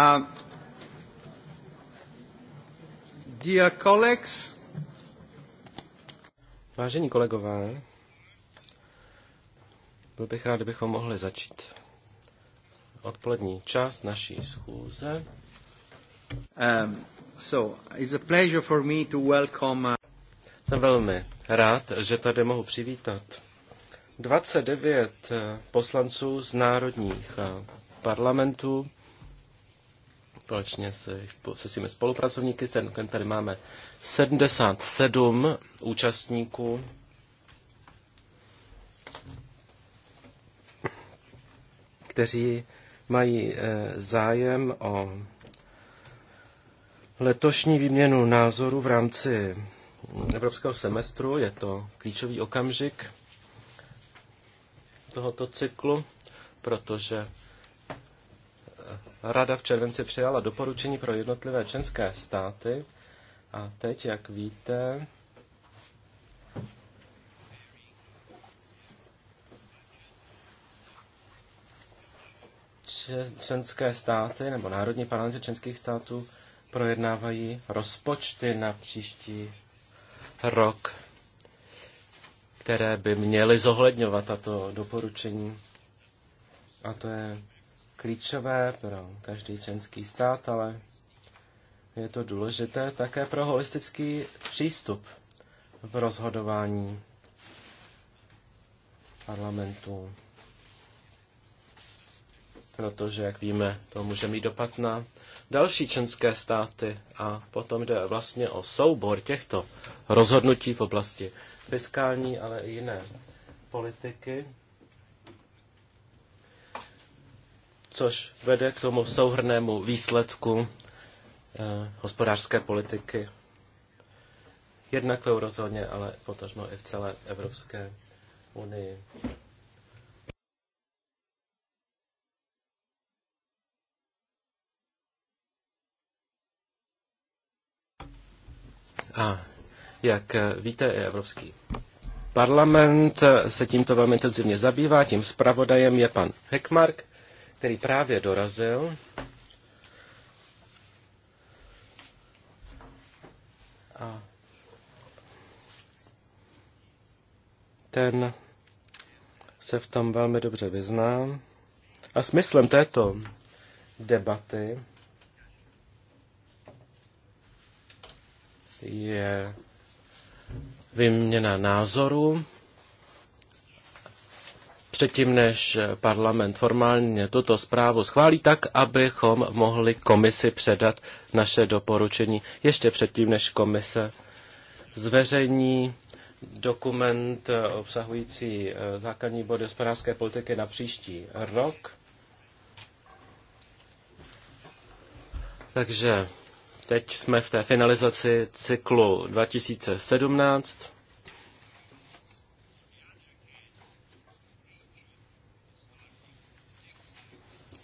Uh, dear colleagues, Vážení kolegové, byl bych rád, kdybychom mohli začít odpolední čas naší schůze. Um, so, it's a pleasure for me to welcome, uh, Jsem velmi rád, že tady mohu přivítat 29 uh, poslanců z národních uh, parlamentů společně se, se svými spolupracovníky. S tady máme 77 účastníků. kteří mají eh, zájem o letošní výměnu názoru v rámci evropského semestru. Je to klíčový okamžik tohoto cyklu, protože Rada v červenci přijala doporučení pro jednotlivé členské státy a teď, jak víte, členské státy nebo národní parlamenty členských států projednávají rozpočty na příští rok, které by měly zohledňovat tato doporučení. A to je klíčové pro každý členský stát, ale je to důležité také pro holistický přístup v rozhodování parlamentu. Protože, jak víme, to může mít dopad na další členské státy a potom jde vlastně o soubor těchto rozhodnutí v oblasti fiskální, ale i jiné politiky. což vede k tomu souhrnému výsledku eh, hospodářské politiky. Jednak v eurozóně, ale potažmo i v celé Evropské unii. A jak eh, víte, je Evropský parlament eh, se tímto velmi intenzivně zabývá, tím zpravodajem je pan Heckmark který právě dorazil. A ten se v tom velmi dobře vyzná. A smyslem této debaty je vyměna názorů předtím, než parlament formálně tuto zprávu schválí, tak abychom mohli komisi předat naše doporučení ještě předtím, než komise zveřejní dokument obsahující eh, základní body hospodářské politiky na příští rok. Takže teď jsme v té finalizaci cyklu 2017.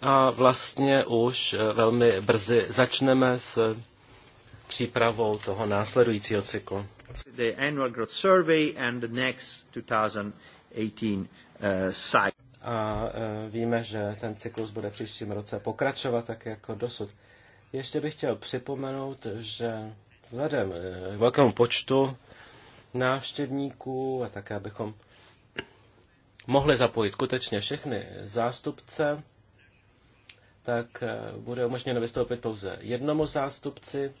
a vlastně už eh, velmi brzy začneme s eh, přípravou toho následujícího cyklu. The annual growth survey and the next 2018 cycle. Eh, a víme, že ten cyklus bude v příštím roce pokračovat tak jako dosud. Ještě bych chtěl připomenout, že vzhledem k velkému počtu návštěvníků a také abychom mohli zapojit skutečně všechny zástupce, tak eh, bude umožněno vystoupit pouze jednomu zástupci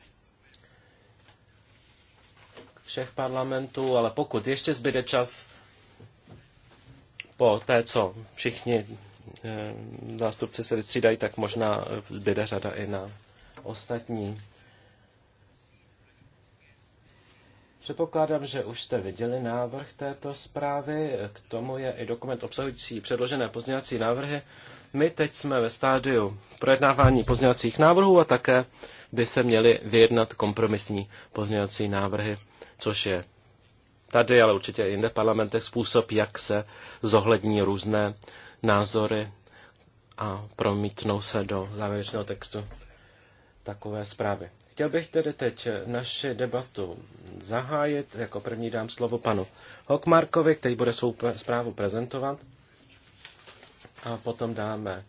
všech parlamentů, ale pokud ještě zbyde čas po té, co všichni eh, zástupci se vystřídají, tak možná eh, zbyde řada i na ostatní. Předpokládám, že už jste viděli návrh této zprávy. K tomu je i dokument obsahující předložené pozměňovací návrhy. My teď jsme ve stádiu projednávání pozměňovacích návrhů a také by se měly vyjednat kompromisní pozměňovací návrhy, což je tady, ale určitě i jinde v parlamentech způsob, jak se zohlední různé názory a promítnou se do závěrečného textu takové zprávy. Chtěl bych tedy teď naši debatu zahájit. Jako první dám slovo panu Hokmarkovi, který bude svou zprávu prezentovat a potom dáme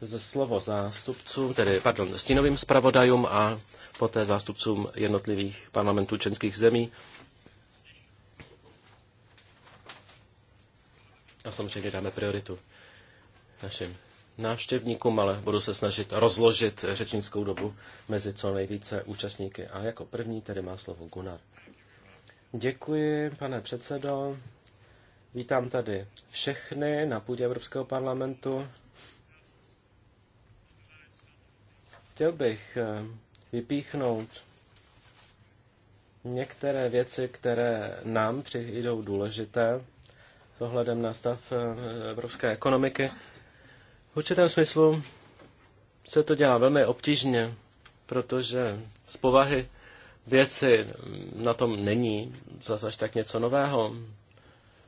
ze slovo zástupcům, tedy, pardon, stínovým zpravodajům a poté zástupcům jednotlivých parlamentů členských zemí. A samozřejmě dáme prioritu našim návštěvníkům, ale budu se snažit rozložit řečnickou dobu mezi co nejvíce účastníky. A jako první tedy má slovo Gunnar. Děkuji, pane předsedo. Vítám tady všechny na půdě Evropského parlamentu. Chtěl bych eh, vypíchnout některé věci, které nám přijdou důležité s ohledem na stav eh, evropské ekonomiky. V určitém smyslu se to dělá velmi obtížně, protože z povahy věci na tom není zase až tak něco nového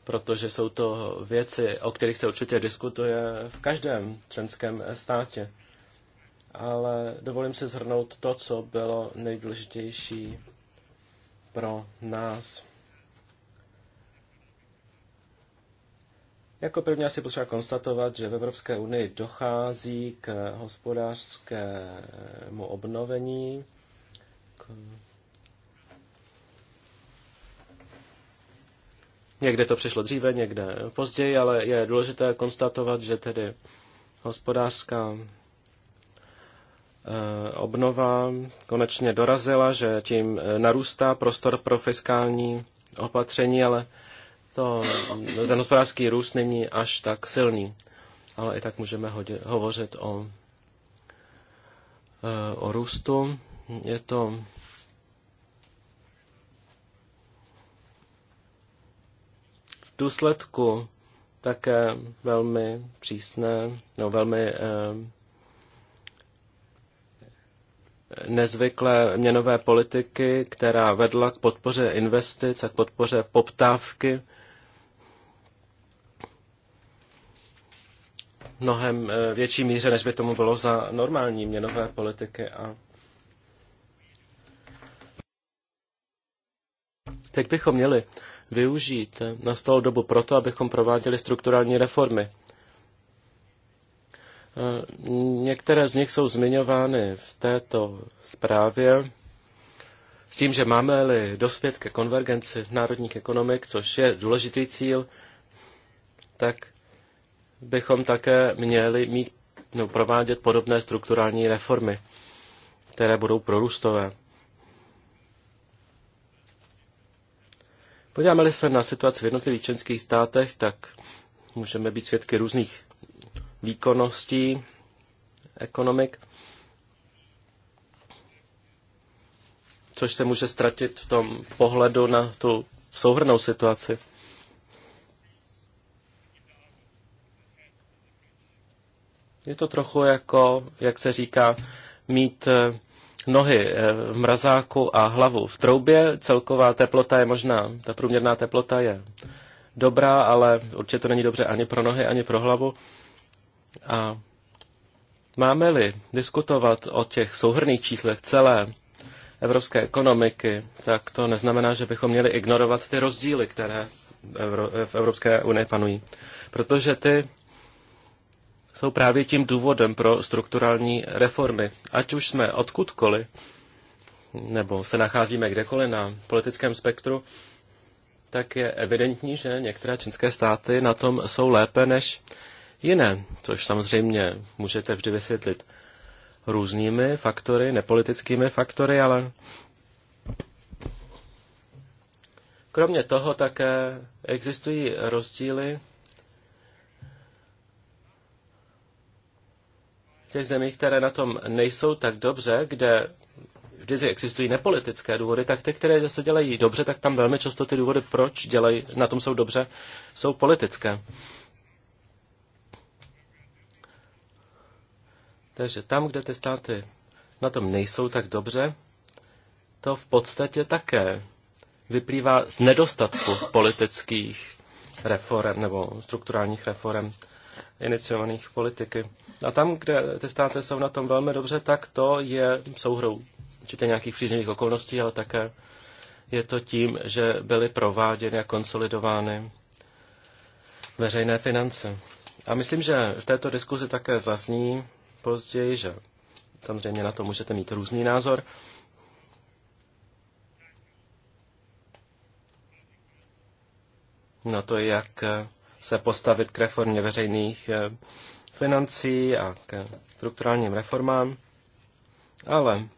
protože jsou to věci, o kterých se určitě diskutuje v každém členském státě. Ale dovolím si zhrnout to, co bylo nejdůležitější pro nás. Jako první asi potřeba konstatovat, že v Evropské unii dochází k hospodářskému obnovení, k Někde to přišlo dříve, někde později, ale je důležité konstatovat, že tedy hospodářská eh, obnova konečně dorazila, že tím eh, narůstá prostor pro fiskální opatření, ale to, ten hospodářský růst není až tak silný. Ale i tak můžeme hodě, hovořit o, eh, o růstu. Je to důsledku také velmi přísné, no velmi eh, nezvyklé měnové politiky, která vedla k podpoře investic a k podpoře poptávky. mnohem eh, větší míře, než by tomu bylo za normální měnové politiky. A teď bychom měli využít. Nastalo dobu proto, abychom prováděli strukturální reformy. Eh, některé z nich jsou zmiňovány v této zprávě s tím, že máme-li dospět ke konvergenci národních ekonomik, což je důležitý cíl, tak bychom také měli mít, no, provádět podobné strukturální reformy, které budou prorůstové. Podíváme-li se na situaci v jednotlivých členských státech, tak můžeme být svědky různých výkonností ekonomik, což se může ztratit v tom pohledu na tu souhrnou situaci. Je to trochu jako, jak se říká, mít eh, nohy eh, v mrazáku a hlavu v troubě. Celková teplota je možná, ta průměrná teplota je dobrá, ale určitě to není dobře ani pro nohy, ani pro hlavu. A máme-li diskutovat o těch souhrných číslech celé evropské ekonomiky, tak to neznamená, že bychom měli ignorovat ty rozdíly, které v Evropské unii panují. Protože ty jsou právě tím důvodem pro strukturální reformy. Ať už jsme odkudkoliv, nebo se nacházíme kdekoliv na politickém spektru, tak je evidentní, že některé čínské státy na tom jsou lépe než jiné, což samozřejmě můžete vždy vysvětlit různými faktory, nepolitickými faktory, ale kromě toho také existují rozdíly těch zemích, které na tom nejsou tak dobře, kde vždy existují nepolitické důvody, tak ty, které zase dělají dobře, tak tam velmi často ty důvody, proč dělají, na tom jsou dobře, jsou politické. Takže tam, kde ty státy na tom nejsou tak dobře, to v podstatě také vyplývá z nedostatku politických reform nebo strukturálních reform iniciovaných politiky. A tam, kde ty státy jsou na tom velmi dobře, tak to je souhrou určitě nějakých příznivých okolností, ale také je to tím, že byly prováděny a konsolidovány veřejné finance. A myslím, že v této diskuzi také zazní později, že samozřejmě na to můžete mít různý názor, na to, jak se postavit k reformě veřejných eh, financí a k strukturálním reformám, ale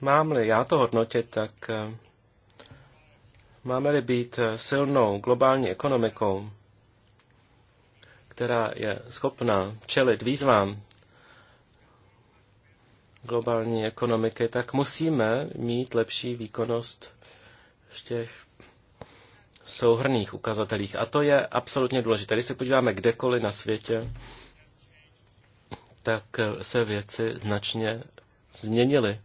mám-li já to hodnotit, tak eh, máme-li být eh, silnou globální ekonomikou, která je schopná čelit výzvám globální ekonomiky, tak musíme mít lepší výkonnost v těch souhrných ukazatelích. A to je absolutně důležité. Když se podíváme kdekoliv na světě, tak se věci značně změnily.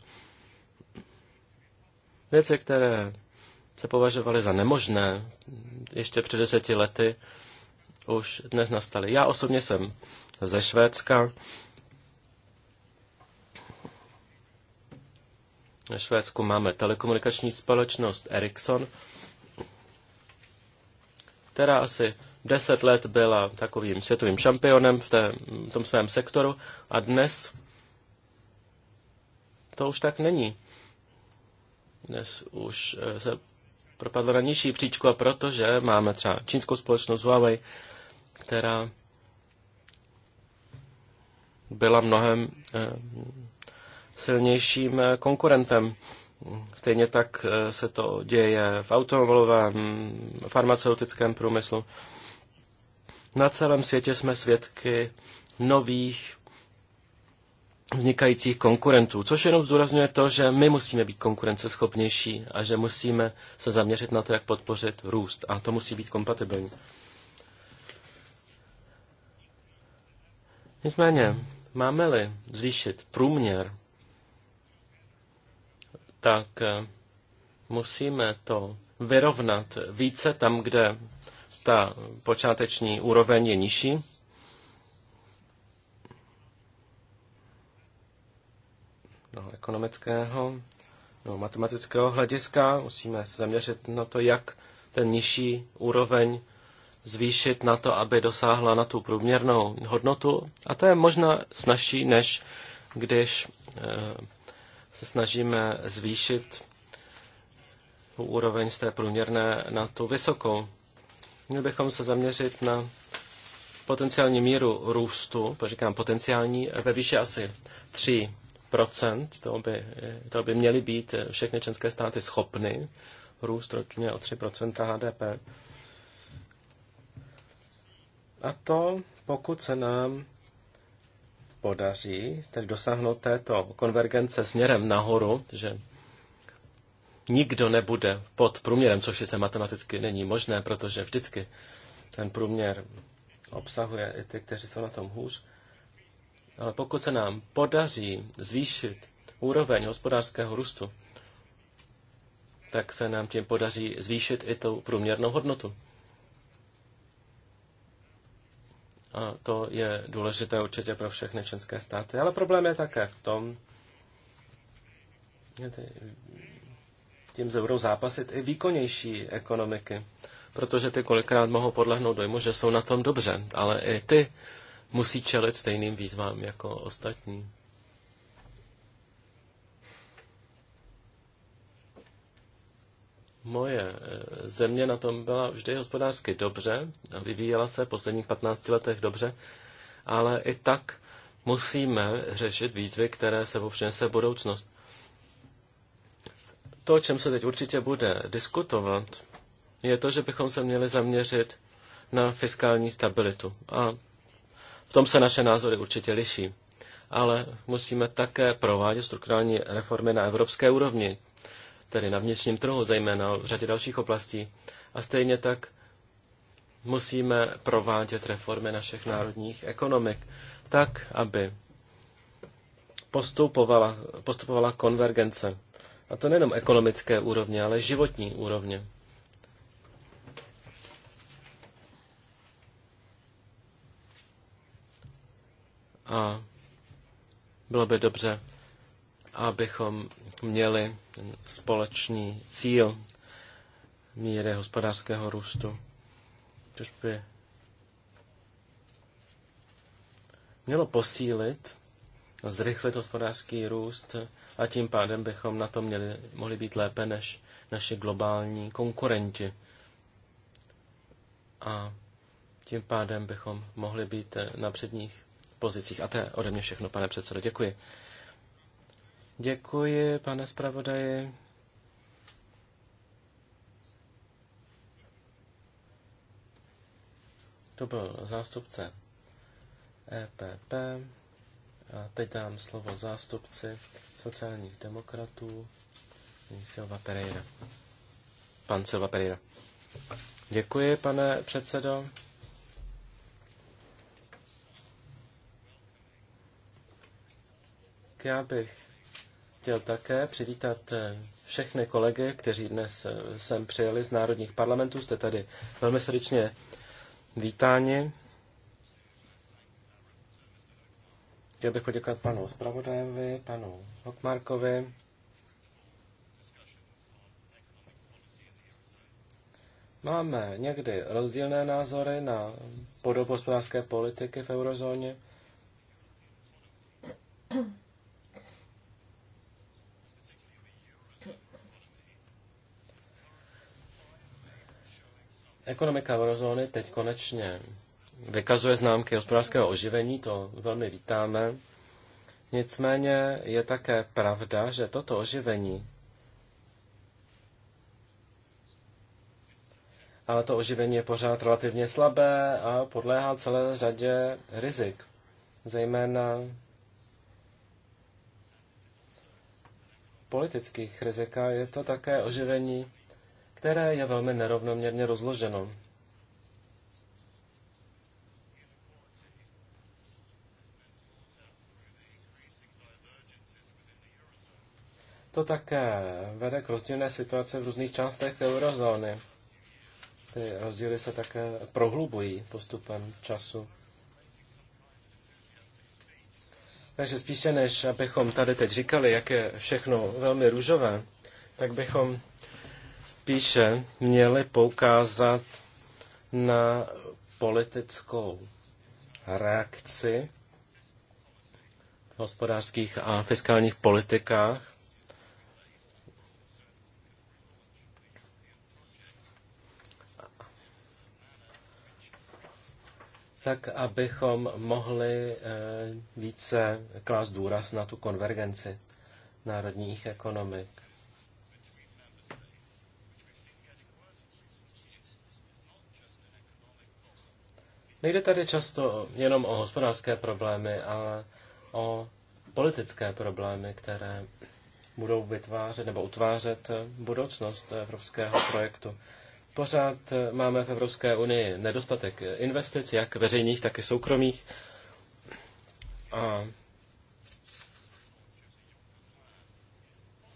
Věci, které se považovaly za nemožné ještě před deseti lety, už dnes nastaly. Já osobně jsem ze Švédska, Ve Švédsku máme telekomunikační společnost Ericsson, která asi deset let byla takovým světovým šampionem v, té, v tom svém sektoru a dnes to už tak není. Dnes už eh, se propadlo na nižší příčku, a protože máme třeba čínskou společnost Huawei, která byla mnohem eh, silnějším eh, konkurentem. Stejně tak eh, se to děje v automobilovém, farmaceutickém průmyslu. Na celém světě jsme svědky nových vnikajících konkurentů, což jenom zdůrazňuje to, že my musíme být konkurenceschopnější a že musíme se zaměřit na to, jak podpořit růst. A to musí být kompatibilní. Nicméně, máme-li zvýšit průměr tak eh, musíme to vyrovnat více tam, kde ta počáteční úroveň je nižší. No, ekonomického no, matematického hlediska musíme se zaměřit na to, jak ten nižší úroveň zvýšit na to, aby dosáhla na tu průměrnou hodnotu. A to je možná snažší, než když eh, se snažíme zvýšit úroveň z té průměrné na tu vysokou. Měli bychom se zaměřit na potenciální míru růstu, to říkám potenciální, ve výši asi 3 to by, to by měly být všechny členské státy schopny růst ročně o 3 HDP. A to, pokud se nám podaří tedy dosáhnout této konvergence směrem nahoru, že nikdo nebude pod průměrem, což se matematicky není možné, protože vždycky ten průměr obsahuje i ty, kteří jsou na tom hůř. Ale pokud se nám podaří zvýšit úroveň hospodářského růstu, tak se nám tím podaří zvýšit i tu průměrnou hodnotu. A to je důležité určitě pro všechny členské státy. Ale problém je také v tom, tím se budou zápasit i výkonnější ekonomiky, protože ty kolikrát mohou podlehnout dojmu, že jsou na tom dobře, ale i ty musí čelit stejným výzvám jako ostatní. Moje eh, země na tom byla vždy hospodářsky dobře, vyvíjela se v posledních 15 letech dobře, ale i tak musíme řešit výzvy, které sebou přinese budoucnost. To, o čem se teď určitě bude diskutovat, je to, že bychom se měli zaměřit na fiskální stabilitu. A v tom se naše názory určitě liší. Ale musíme také provádět strukturální reformy na evropské úrovni tedy na vnitřním trhu, zejména v řadě dalších oblastí. A stejně tak musíme provádět reformy našich národních ekonomik tak, aby postupovala, postupovala konvergence. A to nejenom ekonomické úrovně, ale životní úrovně. A bylo by dobře, abychom měli ten společný cíl míry hospodářského růstu, což by mělo posílit, zrychlit hospodářský růst a tím pádem bychom na to měli, mohli být lépe než naši globální konkurenti. A tím pádem bychom mohli být na předních pozicích. A to je ode mě všechno, pane předsedo. Děkuji. Děkuji, pane zpravodaji. To byl zástupce EPP. A teď dám slovo zástupci sociálních demokratů, Silva Pereira. Pan Silva Pereira. Děkuji, pane předsedo. Já bych chtěl také přivítat eh, všechny kolegy, kteří dnes eh, sem přijeli z národních parlamentů. Jste tady velmi srdečně vítáni. Chtěl bych poděkovat panu zpravodajovi, panu Hokmarkovi. Máme někdy rozdílné názory na podobu hospodářské politiky v eurozóně. Ekonomika eurozóny teď konečně vykazuje známky hospodářského oživení, to velmi vítáme. Nicméně je také pravda, že toto oživení, ale to oživení je pořád relativně slabé a podléhá celé řadě rizik, zejména politických rizika. Je to také oživení které je velmi nerovnoměrně rozloženo. To také vede k rozdílné situaci v různých částech eurozóny. Ty rozdíly se také prohlubují postupem času. Takže spíše než abychom tady teď říkali, jak je všechno velmi růžové, tak bychom spíše měli poukázat na politickou reakci v hospodářských a fiskálních politikách. tak abychom mohli eh, více klást důraz na tu konvergenci národních ekonomik. Nejde tady často jenom o hospodářské problémy, ale o politické problémy, které budou vytvářet nebo utvářet budoucnost evropského projektu. Pořád máme v Evropské unii nedostatek investic, jak veřejných, tak i soukromých. A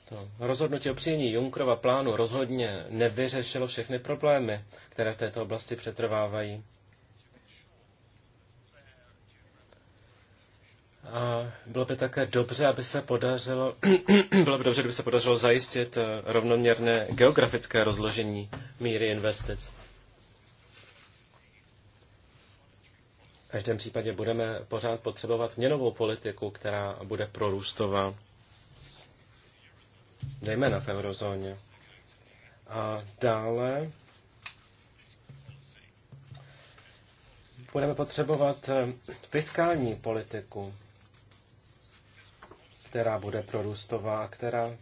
to rozhodnutí o přijení Junkrova plánu rozhodně nevyřešilo všechny problémy, které v této oblasti přetrvávají. bylo by také dobře, aby se podařilo, bylo by dobře, kdyby se podařilo zajistit eh, rovnoměrné geografické rozložení míry investic. V každém případě budeme pořád potřebovat měnovou politiku, která bude prorůstová, zejména v eurozóně. A dále budeme potřebovat eh, fiskální politiku, která bude prorůstová, která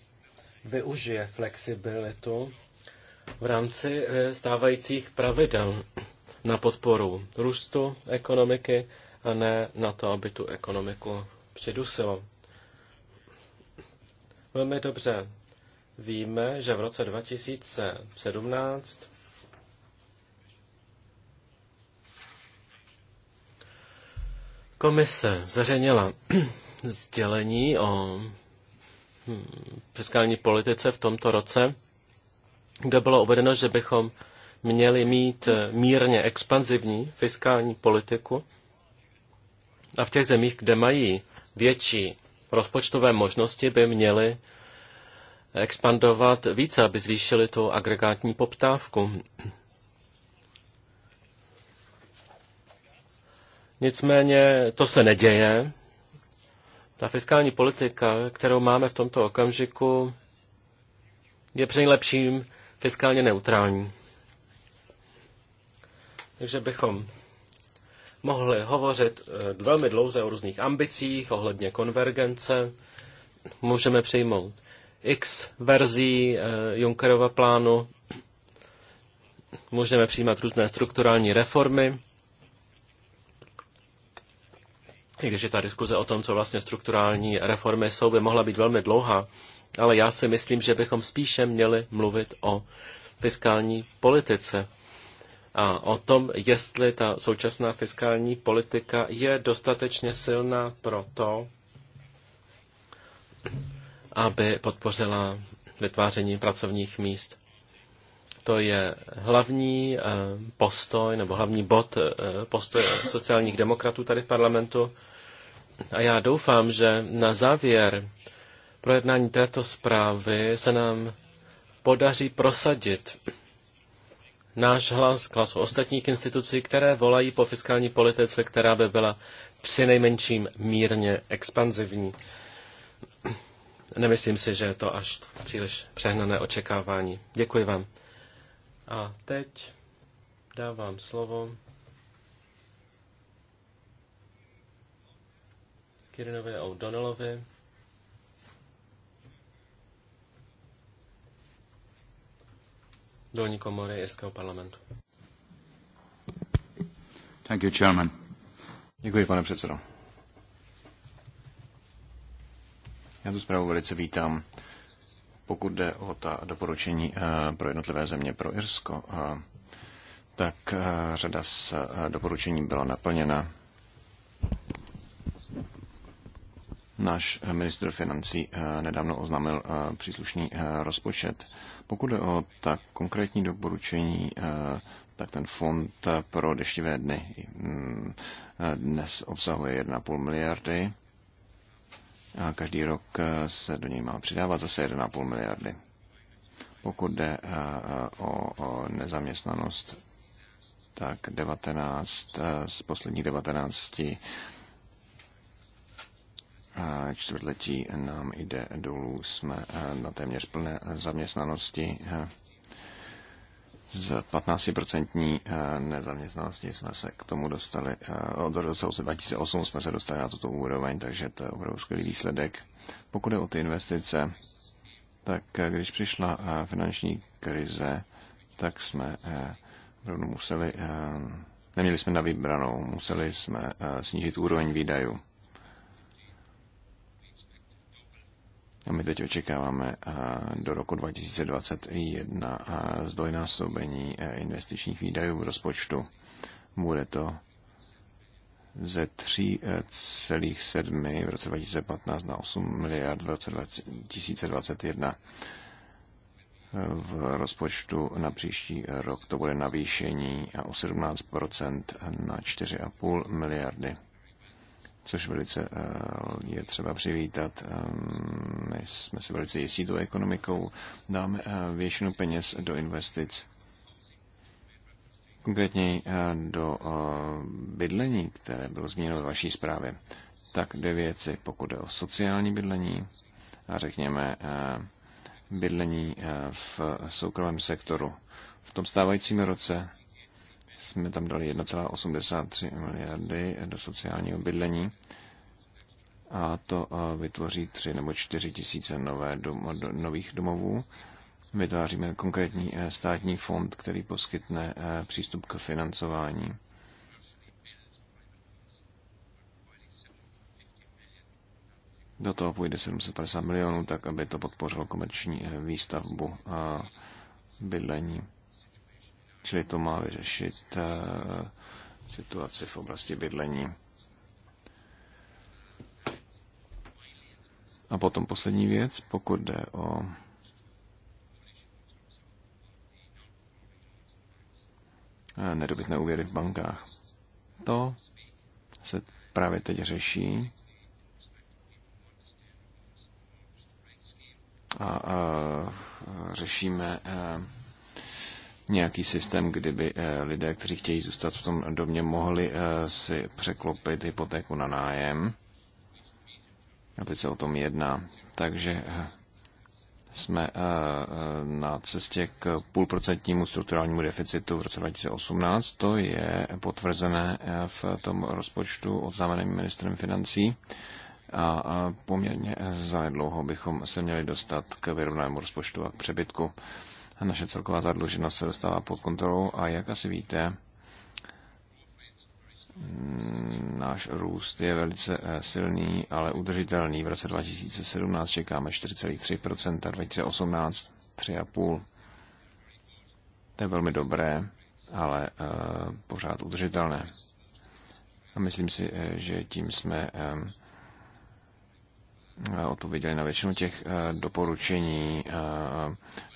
využije flexibilitu v rámci eh, stávajících pravidel na podporu růstu ekonomiky a ne na to, aby tu ekonomiku přidusilo. Velmi dobře víme, že v roce 2017 komise zveřejnila sdělení o hm, fiskální politice v tomto roce, kde bylo uvedeno, že bychom měli mít eh, mírně expanzivní fiskální politiku a v těch zemích, kde mají větší rozpočtové možnosti, by měli expandovat více, aby zvýšili tu agregátní poptávku. Nicméně to se neděje ta fiskální politika, kterou máme v tomto okamžiku, je při nejlepším fiskálně neutrální. Takže bychom mohli hovořit eh, velmi dlouze o různých ambicích ohledně konvergence. Můžeme přijmout x verzí eh, Junckerova plánu, můžeme přijímat různé strukturální reformy, i když je ta diskuze o tom, co vlastně strukturální reformy jsou, by mohla být velmi dlouhá, ale já si myslím, že bychom spíše měli mluvit o fiskální politice a o tom, jestli ta současná fiskální politika je dostatečně silná pro to, aby podpořila vytváření pracovních míst. To je hlavní eh, postoj nebo hlavní bod eh, postoje sociálních demokratů tady v parlamentu. A já doufám, že na závěr projednání této zprávy se nám podaří prosadit náš hlas, hlas ostatních institucí, které volají po fiskální politice, která by byla přinejmenším mírně expanzivní. Nemyslím si, že je to až příliš přehnané očekávání. Děkuji vám. A teď dávám slovo Kirinovi a O'Donnellovi. dolní komory Irského parlamentu. Thank you, Chairman. Děkuji, pane předsedo. Já tu zprávu velice vítám. Pokud jde o ta doporučení eh, pro jednotlivé země pro Irsko, eh, tak eh, řada z doporučení byla naplněna Náš ministr financí eh, nedávno oznámil eh, příslušný eh, rozpočet. Pokud je o tak konkrétní doporučení, tak ten fond pro deštivé dny mm, dnes obsahuje 1,5 miliardy a každý rok se do něj má přidávat zase 1,5 miliardy. Pokud jde o nezaměstnanost, tak 19 z posledních 19 čtvrtletí nám jde dolů. Jsme eh, na téměř plné eh, zaměstnanosti. Eh, z 15% nezaměstnanosti jsme se k tomu dostali, od roce 2008 jsme se dostali na tuto úroveň, takže to je opravdu skvělý výsledek. Pokud je o ty investice, tak když přišla finanční krize, tak jsme opravdu museli, neměli jsme na vybranou, museli jsme snížit úroveň výdajů. A my teď očekáváme do roku 2021 zdvojnásobení e, investičních výdajů v rozpočtu. Bude to ze 3,7 v roce 2015 na 8 miliard v roce 2021. V rozpočtu na příští rok to bude navýšení o 17 na 4,5 miliardy což velice eh, je třeba přivítat. Eh, my jsme si velice jistí tou ekonomikou, dáme eh, většinu peněz do investic, konkrétně do bydlení, které bylo zmíněno ve vaší zprávě. Tak dvě věci, pokud je o sociální bydlení a řekněme bydlení v soukromém sektoru. V tom stávajícím roce jsme tam dali 1,83 miliardy do sociálního bydlení a to eh, vytvoří 3 nebo 4 tisíce nové dom, do, nových domovů. Vytváříme konkrétní eh, státní fond, který poskytne eh, přístup k financování. Do toho půjde 750 milionů, tak aby to podpořilo komerční výstavbu a bydlení. Čili to má vyřešit eh, situaci v oblasti bydlení. A potom poslední věc, pokud jde o nedobytné úvěry v bankách. To se právě teď řeší. A, a řešíme a, eh, nějaký systém, kdyby eh, lidé, kteří chtějí zůstat v tom domě, mohli eh, si překlopit hypotéku na nájem. A teď se o tom jedná. Takže eh, jsme na cestě k půlprocentnímu strukturálnímu deficitu v roce 2018. To je potvrzené v tom rozpočtu oznámeném ministrem financí a poměrně zanedlouho bychom se měli dostat k vyrovnanému rozpočtu a k přebytku naše celková zadluženost se dostává pod kontrolou a jak asi víte, náš růst je velice eh, silný, ale udržitelný. V roce 2017 čekáme 4,3%, 2018 3,5%. To je velmi dobré, ale eh, pořád udržitelné. A myslím si, eh, že tím jsme Eh, odpověděli na většinu těch eh, doporučení eh,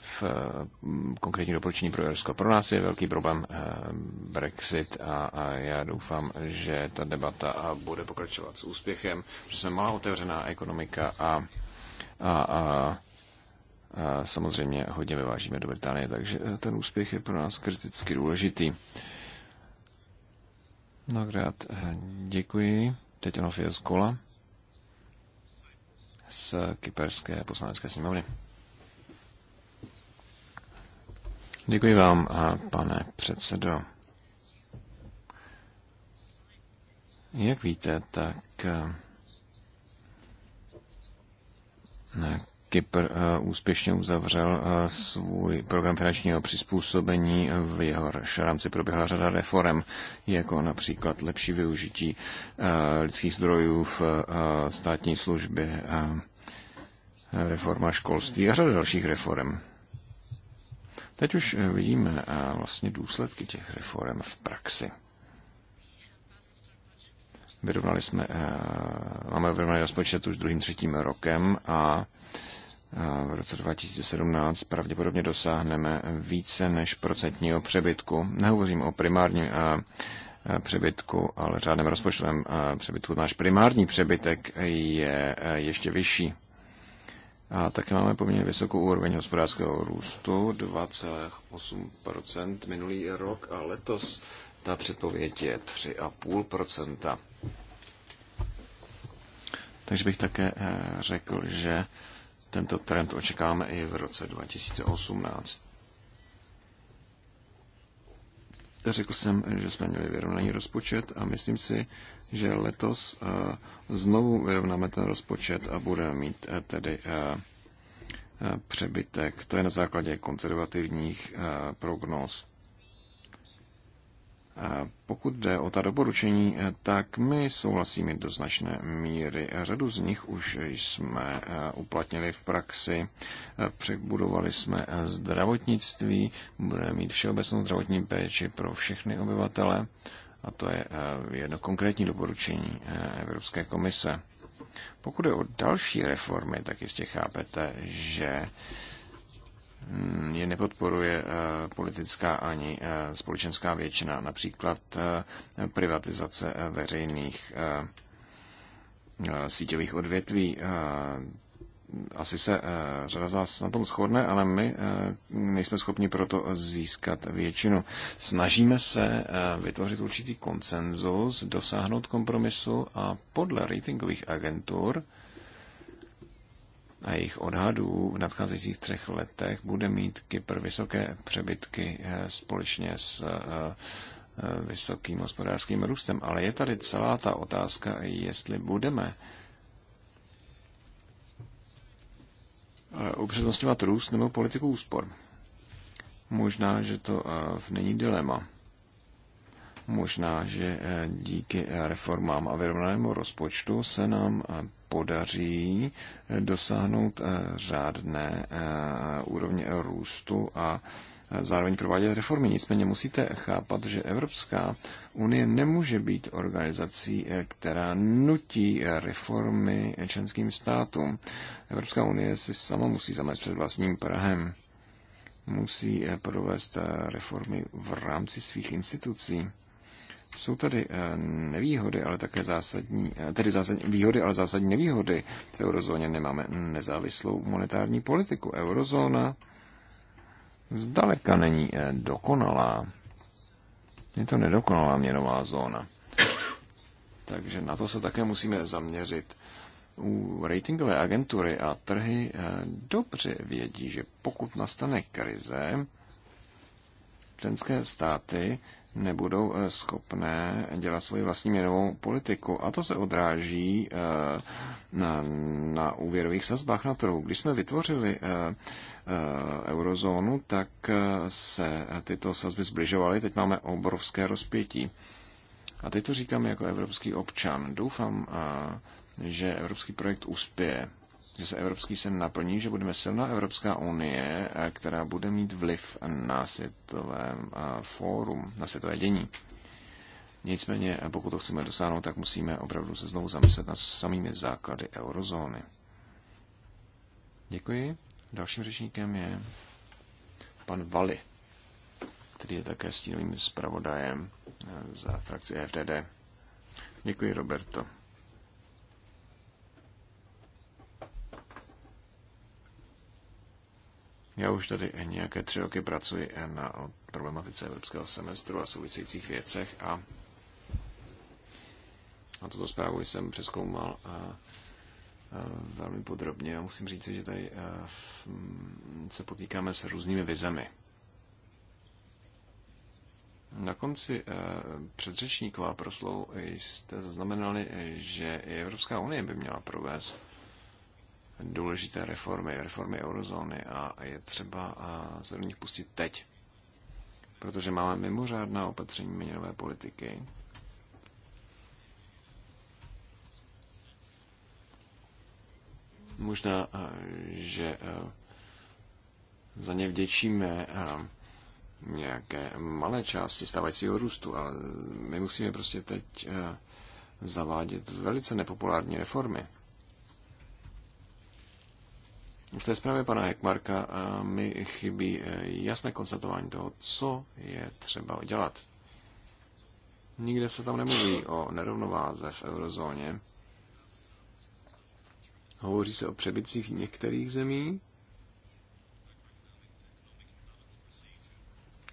v mm, konkrétní doporučení pro Jersko. Pro nás je velký problém Brexit a já doufám, že ta debata bude pokračovat s úspěchem, že jsme malá otevřená ekonomika a, a, a a samozřejmě hodně vyvážíme do Británie, takže ten úspěch je pro nás kriticky důležitý. Mnohokrát děkuji. Teď ono je z kola z kyperské poslanecké sněmovny. Děkuji vám, pane předsedo. Jak víte, tak eh, Kypr eh, úspěšně uzavřel eh, svůj program finančního přizpůsobení. Eh, v jeho rámci proběhla řada reform, jako například lepší využití lidských zdrojů v státní službě, reforma školství a řada dalších reform. Teď už vidíme vlastně důsledky těch reform v praxi. Vyrovnali jsme, máme vyrovnaný rozpočet už druhým, třetím rokem a v roce 2017 pravděpodobně dosáhneme více než procentního přebytku. Nehovořím o primárním přebytku, ale řádném rozpočtovém přebytku. Náš primární přebytek je ještě vyšší. A také máme poměrně vysokou úroveň hospodářského růstu, 2,8% minulý rok a letos ta předpověď je 3,5%. Takže bych také e, řekl, že tento trend očekáváme i v roce 2018. Řekl jsem, že jsme měli vyrovnaný rozpočet a myslím si, že letos eh, znovu vyrovnáme ten rozpočet a budeme mít eh, tedy eh, přebytek. To je na základě konzervativních prognóz. Pokud jde o ta doporučení, tak my souhlasíme do značné míry. Řadu z nich už jsme eh, uplatnili v praxi. Eh, přebudovali jsme eh, zdravotnictví, budeme mít všeobecnou zdravotní péči pro všechny obyvatele a to je jedno konkrétní doporučení Evropské komise. Pokud je o další reformy, tak jistě chápete, že Mm, je nepodporuje eh, politická ani eh, společenská většina, například eh, privatizace veřejných síťových odvětví. Asi se řada z vás na tom shodne, ale my nejsme schopni proto získat většinu. Snažíme se vytvořit určitý konsenzus, dosáhnout kompromisu a podle ratingových agentur a jejich odhadů v nadcházejících třech letech bude mít Kypr vysoké přebytky eh, společně s eh, eh, vysokým hospodářským růstem. Ale je tady celá ta otázka, jestli budeme upřednostňovat růst nebo politiku úspor. Možná, že to není dilema. Možná, že díky reformám a vyrovnanému rozpočtu se nám podaří eh, dosáhnout eh, řádné eh, úrovně růstu a zároveň provádět reformy. Nicméně musíte chápat, že Evropská unie nemůže být organizací, která nutí reformy členským státům. Evropská unie si sama musí zamést před vlastním Prahem. Musí provést reformy v rámci svých institucí. Jsou tady eh, nevýhody, ale také zásadní, eh, tedy zásadní výhody, ale zásadní nevýhody. V eurozóně nemáme nezávislou monetární politiku. Eurozóna zdaleka není eh, dokonalá. Je to nedokonalá měnová zóna. Takže na to se také musíme zaměřit. U ratingové agentury a trhy dobře vědí, že pokud nastane krize, členské státy nebudou eh, schopné dělat svoji vlastní měnovou politiku. A to se odráží eh, na, na úvěrových sazbách na trhu. Když jsme vytvořili eh, eurozónu, tak se tyto sazby zbližovaly. Teď máme obrovské rozpětí. A teď to říkám jako evropský občan. Doufám, že evropský projekt uspěje že se evropský sen naplní, že budeme silná Evropská unie, eh, která bude mít vliv na světovém eh, fórum, na světové dění. Nicméně, eh, pokud to chceme dosáhnout, tak musíme opravdu se znovu zamyslet nad samými základy eurozóny. Děkuji. Dalším řečníkem je pan Vali, který je také stínovým zpravodajem za frakci FDD. Děkuji, Roberto. Já už tady nějaké tři roky pracuji na problematice evropského semestru a souvisejících věcech a, a tuto zprávu jsem přeskoumal a, eh, a eh, velmi podrobně a musím říct, že tady a, eh, v, mm, se potýkáme s různými vizemi. Na konci předřečníková proslou jste zaznamenali, že i Evropská unie by měla provést důležité reformy, reformy eurozóny a je třeba se do nich pustit teď. Protože máme mimořádná opatření měnové politiky, možná, že za ně vděčíme nějaké malé části stávajícího růstu, ale my musíme prostě teď zavádět velice nepopulární reformy. V té zprávě pana Hekmarka eh, mi chybí eh, jasné konstatování toho, co je třeba udělat. Nikde se tam nemluví o nerovnováze v eurozóně. Hovoří se o přebytcích některých zemí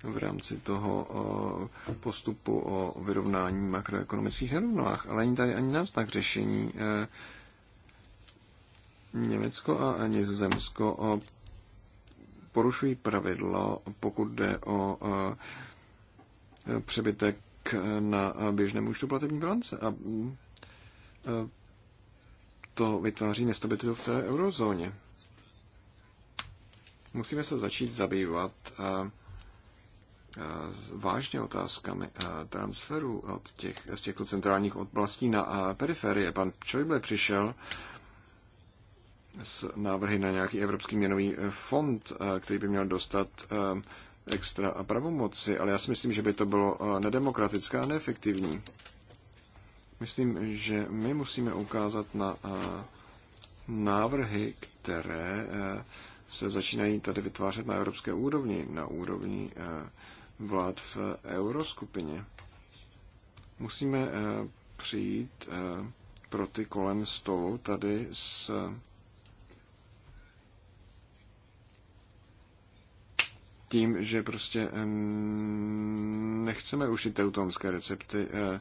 v rámci toho postupu o vyrovnání makroekonomických nerovnovách, ale není tady ani náznak řešení eh, Německo a Nizozemsko eh, porušují pravidlo, pokud jde o eh, přebytek eh, na běžném účtu platební bilance. A to vytváří nestabilitu v té eurozóně. Musíme se začít zabývat vážně otázkami transferu od těch, z těchto centrálních oblastí na periferie. Pan Čojble přišel s návrhy na nějaký Evropský měnový fond, eh, který by měl dostat eh, extra a pravomoci, ale já si myslím, že by to bylo eh, nedemokratické a neefektivní. Myslím, že my musíme ukázat na návrhy, které se začínají tady vytvářet na evropské úrovni, na úrovni vlád v euroskupině. Musíme přijít pro ty kolem stolu tady s tím, že prostě nechceme ušit teutonské recepty, eh, eh,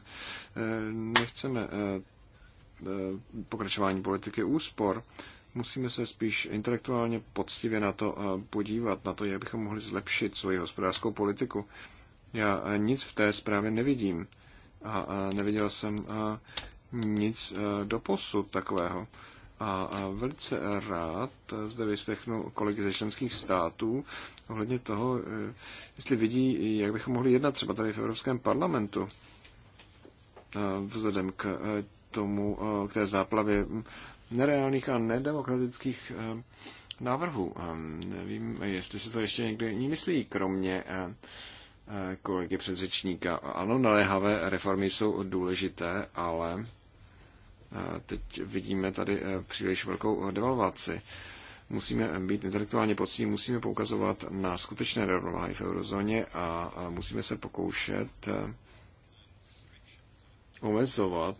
nechceme eh, pokračování politiky úspor, musíme se spíš intelektuálně poctivě na to podívat, na to, jak bychom mohli zlepšit svoji hospodářskou politiku. Já nic v té zprávě nevidím a neviděl jsem nic do posud takového. A velice rád zde vyslechnu kolegy ze členských států ohledně toho, e, jestli vidí, jak bychom mohli jednat třeba tady v Evropském parlamentu e, vzhledem k e, tomu, k té záplavě nereálných a nedemokratických návrhů. Nevím, jestli se to ještě někdo jiný myslí, kromě kolegy předřečníka. Ano, naléhavé reformy jsou důležité, ale Teď vidíme tady eh, příliš velkou eh, devalvaci. Musíme eh, být intelektuálně poctiví, musíme poukazovat na skutečné rovnováhy v eurozóně a musíme se pokoušet omezovat,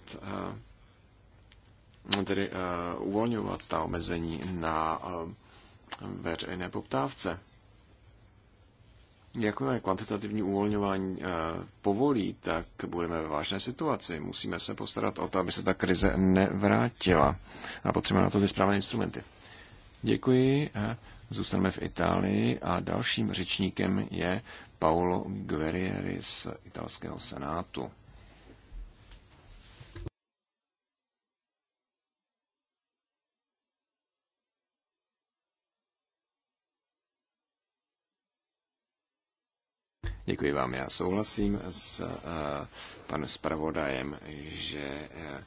tedy uvolňovat ta omezení na veřejné poptávce. Jakmile kvantitativní uvolňování eh, povolí, tak budeme ve vážné situaci. Musíme se postarat o to, aby se ta krize nevrátila. A potřebujeme na to ty správné instrumenty. Děkuji. Eh, zůstaneme v Itálii a dalším řečníkem je Paolo Guerrieri z italského senátu. Děkuji vám. Já souhlasím s uh, panem zpravodajem, že uh,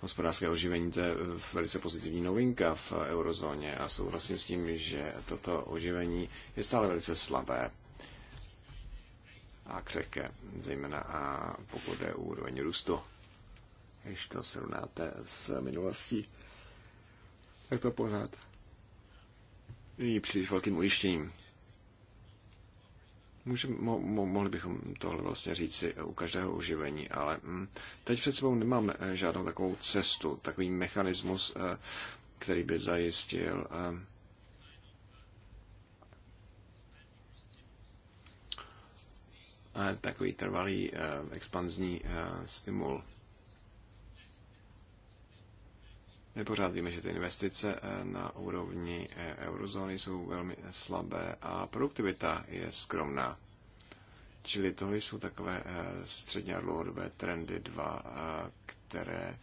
hospodářské oživení to je eh, velice pozitivní novinka v eurozóně a souhlasím s tím, že toto oživení je stále velice slabé a křehké, zejména a pokud je úroveň růstu. Když to srovnáte s minulostí, tak to pořád není příliš velkým ujištěním. Můžem, mo, mo, mohli bychom tohle vlastně říci u každého uživení, ale hm, teď před sebou nemáme eh, žádnou takovou cestu, takový mechanismus, eh, který by zajistil eh, takový trvalý expanzní stimul. My pořád víme, že ty investice eh, na úrovni eh, eurozóny jsou velmi eh, slabé a produktivita je skromná. Čili tohle jsou takové středně a dlouhodobé trendy dva, které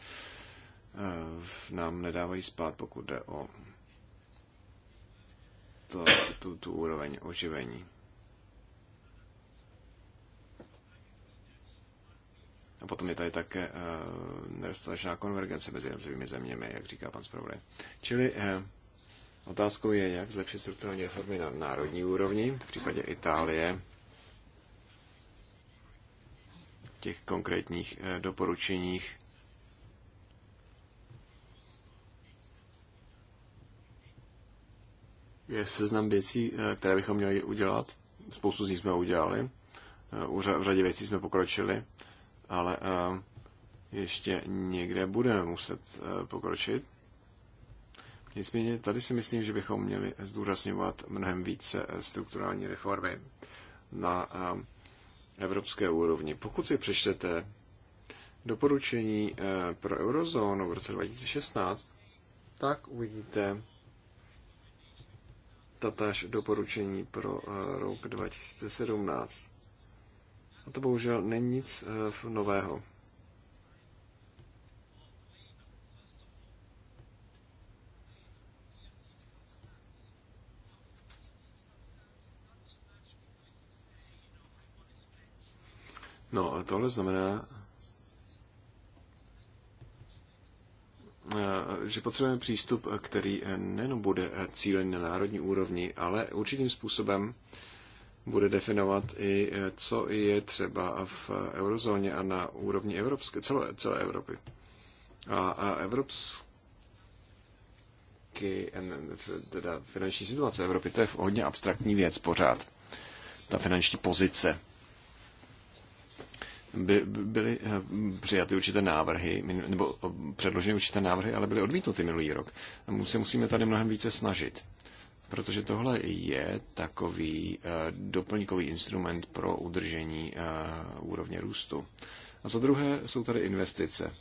nám nedávají spát, pokud jde o to, tu, tu úroveň oživení. A potom je tady také eh, nedostatečná konvergence mezi jednotlivými zeměmi, jak říká pan zpravodaj. Čili eh, otázkou je, jak zlepšit strukturální reformy na národní úrovni, v případě Itálie, těch konkrétních eh, doporučeních. Je seznam věcí, které bychom měli udělat. Spoustu z nich jsme udělali. U řadě věcí jsme pokročili ale eh, ještě někde budeme muset eh, pokročit. Nicméně tady si myslím, že bychom měli zdůrazňovat mnohem více eh, strukturální reformy na evropské úrovni. Pokud si přečtete doporučení pro eurozónu v roce 2016, tak uvidíte tatáž doporučení pro rok 2017. A to bohužel není nic eh, nového. No a tohle znamená, eh, že potřebujeme přístup, který eh, nejen bude cílen na národní úrovni, ale určitým způsobem bude definovat i, eh, co je třeba v eurozóně a na úrovni evropské, celé, celé Evropy. A, a evropský, teda finanční situace Evropy, to je hodně abstraktní věc pořád. Ta finanční pozice by, byly eh, přijaty určité návrhy, nebo eh, předloženy určité návrhy, ale byly odmítnuty minulý rok. Se musíme tady mnohem více snažit. Protože tohle je takový eh, doplňkový instrument pro udržení eh, úrovně růstu. A za druhé jsou tady investice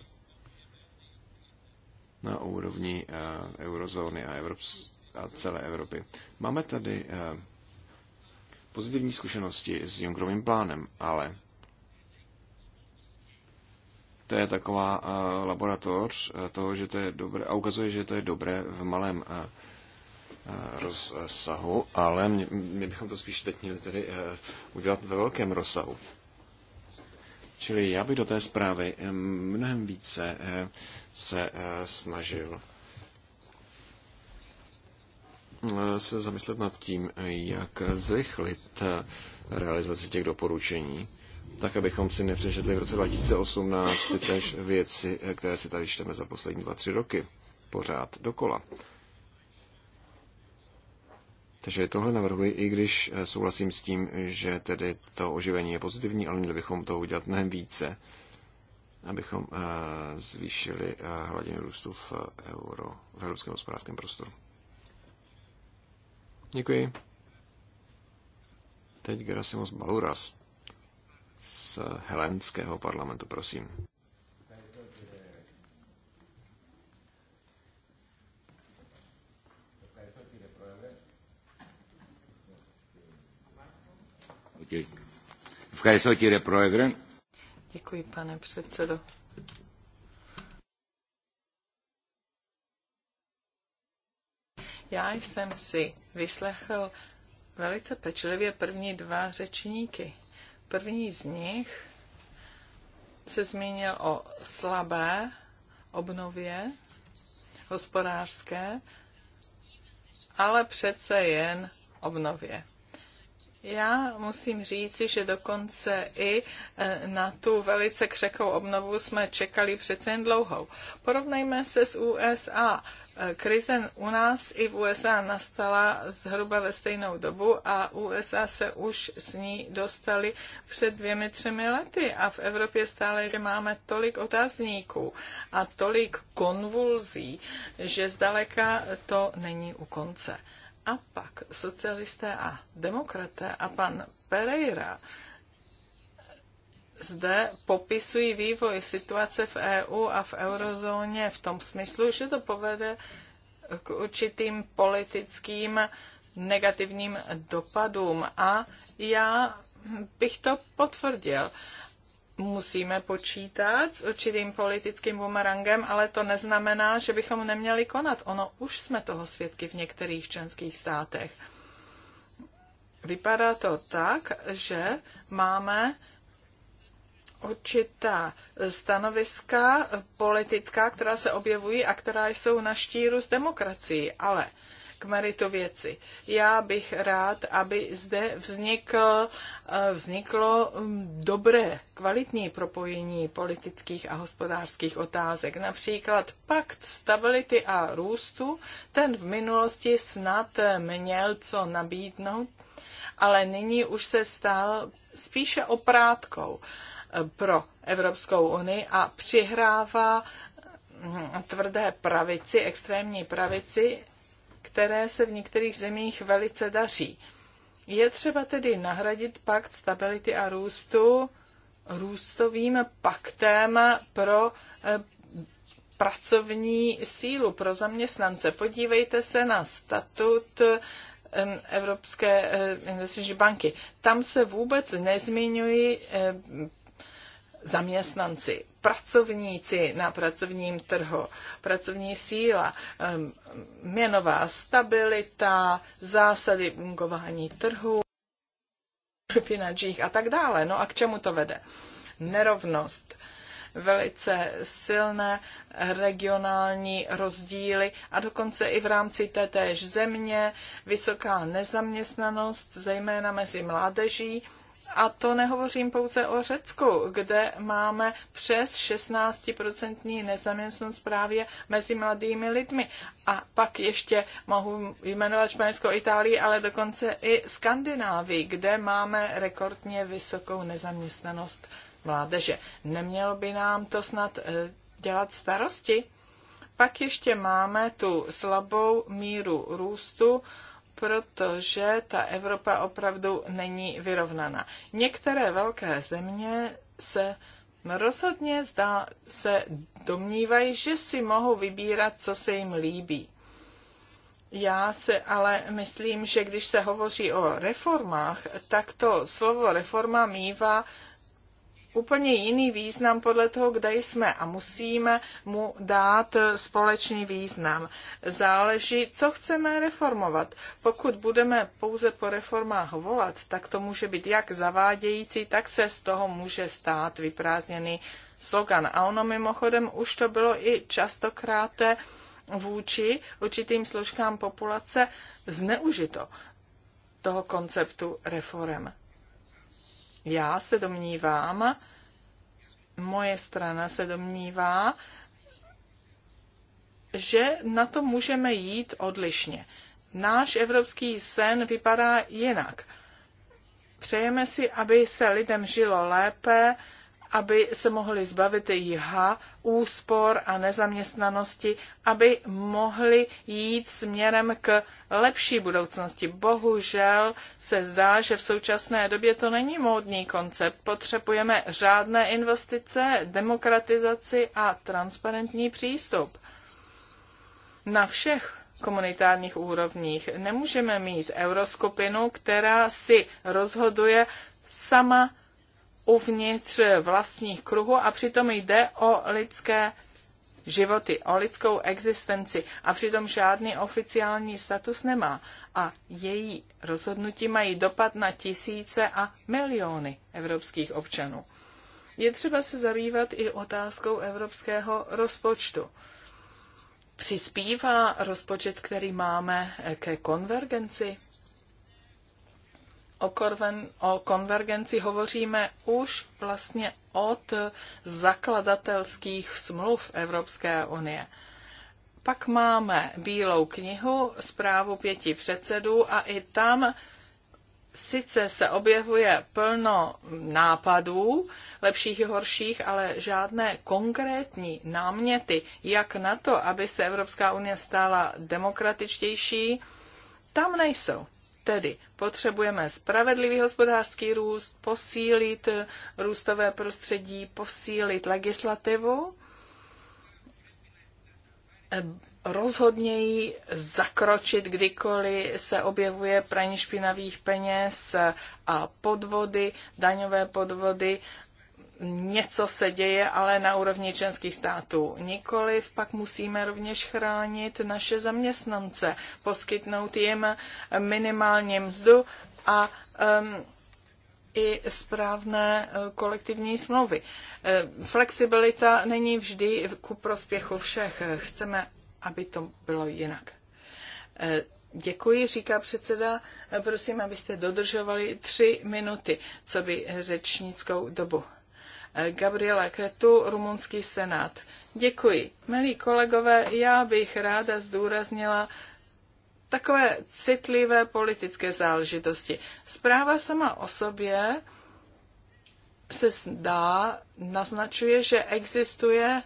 na úrovni eh, eurozóny a, Evrops- a celé Evropy. Máme tady pozitivní zkušenosti s Junckerovým plánem, ale to je taková laboratoř toho, že to je dobré, a ukazuje, že to je dobré v malém rozsahu, ale my, my bychom to spíš teď měli tedy eh, udělat ve velkém rozsahu. Čili já bych do té zprávy eh, mnohem více eh, se snažil se zamyslet nad tím, jak zrychlit realizaci těch doporučení, tak abychom si nepřečetli v roce 2018 ty věci, které si tady čteme za poslední dva, tři roky pořád dokola. Takže tohle navrhuji, i když eh, souhlasím s tím, že tedy to oživení je pozitivní, ale měli bychom to udělat mnohem více, abychom eh, zvýšili eh, hladinu růstu v, euro, v evropském hospodářském prostoru. Děkuji. Teď Gerasimos Baluras z helenského parlamentu, prosím. Děkuji, pane předsedo. Já jsem si vyslechl velice pečlivě první dva řečníky. První z nich se zmínil o slabé obnově hospodářské, ale přece jen obnově. Já musím říci, že dokonce i eh, na tu velice křekou obnovu jsme čekali přece jen dlouhou. Porovnejme se s USA. Eh, krize u nás i v USA nastala zhruba ve stejnou dobu a USA se už s ní dostali před dvěmi, třemi lety a v Evropě stále máme tolik otázníků a tolik konvulzí, že zdaleka to není u konce. A pak socialisté a demokraté a pan Pereira zde popisují vývoj situace v EU a v eurozóně v tom smyslu, že to povede k určitým politickým negativním dopadům. A já bych to potvrdil musíme počítat s určitým politickým bumerangem, ale to neznamená, že bychom neměli konat. Ono už jsme toho svědky v některých členských státech. Vypadá to tak, že máme určitá stanoviska politická, která se objevují a která jsou na štíru s demokracií, ale k meritu věci. Já bych rád, aby zde vznikl, eh, vzniklo mm, dobré, kvalitní propojení politických a hospodářských otázek. Například pakt stability a růstu, ten v minulosti snad eh, měl co nabídnout, ale nyní už se stal spíše oprátkou eh, pro Evropskou unii a přihrává mm, tvrdé pravici, extrémní pravici které se v některých zemích velice daří. Je třeba tedy nahradit pakt stability a růstu růstovým paktem pro eh, pracovní sílu pro zaměstnance. Podívejte se na statut Evropské eh, investiční banky. Tam se vůbec nezmiňují eh, zaměstnanci, pracovníci na pracovním trhu, pracovní síla, měnová stabilita, zásady fungování trhu, finančních a tak dále. No a k čemu to vede? Nerovnost, velice silné regionální rozdíly a dokonce i v rámci tétéž země, vysoká nezaměstnanost, zejména mezi mládeží, a to nehovořím pouze o Řecku, kde máme přes 16% nezaměstnanost právě mezi mladými lidmi. A pak ještě mohu jmenovat Španělskou Itálii, ale dokonce i Skandinávii, kde máme rekordně vysokou nezaměstnanost mládeže. Nemělo by nám to snad eh, dělat starosti? Pak ještě máme tu slabou míru růstu protože ta Evropa opravdu není vyrovnaná. Některé velké země se rozhodně zdá, se domnívají, že si mohou vybírat, co se jim líbí. Já se ale myslím, že když se hovoří o reformách, tak to slovo reforma mývá úplně jiný význam podle toho, kde jsme a musíme mu dát společný význam. Záleží, co chceme reformovat. Pokud budeme pouze po reformách volat, tak to může být jak zavádějící, tak se z toho může stát vyprázdněný slogan. A ono mimochodem už to bylo i častokrát vůči určitým složkám populace zneužito toho konceptu reform. Já se domnívám, moje strana se domnívá, že na to můžeme jít odlišně. Náš evropský sen vypadá jinak. Přejeme si, aby se lidem žilo lépe, aby se mohli zbavit jiha, úspor a nezaměstnanosti, aby mohli jít směrem k lepší budoucnosti. Bohužel se zdá, že v současné době to není módní koncept. Potřebujeme řádné investice, demokratizaci a transparentní přístup. Na všech komunitárních úrovních nemůžeme mít euroskupinu, která si rozhoduje sama uvnitř vlastních kruhů a přitom jde o lidské životy, o lidskou existenci a přitom žádný oficiální status nemá. A její rozhodnutí mají dopad na tisíce a miliony evropských občanů. Je třeba se zabývat i otázkou evropského rozpočtu. Přispívá rozpočet, který máme eh, ke konvergenci o, korven, o konvergenci hovoříme už vlastně od zakladatelských smluv Evropské unie. Pak máme Bílou knihu, zprávu pěti předsedů a i tam sice se objevuje plno nápadů, lepších i horších, ale žádné konkrétní náměty, jak na to, aby se Evropská unie stála demokratičtější, tam nejsou. Tedy potřebujeme spravedlivý hospodářský růst, posílit růstové prostředí, posílit legislativu, rozhodněji zakročit, kdykoliv se objevuje praní špinavých peněz a podvody, daňové podvody, něco se děje, ale na úrovni členských států. Nikoliv pak musíme rovněž chránit naše zaměstnance, poskytnout jim minimální mzdu a um, i správné e, kolektivní smlouvy. E, flexibilita není vždy ku prospěchu všech. Chceme, aby to bylo jinak. E, děkuji, říká předseda. Prosím, abyste dodržovali tři minuty, co by řečnickou dobu. Gabriela Kretu, rumunský senát. Děkuji. Milí kolegové, já bych ráda zdůraznila takové citlivé politické záležitosti. Zpráva sama o sobě se zdá, naznačuje, že existuje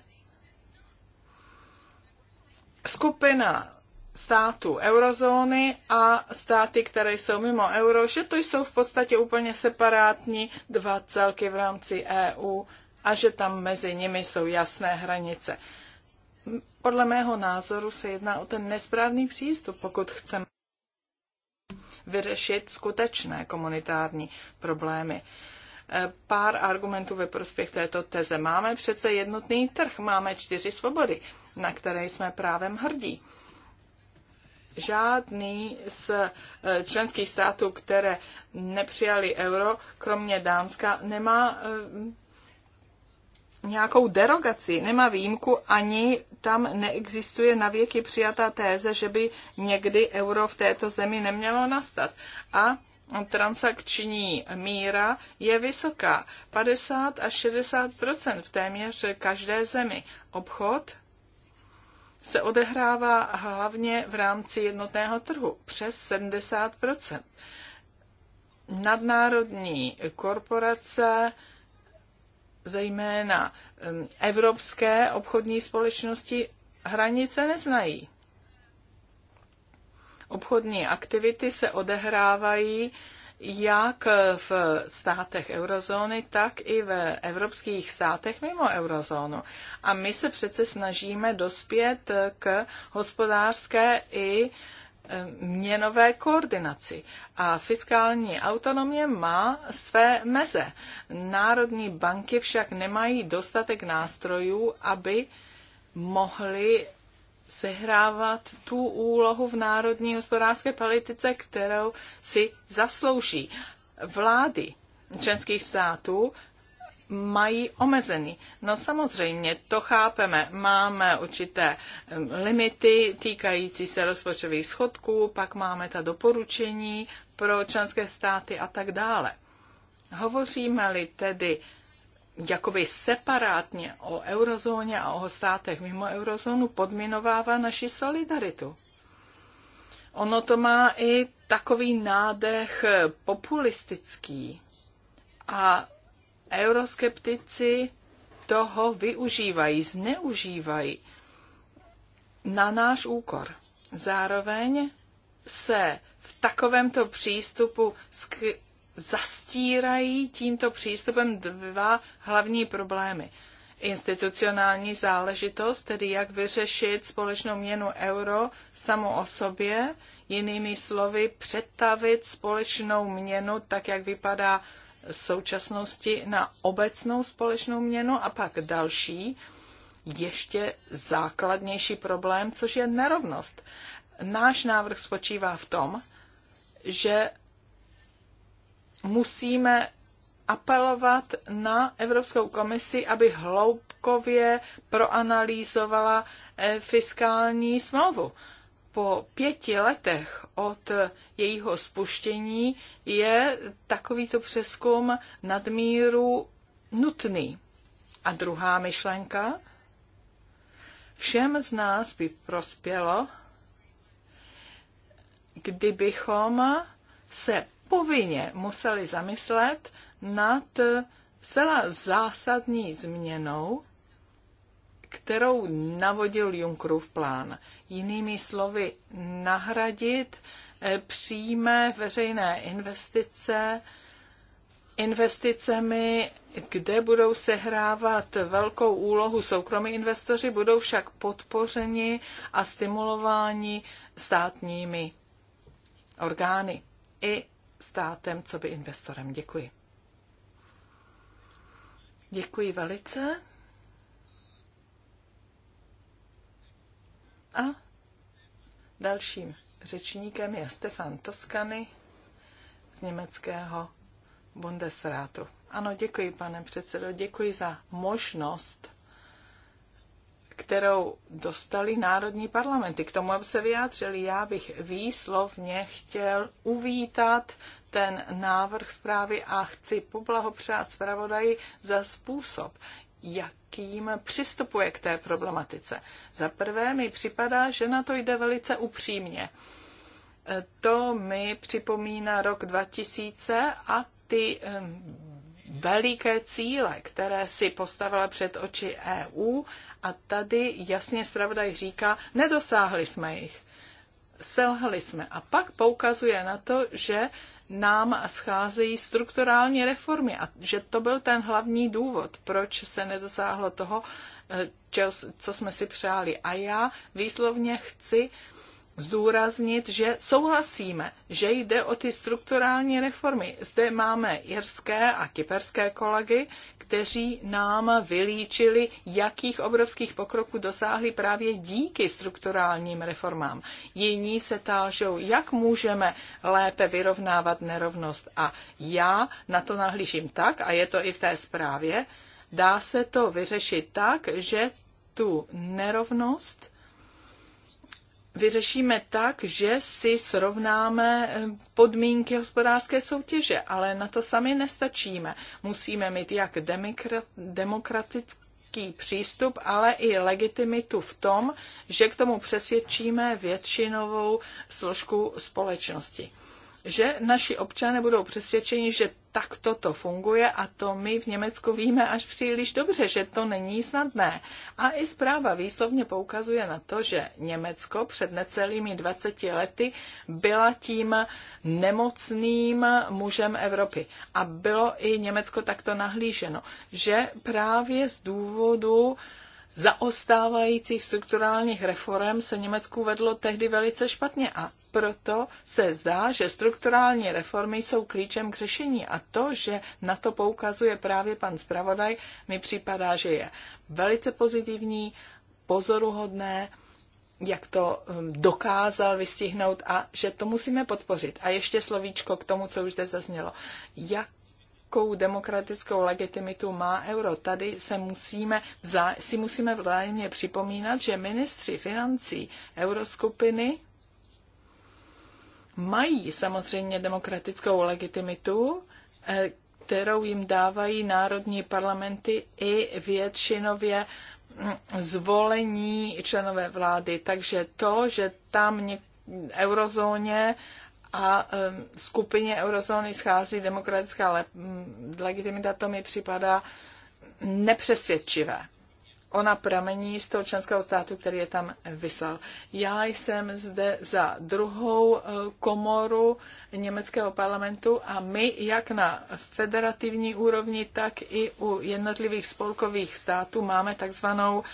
skupina států eurozóny a státy, které jsou mimo euro, že to jsou v podstatě úplně separátní dva celky v rámci EU a že tam mezi nimi jsou jasné hranice. Podle mého názoru se jedná o ten nesprávný přístup, pokud chceme vyřešit skutečné komunitární problémy. Eh, pár argumentů ve prospěch této teze. Máme přece jednotný trh, máme čtyři svobody, na které jsme právem hrdí žádný z eh, členských států, které nepřijali euro, kromě Dánska, nemá eh, nějakou derogaci, nemá výjimku, ani tam neexistuje navěky přijatá téze, že by někdy euro v této zemi nemělo nastat. A transakční míra je vysoká, 50 až 60 v téměř každé zemi. Obchod se odehrává hlavně v rámci jednotného trhu, přes 70 Nadnárodní korporace, zejména evropské obchodní společnosti, hranice neznají. Obchodní aktivity se odehrávají jak v státech eurozóny, tak i ve evropských státech mimo eurozónu. A my se přece snažíme dospět k hospodářské i e, měnové koordinaci. A fiskální autonomie má své meze. Národní banky však nemají dostatek nástrojů, aby mohly sehrávat tu úlohu v národní hospodářské politice, kterou si zaslouží. Vlády členských států mají omezený. No samozřejmě, to chápeme. Máme určité limity týkající se rozpočtových schodků, pak máme ta doporučení pro členské státy a tak dále. Hovoříme-li tedy jakoby separátně o eurozóně a o státech mimo eurozónu podminovává naši solidaritu. Ono to má i takový nádech populistický a euroskeptici toho využívají, zneužívají na náš úkor. Zároveň se v takovémto přístupu zastírají tímto přístupem dva hlavní problémy. Institucionální záležitost, tedy jak vyřešit společnou měnu euro samo o sobě, jinými slovy přetavit společnou měnu tak, jak vypadá v současnosti na obecnou společnou měnu a pak další, ještě základnější problém, což je nerovnost. Náš návrh spočívá v tom, že musíme apelovat na Evropskou komisi, aby hloubkově proanalýzovala eh, fiskální smlouvu. Po pěti letech od jejího spuštění je takovýto přeskum nadmíru nutný. A druhá myšlenka. Všem z nás by prospělo, kdybychom se povinně museli zamyslet nad celá zásadní změnou, kterou navodil Junckerův plán. Jinými slovy, nahradit eh, přímé veřejné investice investicemi, kde budou sehrávat velkou úlohu soukromí investoři, budou však podpořeni a stimulováni státními orgány. I státem, co by investorem. Děkuji. Děkuji velice. A dalším řečníkem je Stefan Toskany z německého Bundesrátu. Ano, děkuji, pane předsedo, děkuji za možnost kterou dostali národní parlamenty. K tomu, aby se vyjádřili, já bych výslovně chtěl uvítat ten návrh zprávy a chci poblahopřát zpravodaji za způsob, jakým přistupuje k té problematice. Za prvé mi připadá, že na to jde velice upřímně. To mi připomíná rok 2000 a ty veliké cíle, které si postavila před oči EU a tady jasně zpravodaj říká, nedosáhli jsme jich, selhali jsme. A pak poukazuje na to, že nám scházejí strukturální reformy a že to byl ten hlavní důvod, proč se nedosáhlo toho, eh, čeho, co jsme si přáli. A já výslovně chci zdůraznit, že souhlasíme, že jde o ty strukturální reformy. Zde máme jirské a kyperské kolegy, kteří nám vylíčili, jakých obrovských pokroků dosáhli právě díky strukturálním reformám. Jiní se tážou, jak můžeme lépe vyrovnávat nerovnost. A já na to nahlížím tak, a je to i v té zprávě, dá se to vyřešit tak, že tu nerovnost vyřešíme tak, že si srovnáme eh, podmínky hospodářské soutěže, ale na to sami nestačíme. Musíme mít jak demokratický přístup, ale i legitimitu v tom, že k tomu přesvědčíme většinovou složku společnosti že naši občané budou přesvědčeni, že tak toto funguje a to my v Německu víme až příliš dobře, že to není snadné. A i zpráva výslovně poukazuje na to, že Německo před necelými 20 lety byla tím nemocným mužem Evropy. A bylo i Německo takto nahlíženo, že právě z důvodu uh, zaostávajících strukturálních reform se Německu vedlo tehdy velice špatně a proto se zdá, že strukturální reformy jsou klíčem k řešení a to, že na to poukazuje právě pan zpravodaj, mi připadá, že je velice pozitivní, pozoruhodné, jak to hm, dokázal vystihnout a že to musíme podpořit. A ještě slovíčko k tomu, co už zde zaznělo. Jak jakou demokratickou legitimitu má euro. Tady se musíme, si musíme vzájemně připomínat, že ministři financí euroskupiny mají samozřejmě demokratickou legitimitu, eh, kterou jim dávají národní parlamenty i většinově mm, zvolení členové vlády. Takže to, že tam v eurozóně a skupině eurozóny schází demokratická le- mm, legitimita, to mi připadá nepřesvědčivé. Ona pramení z toho členského státu, který je tam vyslal. Já jsem zde za druhou eh, komoru německého parlamentu a my, jak na federativní úrovni, tak i u jednotlivých spolkových států máme takzvanou uh,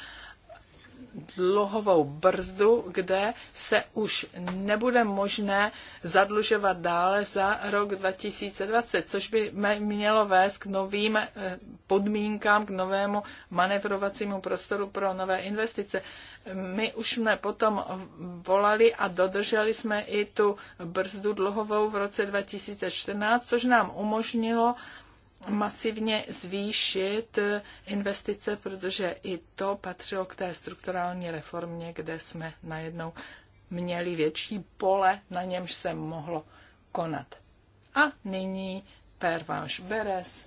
dluhovou brzdu, kde se už nebude možné zadlužovat dále za rok 2020, což by mělo vést k novým eh, podmínkám, k novému manevrovacímu prostoru pro nové investice. My už jsme potom volali a dodrželi jsme i tu brzdu dluhovou v roce 2014, což nám umožnilo masivně zvýšit investice, protože i to patřilo k té strukturální reformě, kde jsme najednou měli větší pole, na němž se mohlo konat. A nyní Perváš Beres,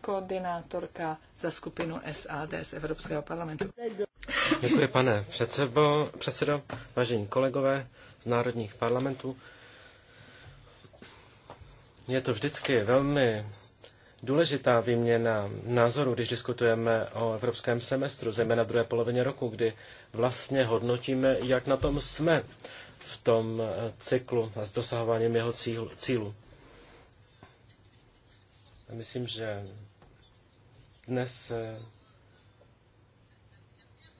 koordinátorka za skupinu SAD z Evropského parlamentu. Děkuji, pane předsedo, předsedo, vážení kolegové z národních parlamentů. Je to vždycky velmi důležitá výměna názorů, když diskutujeme o evropském semestru, zejména v druhé polovině roku, kdy vlastně hodnotíme, jak na tom jsme v tom eh, cyklu a s dosahováním jeho cílu. myslím, že dnes eh,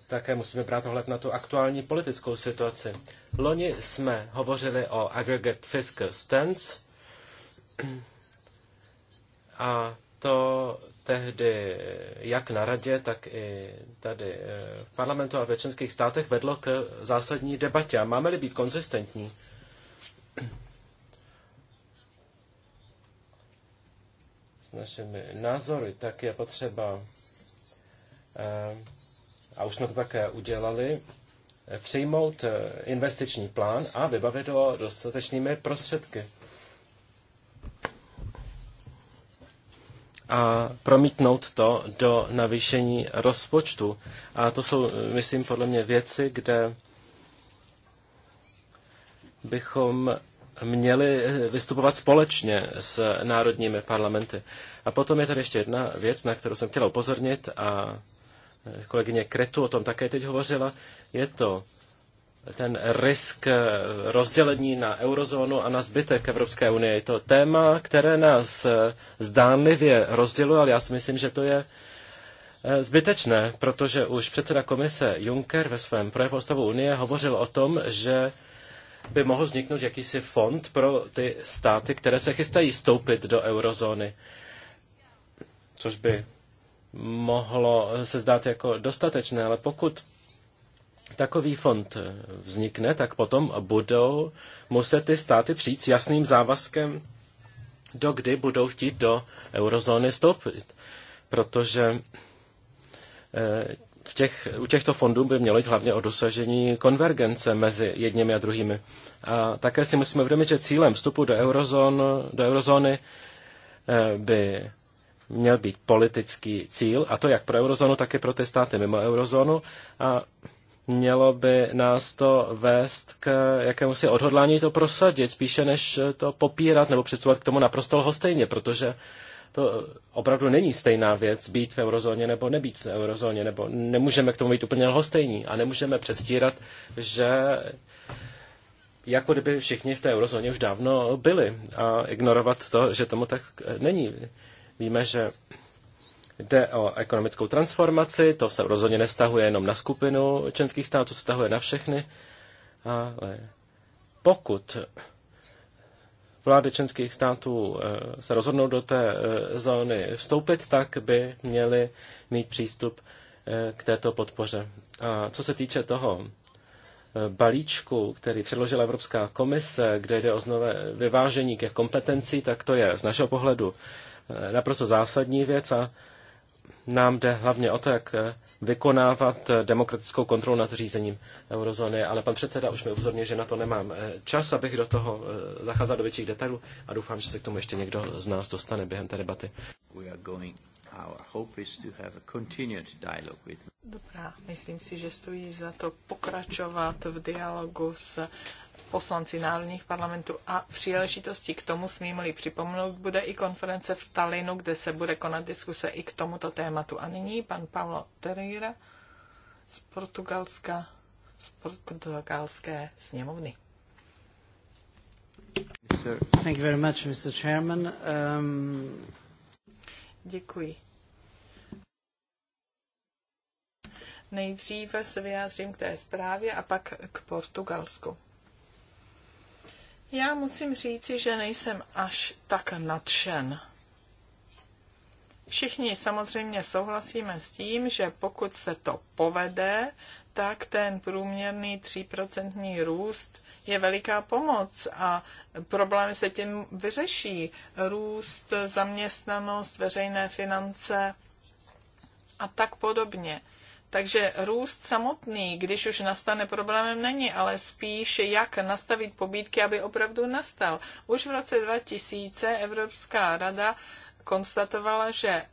také musíme brát ohled na tu aktuální politickou situaci. Loni jsme hovořili o aggregate fiscal stance, a to tehdy jak na radě, tak i tady eh, v parlamentu a ve členských státech vedlo k zásadní debatě. A máme-li být konzistentní, s našimi názory, tak je potřeba, eh, a už jsme to také udělali, eh, přijmout investiční plán a vybavit ho dostatečnými prostředky. a promítnout to do navýšení rozpočtu. A to jsou, myslím, podle mě věci, kde bychom měli vystupovat společně s národními parlamenty. A potom je tady ještě jedna věc, na kterou jsem chtěla upozornit a kolegyně Kretu o tom také teď hovořila. Je to ten risk eh, rozdělení na eurozónu a na zbytek Evropské unie. Je to téma, které nás eh, zdánlivě rozděluje, ale já si myslím, že to je eh, zbytečné, protože už předseda komise Juncker ve svém projevu o stavu unie hovořil o tom, že by mohl vzniknout jakýsi fond pro ty státy, které se chystají vstoupit do eurozóny, což by mohlo se zdát jako dostatečné, ale pokud takový fond eh, vznikne, tak potom budou muset ty státy přijít s jasným závazkem, do kdy budou chtít do eurozóny vstoupit. Protože eh, v těch, u těchto fondů by mělo jít hlavně o dosažení konvergence mezi jedněmi a druhými. A také si musíme uvědomit, že cílem vstupu do, eurozón, do eurozóny eh, by měl být politický cíl, a to jak pro eurozónu, tak i pro ty státy mimo eurozónu. A mělo by nás to vést k jakému si odhodlání to prosadit, spíše než to popírat nebo přistupovat k tomu naprosto lhostejně, protože to opravdu není stejná věc být v eurozóně nebo nebýt v eurozóně, nebo nemůžeme k tomu být úplně lhostejní a nemůžeme předstírat, že jako kdyby všichni v té eurozóně už dávno byli a ignorovat to, že tomu tak není. Víme, že Jde o ekonomickou transformaci, to se rozhodně nestahuje jenom na skupinu členských států, se stahuje na všechny. Ale pokud vlády členských států eh, se rozhodnou do té eh, zóny vstoupit, tak by měly mít přístup eh, k této podpoře. A co se týče toho balíčku, který předložila Evropská komise, kde jde o znovu vyvážení těch kompetencí, tak to je z našeho pohledu naprosto zásadní věc a nám jde hlavně o to, jak eh, vykonávat eh, demokratickou kontrolu nad řízením eurozóny, ale pan předseda už mi upozornil, že na to nemám eh, čas, abych do toho zacházel do větších detailů a doufám, že se k tomu ještě někdo z nás dostane během té debaty. Dobrá, myslím si, že stojí za to pokračovat v dialogu s poslanci národních parlamentů a příležitosti k tomu smí li Připomenout bude i konference v Talinu, kde se bude konat diskuse i k tomuto tématu. A nyní pan Paulo Terreira z Portugalska, z portugalské sněmovny. Thank you very much, Mr. Chairman. Um... Děkuji. Nejdříve se vyjádřím k té zprávě a pak k Portugalsku. Já musím říci, že nejsem až tak nadšen. Všichni samozřejmě souhlasíme s tím, že pokud se to povede, tak ten průměrný 3% růst je veliká pomoc a problémy se tím vyřeší. Růst, zaměstnanost, veřejné finance a tak podobně. Takže růst samotný, když už nastane problémem, není, ale spíš jak nastavit pobídky, aby opravdu nastal. Už v roce 2000 Evropská rada konstatovala, že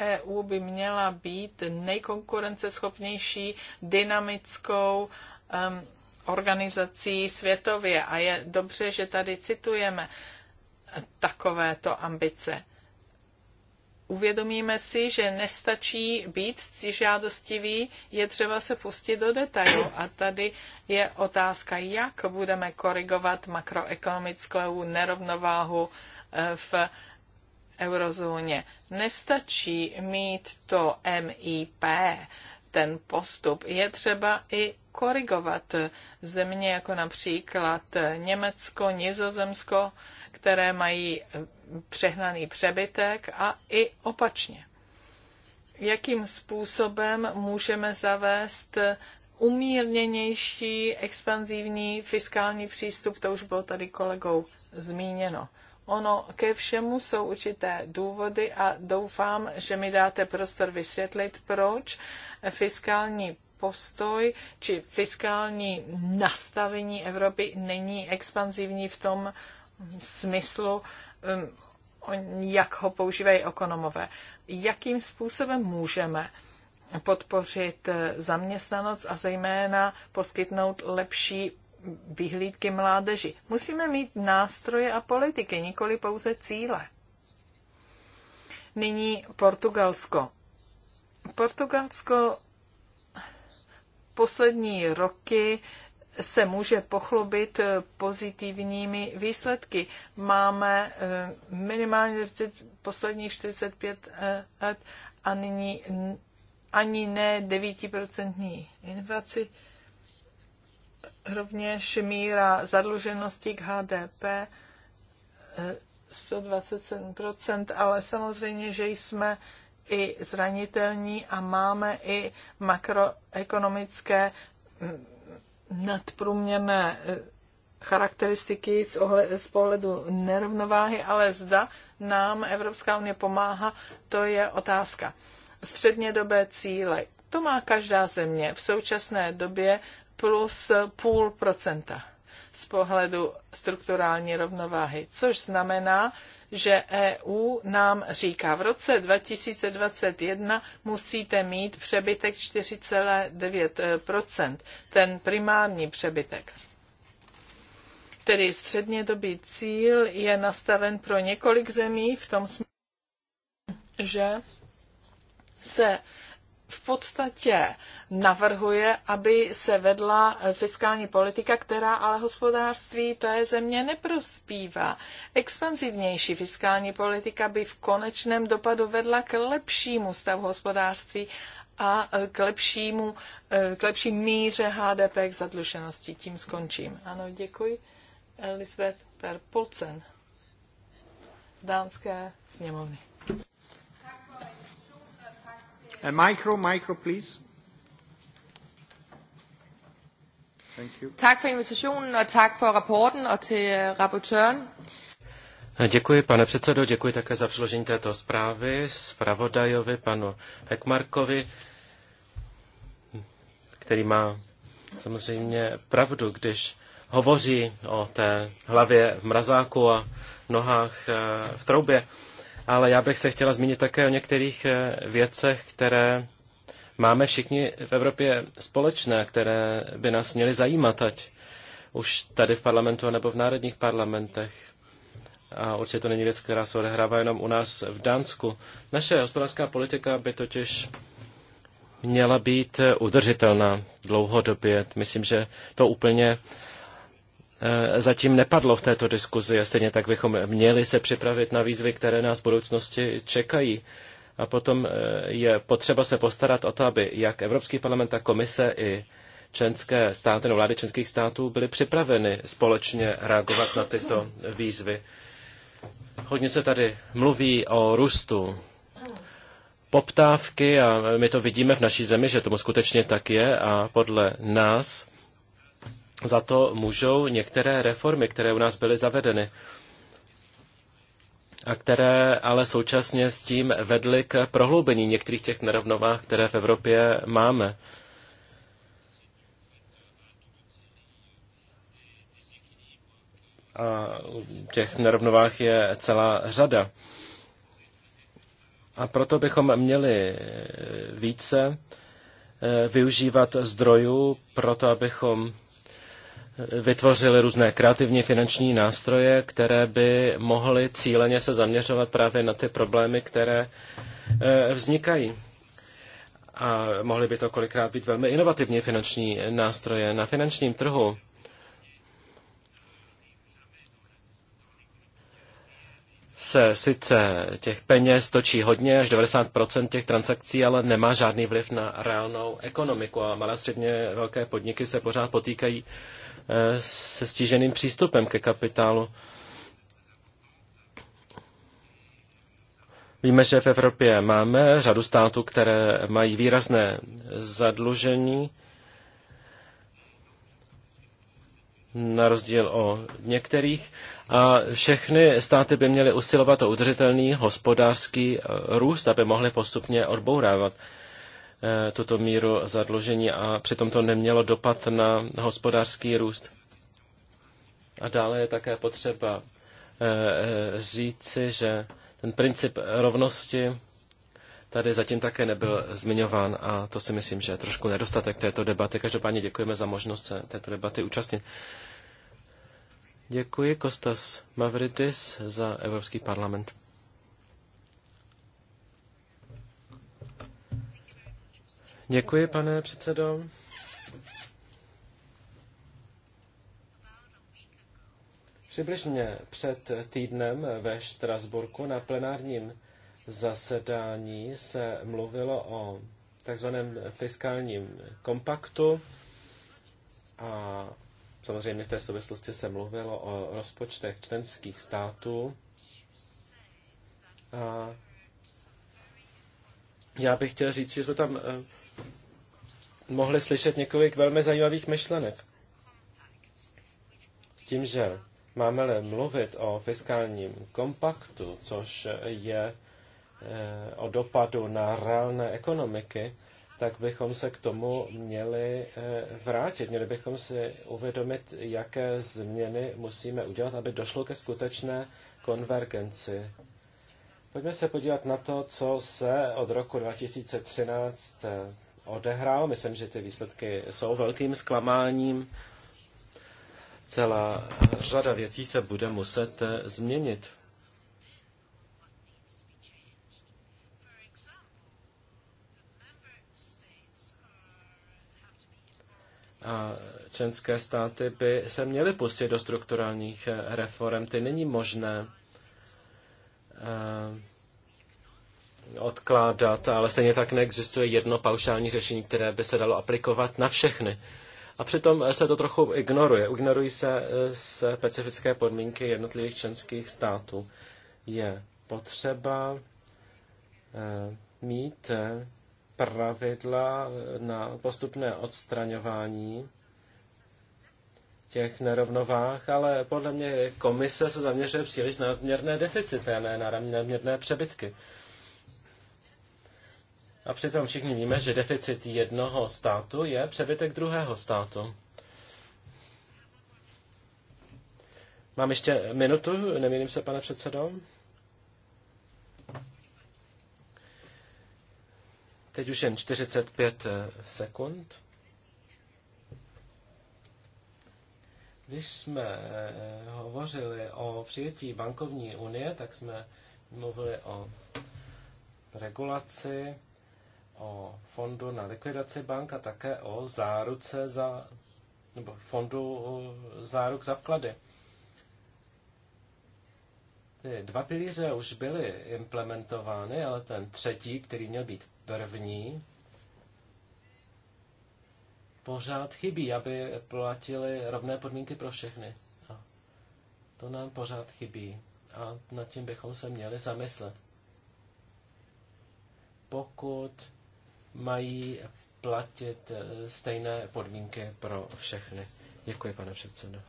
EU by měla být nejkonkurenceschopnější dynamickou um, organizací světově. A je dobře, že tady citujeme takovéto ambice uvědomíme si, že nestačí být žádostivý, je třeba se pustit do detailu. A tady je otázka, jak budeme korigovat makroekonomickou nerovnováhu eh, v eurozóně. Nestačí mít to MIP, ten postup. Je třeba i korigovat země jako například Německo, Nizozemsko, které mají přehnaný přebytek a i opačně. Jakým způsobem můžeme zavést umírněnější expanzivní fiskální přístup, to už bylo tady kolegou zmíněno. Ono ke všemu jsou určité důvody a doufám, že mi dáte prostor vysvětlit, proč fiskální postoj či fiskální nastavení Evropy není expanzivní v tom smyslu, Ehm, jak ho používají ekonomové. Jakým způsobem můžeme podpořit eh, zaměstnanost a zejména poskytnout lepší vyhlídky mládeži. Musíme mít nástroje a politiky, nikoli pouze cíle. Nyní Portugalsko. Portugalsko poslední roky se může pochlubit eh, pozitivními výsledky. Máme eh, minimálně 40, posledních 45 eh, let a nyní ani ne 9% inflaci. Rovněž míra zadluženosti k HDP 127%, ale samozřejmě, že jsme i zranitelní a máme i makroekonomické hm, nadprůměrné eh, charakteristiky z, ohle, z pohledu nerovnováhy, ale zda nám Evropská unie pomáhá, to je otázka. Střednědobé cíle. To má každá země v současné době plus půl procenta z pohledu strukturální rovnováhy, což znamená, že EU nám říká, v roce 2021 musíte mít přebytek 4,9%, ten primární přebytek. Tedy dobý cíl je nastaven pro několik zemí v tom smyslu, že se v podstatě navrhuje, aby se vedla eh, fiskální politika, která ale hospodářství té země neprospívá. Expanzivnější fiskální politika by v konečném dopadu vedla k lepšímu stavu hospodářství a eh, k, lepšímu, eh, k lepší míře HDP k zadluženosti. Tím skončím. Ano, děkuji. Elisabeth Perpolcen z Dánské sněmovny. A micro, micro, please. Thank you. Tak for invitationen og tak for rapporten og til øh, rapportøren. Eh, děkuji, pane předsedo, děkuji také za přeložení této zprávy zpravodajovi panu Hekmarkovi, který má samozřejmě pravdu, když hovoří o té hlavě v mrazáku a nohách eh, v troubě ale já bych se chtěla zmínit také o některých eh, věcech, které máme všichni v Evropě společné, které by nás měly zajímat, ať už tady v parlamentu nebo v národních parlamentech. A určitě to není věc, která se odehrává jenom u nás v Dánsku. Naše hospodářská politika by totiž měla být eh, udržitelná dlouhodobě. Myslím, že to úplně Eh, zatím nepadlo v této diskuzi a stejně tak bychom měli se připravit na výzvy, které nás v budoucnosti čekají. A potom eh, je potřeba se postarat o to, aby jak Evropský parlament, tak komise i členské státy, no vlády členských států byly připraveny společně reagovat na tyto výzvy. Hodně se tady mluví o růstu poptávky a my to vidíme v naší zemi, že tomu skutečně tak je a podle nás za to můžou některé reformy, které u nás byly zavedeny a které ale současně s tím vedly k prohloubení některých těch nerovnovách, které v Evropě máme. A těch nerovnovách je celá řada. A proto bychom měli více eh, využívat zdrojů, proto abychom vytvořili různé kreativní finanční nástroje, které by mohly cíleně se zaměřovat právě na ty problémy, které e, vznikají. A mohly by to kolikrát být velmi inovativní finanční nástroje na finančním trhu. se sice těch peněz točí hodně, až 90% těch transakcí, ale nemá žádný vliv na reálnou ekonomiku a malé středně velké podniky se pořád potýkají uh, se stíženým přístupem ke kapitálu. Víme, že v Evropě máme řadu států, které mají výrazné zadlužení, na rozdíl o některých. A všechny státy by měly usilovat o udržitelný hospodářský růst, aby mohly postupně odbourávat Eh, tuto míru zadlužení a přitom to nemělo dopad na hospodářský růst. A dále je také potřeba eh, říci, že ten princip rovnosti tady zatím také nebyl zmiňován a to si myslím, že je trošku nedostatek této debaty. Každopádně děkujeme za možnost se této debaty účastnit. Děkuji Kostas Mavridis za Evropský parlament. Děkuji, pane předsedo. Přibližně před týdnem ve Štrasburku na plenárním zasedání se mluvilo o takzvaném fiskálním kompaktu a samozřejmě v té souvislosti se mluvilo o rozpočtech členských států. A já bych chtěl říct, že jsme tam eh, mohli slyšet několik velmi zajímavých myšlenek. S tím, že máme-li mluvit o fiskálním kompaktu, což je eh, o dopadu na reálné ekonomiky, tak bychom se k tomu měli eh, vrátit. Měli bychom si uvědomit, jaké změny musíme udělat, aby došlo ke skutečné konvergenci. Pojďme se podívat na to, co se od roku 2013 eh, odehrál. Myslím, že ty výsledky jsou velkým zklamáním. Celá řada věcí se bude muset eh, změnit. A členské státy by se měly pustit do strukturálních eh, reform. Ty není možné eh, odkládat, ale stejně tak neexistuje jedno paušální řešení, které by se dalo aplikovat na všechny. A přitom se to trochu ignoruje. Ignorují se eh, specifické podmínky jednotlivých členských států. Je potřeba eh, mít eh, pravidla na postupné odstraňování těch nerovnovách, ale podle mě komise se zaměřuje příliš na nadměrné deficity a ne na nadměrné přebytky. A přitom všichni víme, že deficit jednoho státu je přebytek druhého státu. Mám ještě minutu, nemýlím se, pane předsedo. Teď už jen 45 eh, sekund. Když jsme eh, hovořili o přijetí bankovní unie, tak jsme mluvili o regulaci o fondu na likvidaci bank a také o záruce za, nebo fondu záruk za vklady. Ty dva pilíře už byly implementovány, ale ten třetí, který měl být první, pořád chybí, aby platili rovné podmínky pro všechny. A to nám pořád chybí a nad tím bychom se měli zamyslet. Pokud mají platit eh, stejné podmínky pro všechny. Děkuji, pane předsedo.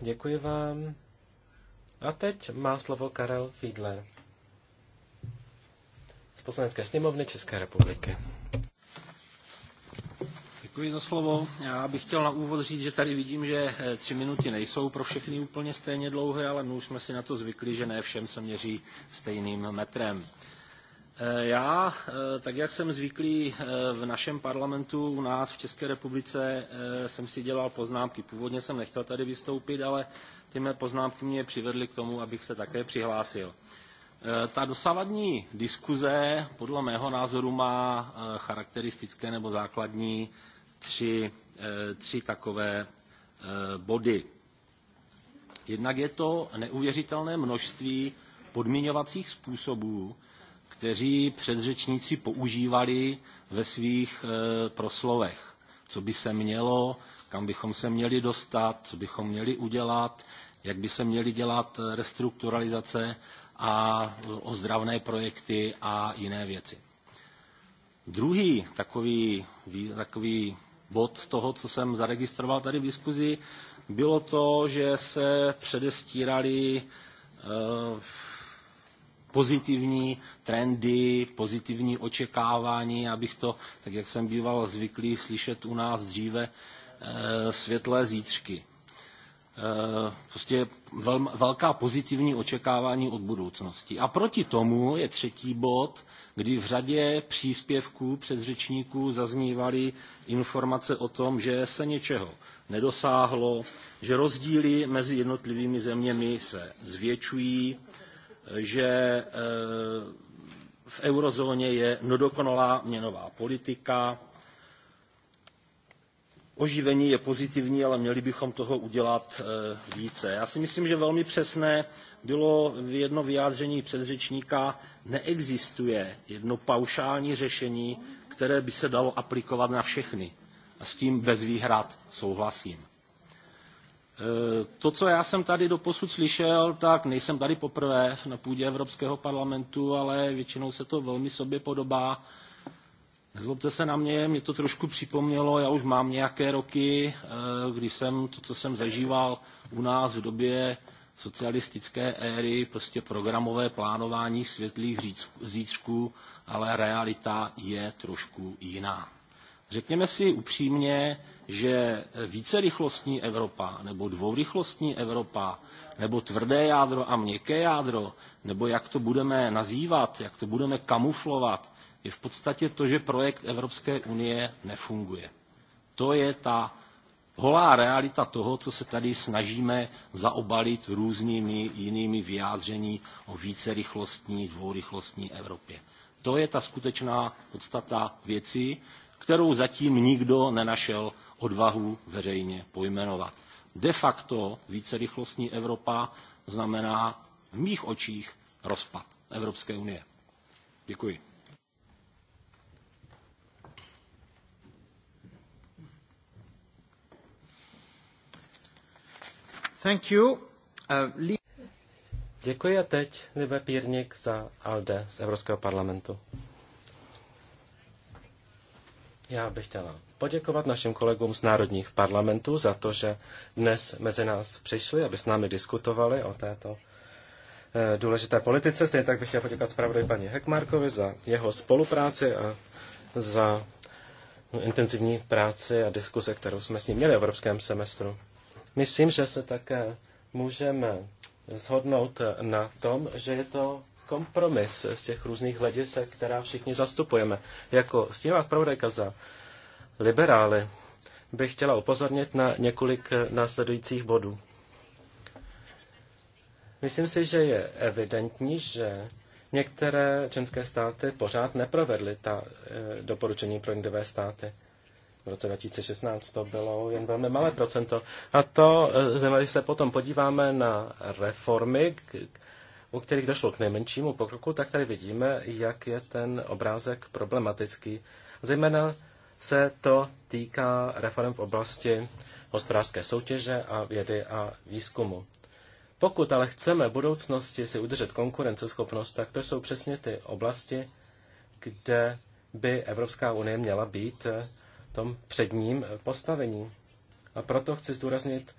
Děkuji vám. A teď má slovo Karel Fiedler z poslanecké sněmovny České republiky. Děkuji za slovo. Já bych chtěl na úvod říct, že tady vidím, že eh, tři minuty nejsou pro všechny úplně stejně dlouhé, ale my už jsme si na to zvykli, že ne všem se měří stejným metrem. Eh, já, eh, tak jak jsem zvyklý v našem parlamentu, u nás v České republice, jsem si dělal poznámky. Původně jsem nechtěl tady vystoupit, ale ty mé poznámky mě přivedly k tomu, abych se také přihlásil. Ta dosavadní diskuze podle mého názoru má charakteristické nebo základní tři, eh, tři takové eh, body. Jednak je to neuvěřitelné množství podmiňovacích způsobů, kteří předřečníci používali ve svých eh, proslovech. Co by se mělo, kam bychom se měli dostat, co bychom měli udělat, jak by se měly dělat restrukturalizace a ozdravné projekty a jiné věci. Druhý takový, takový bod toho, co jsem zaregistroval tady v diskuzi, bylo to, že se předestírali eh, pozitivní trendy, pozitivní očekávání, abych to, tak jak jsem býval zvyklý slyšet u nás dříve, eh, světlé zítřky. Eh, prostě velká pozitivní očekávání od budoucnosti. A proti tomu je třetí bod, kdy v řadě příspěvků předřečníků zaznívaly informace o tom, že se něčeho nedosáhlo, že rozdíly mezi jednotlivými zeměmi se zvětšují, že eh, v eurozóně je nedokonalá měnová politika, oživení je pozitivní, ale měli bychom toho udělat eh, více. Já si myslím, že velmi přesné bylo jedno vyjádření předřečníka, neexistuje jedno paušální řešení, které by se dalo aplikovat na všechny. A s tím bez výhrad souhlasím. Eh, to, co já jsem tady doposud slyšel, tak nejsem tady poprvé na půdě Evropského parlamentu, ale většinou se to velmi sobě podobá Nezlobte se na mě, mě to trošku připomnělo, já už mám nějaké roky, eh, když jsem to, co jsem zažíval u nás v době socialistické éry, prostě programové plánování světlých zítřků, ale realita je trošku jiná. Řekněme si upřímně, že vícerychlostní Evropa nebo dvourychlostní Evropa nebo tvrdé jádro a měkké jádro, nebo jak to budeme nazývat, jak to budeme kamuflovat, je v podstatě to, že projekt Evropské unie nefunguje. To je ta holá realita toho, co se tady snažíme zaobalit různými jinými vyjádření o vícerychlostní, dvourychlostní Evropě. To je ta skutečná podstata věcí, kterou zatím nikdo nenašel odvahu veřejně pojmenovat. De facto vícerychlostní Evropa znamená v mých očích rozpad Evropské unie. Děkuji. Thank you. Uh, Děkuji a teď Libe pírnik za ALDE z Evropského parlamentu. Já bych chtěla poděkovat našim kolegům z národních parlamentů za to, že dnes mezi nás přišli, aby s námi diskutovali o této eh, důležité politice. Stejně tak bych chtěl poděkovat zpravodaji paní Hekmarkovi za jeho spolupráci a za intenzivní práci a diskuse, kterou jsme s ním měli v evropském semestru. Myslím, že se také můžeme shodnout na tom, že je to kompromis z těch různých hledisek, která všichni zastupujeme. Jako stínová zpravodajka za liberály bych chtěla upozornit na několik následujících bodů. Myslím si, že je evidentní, že některé členské státy pořád neprovedly ta eh, doporučení pro jindové státy. V roce 2016 to bylo jen velmi malé procento. A to, eh, když se potom podíváme na reformy, u kterých došlo k nejmenšímu pokroku, tak tady vidíme, jak je ten obrázek problematický. Zejména se to týká reform v oblasti hospodářské soutěže a vědy a výzkumu. Pokud ale chceme v budoucnosti si udržet konkurenceschopnost, tak to jsou přesně ty oblasti, kde by Evropská unie měla být eh, tom předním postavení. A proto chci zdůraznit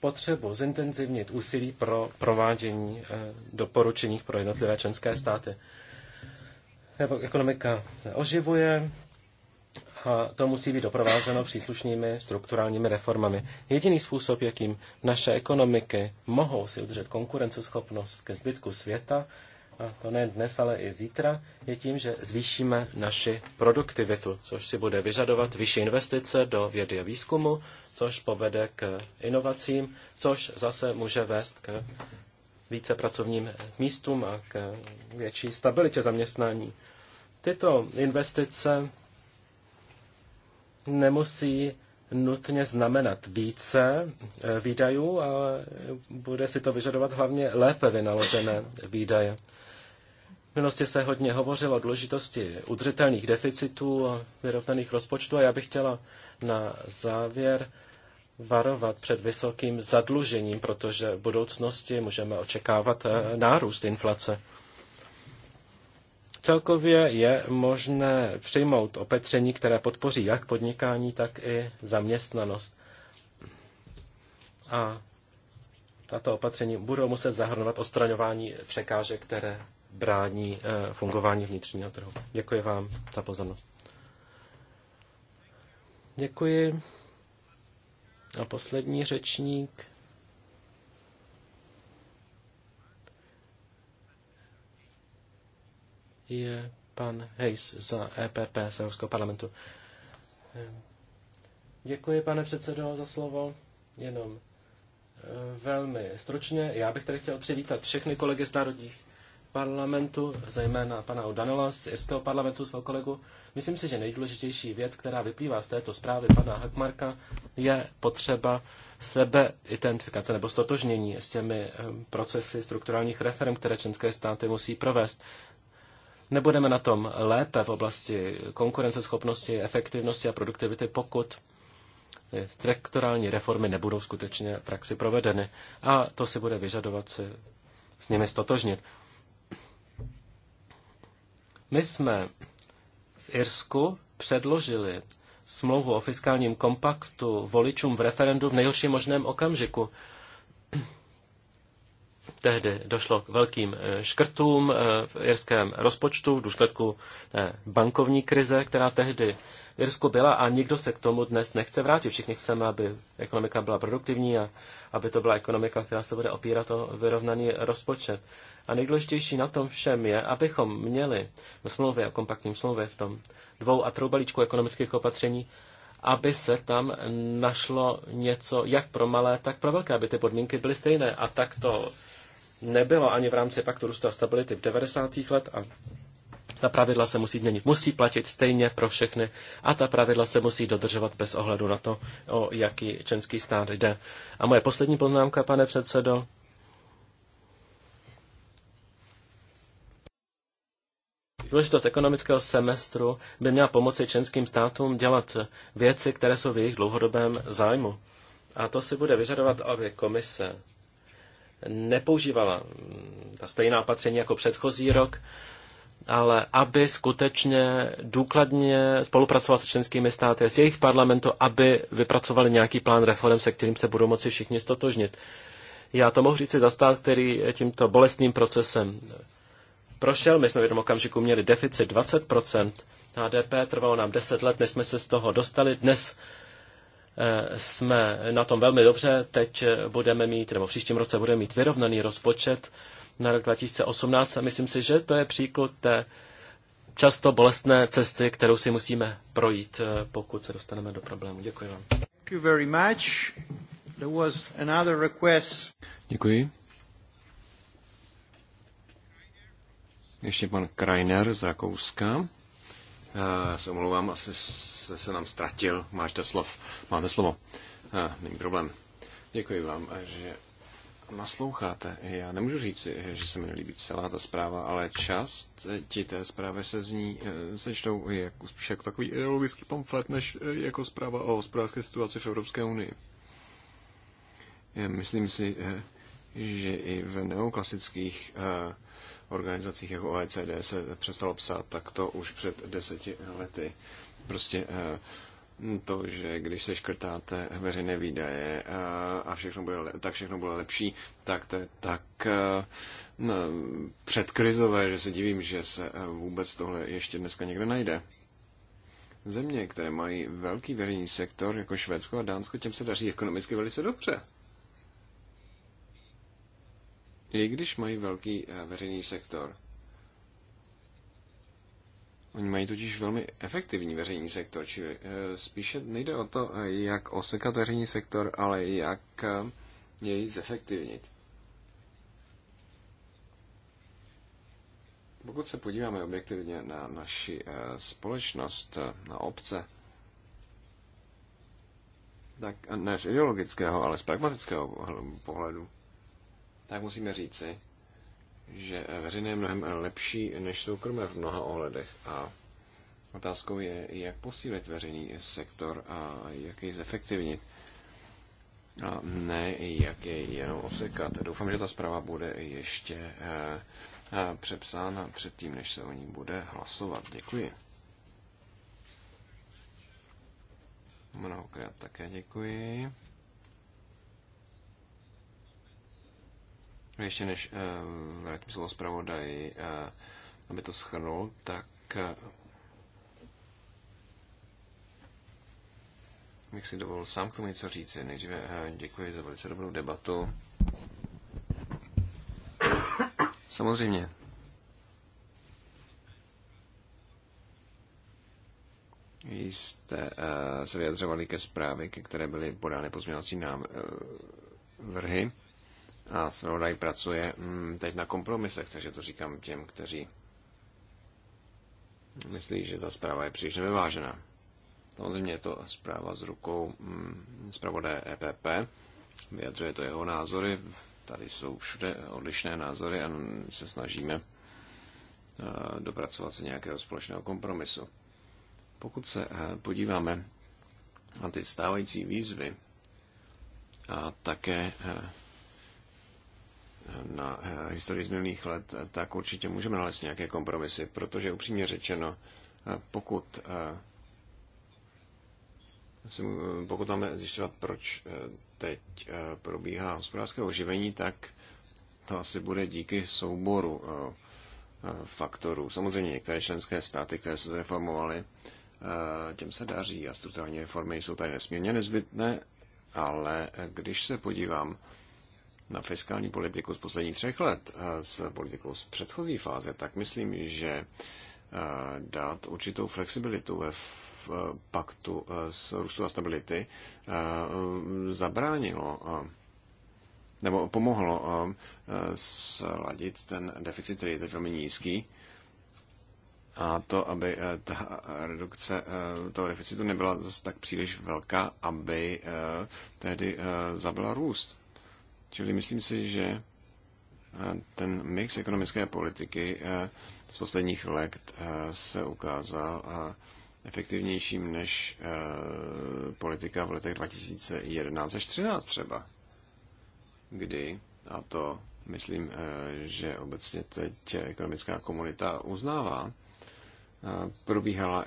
potřebu zintenzivnit úsilí pro provádění eh, doporučení pro jednotlivé členské státy. Ekonomika oživuje a to musí být doprovázeno příslušnými strukturálními reformami. Jediný způsob, jakým naše ekonomiky mohou si udržet konkurenceschopnost ke zbytku světa, a to nejen dnes, ale i zítra, je tím, že zvýšíme naši produktivitu, což si bude vyžadovat vyšší investice do vědy a výzkumu, což povede k inovacím, což zase může vést k více pracovním místům a k větší stabilitě zaměstnání. Tyto investice nemusí nutně znamenat více eh, výdajů, ale bude si to vyžadovat hlavně lépe vynaložené výdaje minulosti se hodně hovořilo o důležitosti udržitelných deficitů a vyrovnaných rozpočtů a já bych chtěla na závěr varovat před vysokým zadlužením, protože v budoucnosti můžeme očekávat eh, nárůst inflace. Celkově je možné přijmout opatření, které podpoří jak podnikání, tak i zaměstnanost. A tato opatření budou muset zahrnovat ostraňování překážek, které brání eh, fungování vnitřního trhu. Děkuji vám za pozornost. Děkuji. A poslední řečník. je pan Hayes za EPP z Evropského parlamentu. Děkuji, pane předsedo, za slovo. Jenom eh, velmi stručně. Já bych tady chtěl přivítat všechny kolegy z národních parlamentu, zejména pana O'Donnella z irského parlamentu, svého kolegu. Myslím si, že nejdůležitější věc, která vyplývá z této zprávy pana Hackmarka, je potřeba sebeidentifikace nebo stotožnění s těmi procesy strukturálních reform, které členské státy musí provést. Nebudeme na tom lépe v oblasti konkurenceschopnosti, efektivnosti a produktivity, pokud eh, strukturální reformy nebudou skutečně v praxi provedeny. A to si bude vyžadovat se s nimi stotožnit. My jsme v Irsku předložili smlouvu o fiskálním kompaktu voličům v referendu v nejhorším možném okamžiku. Tehdy došlo k velkým eh, škrtům eh, v irském rozpočtu v důsledku eh, bankovní krize, která tehdy v Irsku byla a nikdo se k tomu dnes nechce vrátit. Všichni chceme, aby ekonomika byla produktivní a aby to byla ekonomika, která se bude opírat o vyrovnaný rozpočet. A nejdůležitější na tom všem je, abychom měli v smlouvě, o kompaktním smlouvě, v tom dvou a troubalíčku balíčku ekonomických opatření, aby se tam našlo něco jak pro malé, tak pro velké, aby ty podmínky byly stejné. A tak to nebylo ani v rámci paktu růstu a stability v 90. let a ta pravidla se musí měnit. Musí platit stejně pro všechny a ta pravidla se musí dodržovat bez ohledu na to, o jaký členský stát jde. A moje poslední poznámka, pane předsedo, Důležitost ekonomického semestru by měla pomoci členským státům dělat věci, které jsou v jejich dlouhodobém zájmu. A to si bude vyžadovat, aby komise nepoužívala mm, ta stejná opatření jako předchozí rok, ale aby skutečně důkladně spolupracovala se členskými státy, s jejich parlamentu, aby vypracovali nějaký plán reform, se kterým se budou moci všichni stotožnit. Já to mohu říct si za stát, který tímto bolestným procesem prošel. My jsme v jednom okamžiku měli deficit 20%. HDP trvalo nám 10 let, než jsme se z toho dostali. Dnes eh, jsme na tom velmi dobře. Teď eh, budeme mít, nebo v příštím roce budeme mít vyrovnaný rozpočet na rok 2018 a myslím si, že to je příklad té často bolestné cesty, kterou si musíme projít, eh, pokud se dostaneme do problému. Děkuji vám. Děkuji. Ještě pan Krajner z Rakouska. Já eh, se omlouvám, asi se, se nám ztratil. Máte, slov. Máte slovo. A, eh, není problém. Děkuji vám, eh, že nasloucháte. Já nemůžu říct, že se mi nelíbí celá ta zpráva, ale část ti té zprávy se z ní sečtou jako, spíš jako takový ideologický pamflet, než jako zpráva o hospodářské situaci v Evropské unii. Já myslím si, že i v neoklasických organizacích jako OECD se přestalo psát, tak to už před deseti lety. Prostě eh, to, že když se škrtáte veřejné výdaje eh, a všechno bude, tak všechno bude lepší, tak to je tak eh, no, předkrizové, že se divím, že se vůbec tohle ještě dneska někde najde. Země, které mají velký veřejný sektor, jako Švédsko a Dánsko, těm se daří ekonomicky velice dobře. I když mají velký eh, veřejný sektor, Oni mají totiž velmi efektivní veřejný sektor, čili eh, spíše nejde o to, eh, jak osekat veřejný sektor, ale jak jej zefektivnit. Pokud se podíváme objektivně na naši společnost, na obce, tak ne z ideologického, ale z pragmatického pohledu, tak musíme říci, že veřejné je mnohem lepší než soukromé v mnoha ohledech a otázkou je, jak posílit veřejný sektor a jak jej zefektivnit a ne jak jej jenom osekat. Doufám, že ta zpráva bude ještě eh, přepsána předtím, než se o ní bude hlasovat. Děkuji. Mnohokrát také děkuji. Ještě než eh, vrátím slovo zpravodaji, eh, aby to schrnul, tak bych eh, si dovolil sám k tomu něco říci. Nejdříve děkuji za velice dobrou debatu. Samozřejmě. Jste se vyjadřovali ke zprávě, ke které byly podány pozměňovací návrhy. A Snowdike pracuje mm, teď na kompromisech, takže to říkám těm, kteří myslí, že ta zpráva je příliš nevyvážená. Samozřejmě je to zpráva z rukou mm, zpravodaje EPP, vyjadřuje to jeho názory, tady jsou všude odlišné názory a se snažíme eh, dopracovat se nějakého společného kompromisu. Pokud se eh, podíváme na ty stávající výzvy a také eh, na eh, historii z minulých let, eh, tak určitě můžeme nalézt nějaké kompromisy, protože upřímně řečeno, eh, pokud pokud máme zjišťovat, proč teď probíhá hospodářské oživení, tak to asi bude díky souboru faktorů. Samozřejmě některé členské státy, které se zreformovaly, těm se daří a strukturální reformy jsou tady nesmírně nezbytné, ale když se podívám na fiskální politiku z posledních třech let eh, s politikou z předchozí fáze, tak myslím, že eh, dát určitou flexibilitu ve eh, paktu s růstu a stability zabránilo nebo pomohlo sladit ten deficit, který je teď velmi nízký, a to, aby ta redukce toho deficitu nebyla zase tak příliš velká, aby tehdy zabila růst. Čili myslím si, že eh, ten mix ekonomické politiky eh, z posledních let eh, se ukázal efektivnějším než politika v letech 2011 až 2013 třeba, kdy, a to myslím, že obecně teď ekonomická komunita uznává, probíhala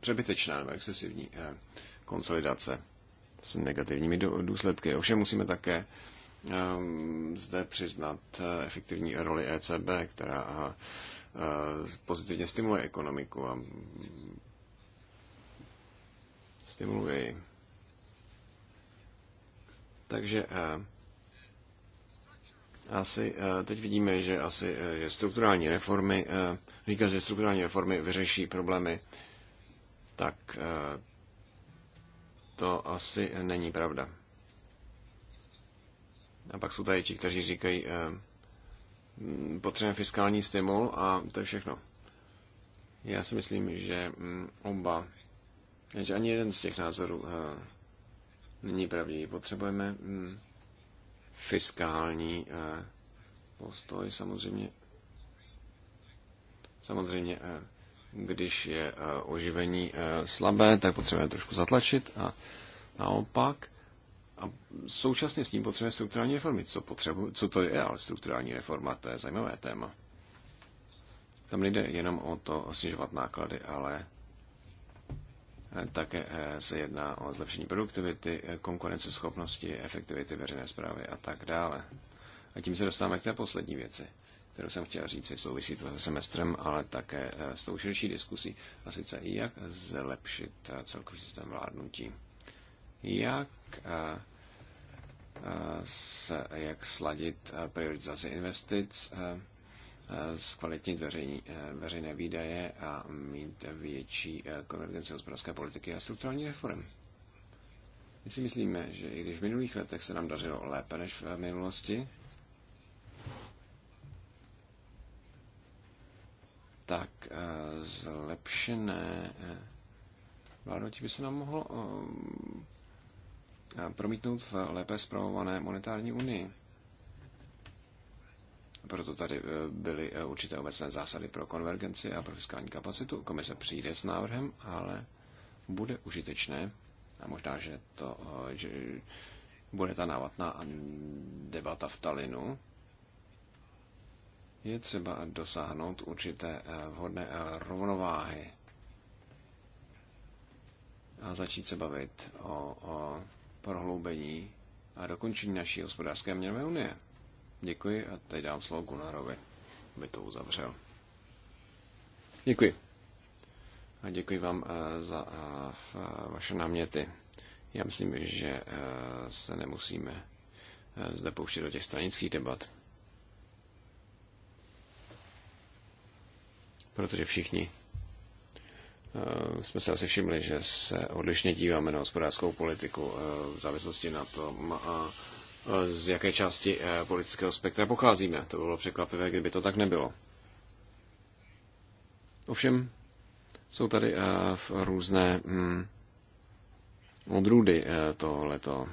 přebytečná nebo excesivní konsolidace s negativními důsledky. Ovšem musíme také ehm, zde přiznat eh, efektivní roli ECB, která eh, pozitivně stimuluje ekonomiku a stimuluje ji. Takže eh, asi teď vidíme, že asi že strukturální reformy, říká, že strukturální reformy vyřeší problémy, tak to asi není pravda. A pak jsou tady ti, kteří říkají, eh, potřebujeme fiskální stimul a to je všechno. Já si myslím, že mm, oba, že ani jeden z těch názorů eh, není pravdivý. Potřebujeme mm, fiskální eh, postoj samozřejmě. Samozřejmě když je eh, oživení eh, slabé, tak potřebujeme trošku zatlačit a naopak. A současně s tím potřebujeme strukturální reformy. Co, potřebu, co to je, ale strukturální reforma, to je zajímavé téma. Tam nejde jenom o to snižovat náklady, ale eh, také se jedná o zlepšení produktivity, konkurenceschopnosti, efektivity veřejné zprávy a tak dále. A tím se dostáváme k té poslední věci kterou jsem chtěl říct, souvisí to se semestrem, ale také eh, s tou širší diskusí, a sice jak zlepšit eh, celkový systém vládnutí, jak eh, se, jak sladit prioritizaci investic, zkvalitnit veřejní, veřejné výdaje a mít větší konvergenci hospodářské politiky a strukturální reform. My si myslíme, že i když v minulých letech se nám dařilo lépe než v minulosti, tak eh, zlepšené eh, vládnutí by se nám mohlo eh, promítnout v lépe zpravované monetární unii. Proto tady byly určité obecné zásady pro konvergenci a pro fiskální kapacitu. Komise přijde s návrhem, ale bude užitečné a možná, že to že bude ta návatná debata v Talinu, je třeba dosáhnout určité eh, vhodné eh, rovnováhy a začít se bavit o, o prohloubení a dokončení naší hospodářské měnové unie. Děkuji a teď dám slovo Gunnarovi, aby to uzavřel. Děkuji. A děkuji vám eh, za vaše náměty. Já myslím, že se nemusíme zde pouštět do těch stranických debat. protože všichni eh, jsme se asi všimli, že se odlišně díváme na hospodářskou politiku eh, v závislosti na tom, eh, z jaké části politického spektra pocházíme. To bylo překvapivé, kdyby to tak nebylo. Ovšem, jsou tady v různé hm, odrůdy tohleto.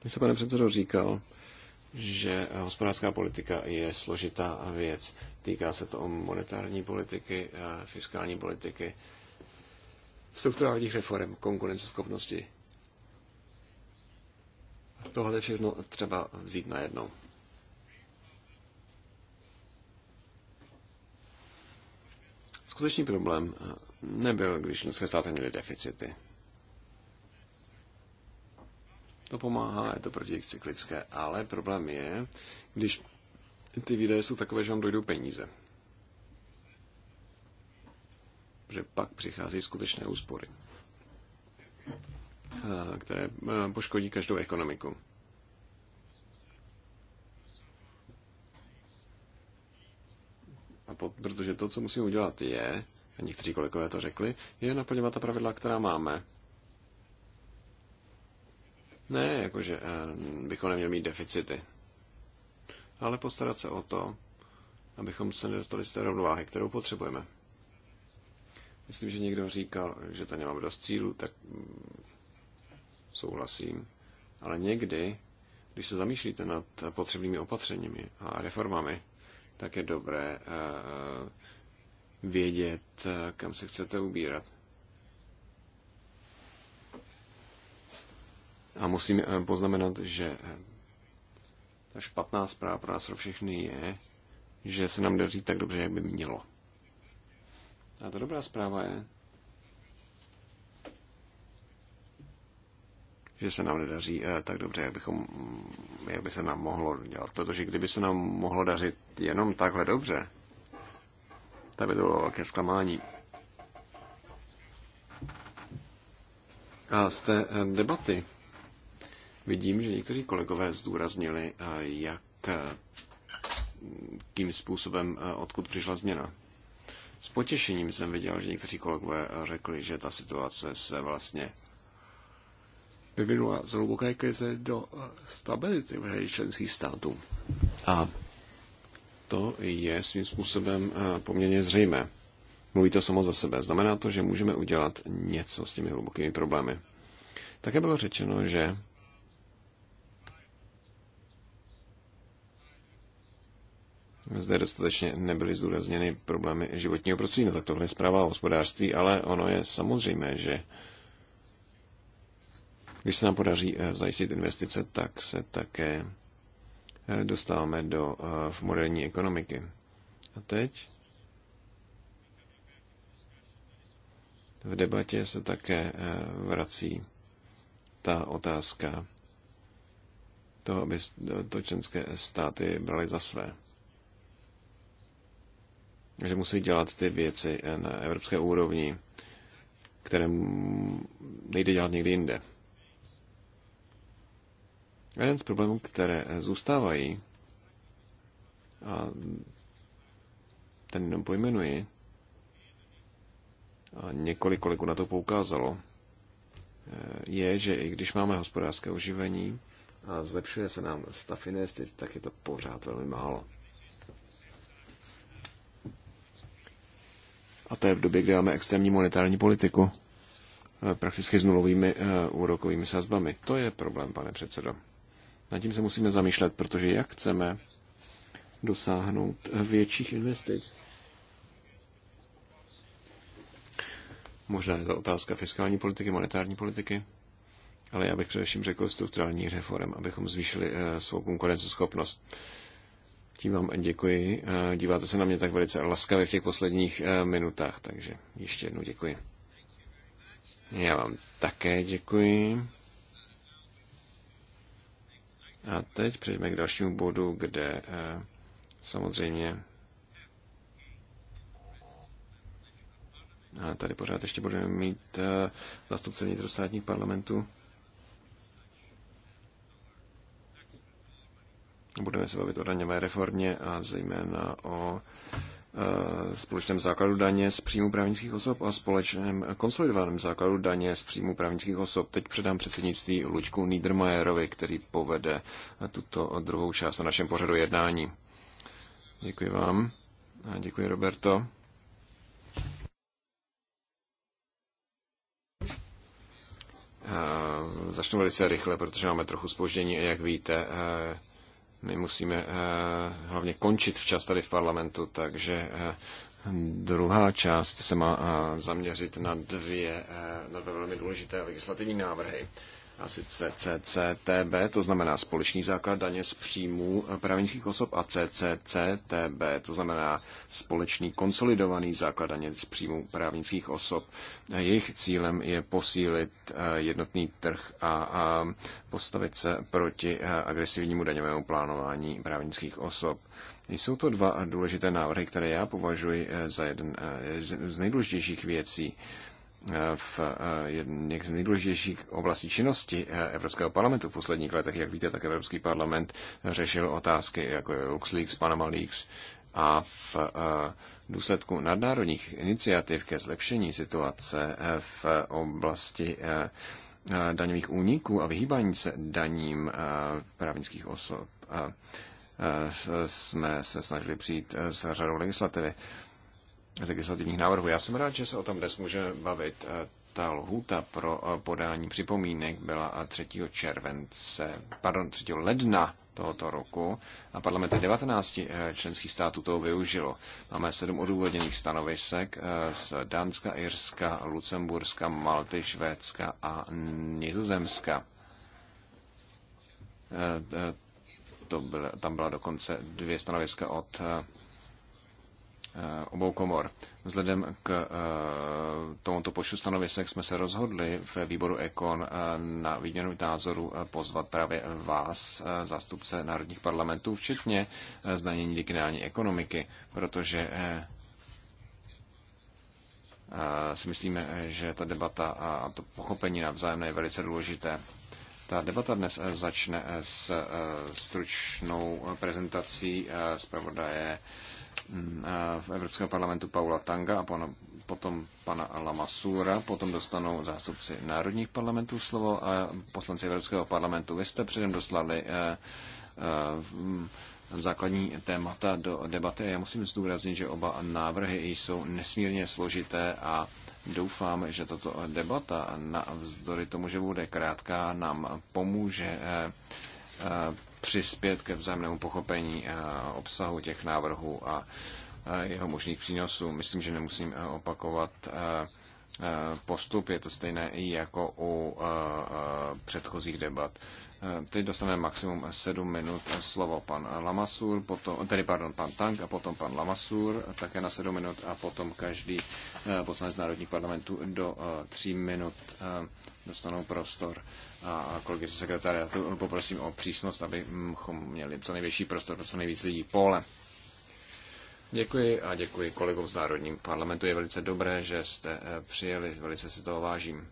Když se, pane předsedo, říkal, že hospodářská politika je složitá věc. Týká se to o monetární politiky, eh, fiskální politiky, strukturálních reform, konkurenceschopnosti. Tohle všechno třeba vzít najednou. Skutečný problém eh, nebyl, když dneska státy měly deficity. To pomáhá, je to proticyklické, ale problém je, když ty výdaje jsou takové, že vám dojdou peníze. Že pak přichází skutečné úspory, eh, které eh, poškodí každou ekonomiku. A po, protože to, co musíme udělat, je, a někteří kolegové to řekli, je naplňovat ta pravidla, která máme. Ne, jakože eh, bychom neměli mít deficity. Ale postarat se o to, abychom se nedostali z té rovnováhy, kterou potřebujeme. Myslím, že někdo říkal, že tady nemáme dost cílů, tak mm, souhlasím. Ale někdy, když se zamýšlíte nad potřebnými opatřeními a reformami, tak je dobré eh, eh, vědět, kam se chcete ubírat. A musím eh, poznamenat, že eh, ta špatná zpráva pro nás pro všechny je, že se nám daří tak dobře, jak by mělo. A ta dobrá zpráva je, že se nám nedaří eh, tak dobře, jak, bychom, mm, jak by se nám mohlo dělat. Protože kdyby se nám mohlo dařit jenom takhle dobře, tak by to bylo velké zklamání. A z té debaty Vidím, že někteří kolegové zdůraznili, eh, jak tím eh, způsobem, eh, odkud přišla změna. S potěšením jsem viděl, že někteří kolegové řekli, že ta situace se vlastně vyvinula z hluboké krize do stability v členských států. A to je svým způsobem poměrně zřejmé. Mluví to samo za sebe. Znamená to, že můžeme udělat něco s těmi hlubokými problémy. Také bylo řečeno, že zde dostatečně nebyly zdůrazněny problémy životního prostředí. No tak tohle je zpráva o hospodářství, ale ono je samozřejmé, že když se nám podaří eh, zajistit investice, tak se také eh, dostáváme do eh, v moderní ekonomiky. A teď v debatě se také vrací ta otázka toho, aby to členské státy brali za své že musí dělat ty věci eh, na evropské úrovni, které nejde dělat někde jinde. Jeden z problémů, které eh, zůstávají, a ten jenom pojmenuji, a několik kolegů na to poukázalo, eh, je, že i když máme hospodářské oživení a zlepšuje se nám stav investic, tak je to pořád velmi málo. A to je v době, kdy máme extrémní monetární politiku eh, prakticky s nulovými eh, úrokovými sazbami. To je problém, pane předsedo. Nad tím se musíme zamýšlet, protože jak chceme dosáhnout eh, větších investic? Možná je to otázka fiskální politiky, monetární politiky, ale já bych především řekl strukturální reform, abychom zvýšili svou konkurenceschopnost. Tím vám děkuji. Díváte se na mě tak velice laskavě v těch posledních eh, minutách, takže ještě jednou děkuji. Já vám také děkuji. A teď přejdeme k dalšímu bodu, kde eh, samozřejmě a tady pořád ještě budeme mít eh, zastupce vnitrostátních parlamentů. Budeme se bavit o daňové reformě a zejména o e, společném základu daně z příjmu právnických osob a společném konsolidovaném základu daně z příjmu právnických osob. Teď předám předsednictví Luďku Niedermayerovi, který povede tuto druhou část na našem pořadu jednání. Děkuji vám. A děkuji, Roberto. E, začnu velice rychle, protože máme trochu spoždění, jak víte e, my musíme eh, hlavně končit včas tady v parlamentu, takže eh, druhá část se má eh, zaměřit na dvě, na dvě velmi důležité legislativní návrhy a sice CCTB, to znamená společný základ daně z příjmů právnických osob, a CCCTB, to znamená společný konsolidovaný základ daně z příjmů právnických osob. Jejich cílem je posílit eh, jednotný trh a postavit se proti eh, agresivnímu daňovému plánování právnických osob. Jsou to dva důležité návrhy, které já považuji eh, za jeden z nejdůležitějších věcí v eh, jedné z nejdůležitějších oblastí činnosti eh, Evropského parlamentu v posledních letech. Jak víte, tak Evropský parlament řešil otázky jako je LuxLeaks, Panama Leaks a v eh, důsledku nadnárodních iniciativ ke zlepšení situace v oblasti daňových úniků a vyhýbání se daním právnických osob jsme se snažili přijít s řadou legislativy legislativních návrhů. Já jsem rád, že se o tom dnes můžeme bavit. Eh, Ta lhůta pro eh, podání připomínek byla 3. Eh, července, pardon, 3. ledna tohoto roku a parlament 19 členských států toho využilo. Máme sedm odůvodněných stanovisek z Dánska, Irska, Lucemburska, Malty, Švédska a Nizozemska. To bylo, tam byla dokonce dvě stanoviska od Eh, obou komor. Vzhledem k eh, tomuto počtu stanovisek jsme se rozhodli v výboru Ekon eh, na výměnu názoru pozvat právě vás, zástupce národních parlamentů, včetně zdanění digitální ekonomiky, protože si myslíme, že ta debata a to pochopení navzájemné je velice důležité. Ta debata dnes začne s stručnou prezentací zpravodaje Eh, v Evropského parlamentu Paula Tanga a pana, potom pana Lamasura, potom dostanou zástupci národních parlamentů slovo a poslanci Evropského parlamentu. Vy jste předem doslali eh, eh, základní témata do debaty a já musím zdůraznit, že oba návrhy jsou nesmírně složité a doufám, že tato debata vzdory tomu, že bude krátká, nám pomůže přispět ke vzájemnému pochopení eh, obsahu těch návrhů a eh, jeho možných přínosů. Myslím, že nemusím eh, opakovat postup, je to stejné i jako u předchozích debat. Teď dostaneme maximum 7 minut slovo pan Lamasur, potom, tedy pardon, pan Tank a potom pan Lamasur, také na 7 minut a potom každý poslanec národních parlamentů do 3 minut dostanou prostor a kolegy z sekretariátu eh, poprosím o přísnost, abychom měli co největší prostor pro co nejvíc lidí. Pole. Děkuji a děkuji kolegům z Národním parlamentu. Je velice dobré, že jste eh, přijeli, velice si toho vážím.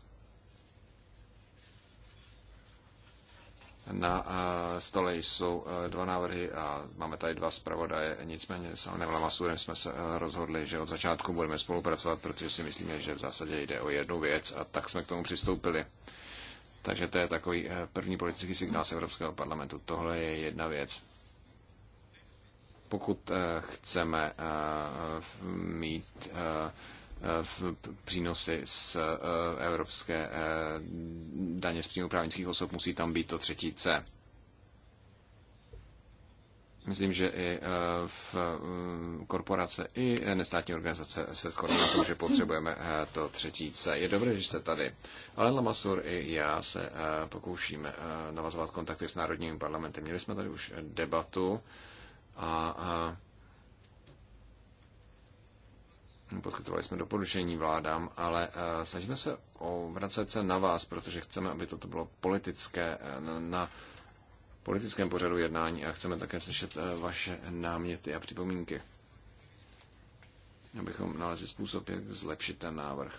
Na eh, stole jsou dva návrhy a máme tady dva zpravodaje. Nicméně s Alnem Lamasurem jsme se rozhodli, že od začátku budeme spolupracovat, protože si myslíme, že v zásadě jde o jednu věc a tak jsme k tomu přistoupili. Takže to je takový eh, první politický signál z Evropského parlamentu. Tohle je jedna věc. Pokud eh, chceme eh, mít v přínosy z evropské daně z příjmu právnických osob, musí tam být to třetí C. Myslím, že i eh, v mm, korporace, i nestátní organizace se skoro na tom, že potřebujeme eh, to třetí C. Je dobré, že jste tady. Ale Lamasur i já se eh, pokoušíme navazovat kontakty s Národním parlamentem. Měli jsme tady už debatu a Podkutovali jsme doporučení vládám, ale uh, snažíme se obracet se na vás, protože chceme, aby toto bylo politické, na, na politickém pořadu jednání a chceme také slyšet eh, vaše náměty a připomínky, abychom nalezli způsob, jak zlepšit ten návrh.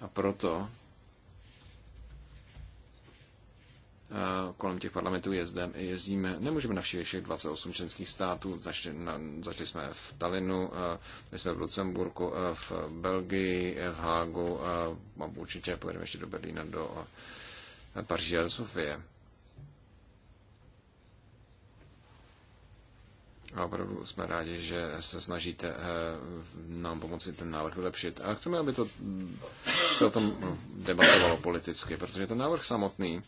A proto eh, kolem těch parlamentů jezdem, jezdíme. Nemůžeme navštívit všech 28 členských států. Začali, na, začali jsme v Talinu, eh, my jsme v Lucemburku, v Belgii, v Hágu a určitě pojedeme ještě do Berlína, do Paříže Sofie. A opravdu jsme rádi, že se snažíte eh, nám pomoci ten návrh vylepšit. A chceme, aby to mm, se o tom mm, debatovalo politicky, protože ten návrh samotný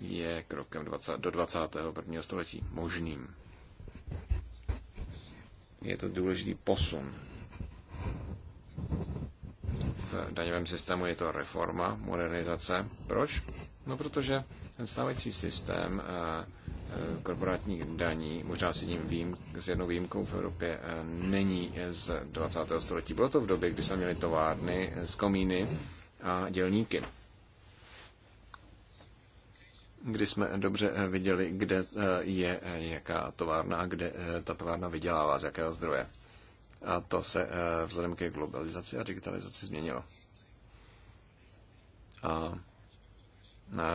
je krokem 20, do 21. století možným. Je to důležitý posun. V daňovém systému je to reforma, modernizace. Proč? No protože ten stávající systém eh, eh, korporátních daní, možná s, jedním výjim, s jednou výjimkou v Evropě, eh, není z 20. století. Bylo to v době, kdy jsme měli továrny z komíny a dělníky. Kdy jsme dobře viděli, kde je jaká továrna a kde ta továrna vydělává, z jakého zdroje. A to se vzhledem ke globalizaci a digitalizaci změnilo. A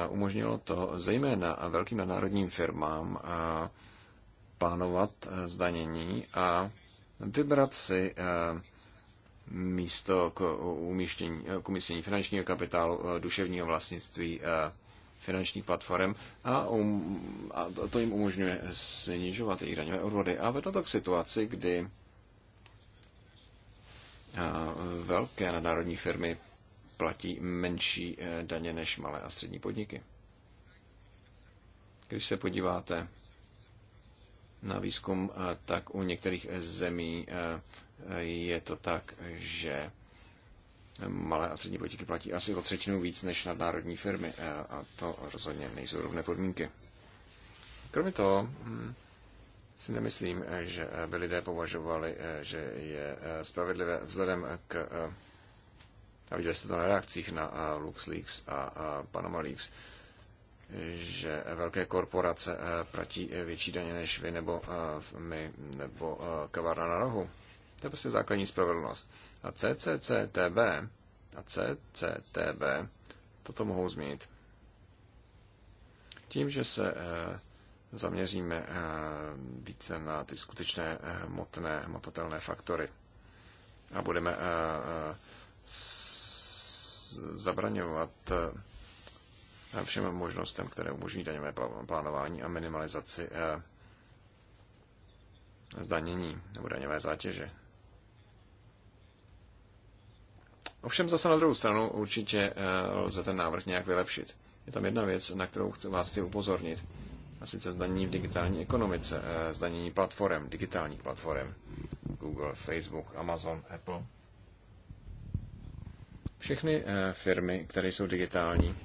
umožnilo to zejména velkým nadnárodním firmám plánovat e, zdanění a vybrat si e, místo k, umístění, e, k umístění finančního kapitálu, duševního vlastnictví finančních platform a, um, a to jim umožňuje snižovat jejich daňové odvody. A vedlo to k situaci, kdy velké nadnárodní firmy platí menší eh, daně než malé a střední podniky. Když se podíváte na výzkum, eh, tak u některých eh, zemí je to tak, že malé a střední podniky platí asi o třetinu víc než nadnárodní firmy a to rozhodně nejsou rovné podmínky. Kromě toho hm, si nemyslím, že by lidé považovali, že je spravedlivé vzhledem k a viděli jste to na reakcích na LuxLeaks a Panama Leaks, že velké korporace e, platí větší daně než vy nebo e, my, nebo e, kavárna na rohu. To je prostě základní spravedlnost. A CCCTB a CCTB toto mohou změnit. Tím, že se zaměříme více na ty skutečné hmotné, hmotatelné faktory a budeme zabraňovat eh, všem možnostem, které umožní daňové plánování a minimalizaci eh, zdanění nebo daňové zátěže. Ovšem zase na druhou stranu určitě eh, lze ten návrh nějak vylepšit. Je tam jedna věc, na kterou vás chci upozornit, a sice zdanění v digitální ekonomice, zdanění platform, digitálních platform, Google, Facebook, Amazon, Apple – všechny eh, firmy, které jsou digitální,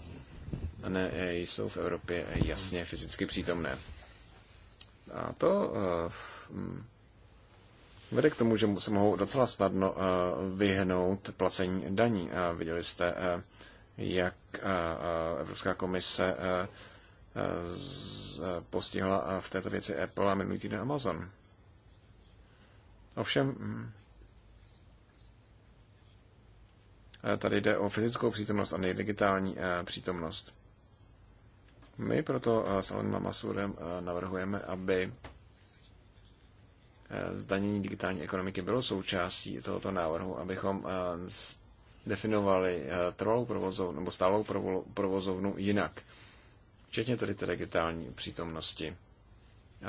ne, eh, jsou v Evropě jasně fyzicky přítomné. A to eh, hm, vede k tomu, že se mohou docela snadno vyhnout placení daní. A viděli jste, jak Evropská komise postihla v této věci Apple a minulý týden Amazon. Ovšem, hm, Eh, tady jde o fyzickou přítomnost a ne digitální eh, přítomnost. My proto eh, s Alenma Masurem navrhujeme, aby zdanění digitální ekonomiky bylo součástí tohoto návrhu, abychom definovali trvalou provozovnu nebo stálou provozovnu jinak, včetně tedy té digitální přítomnosti,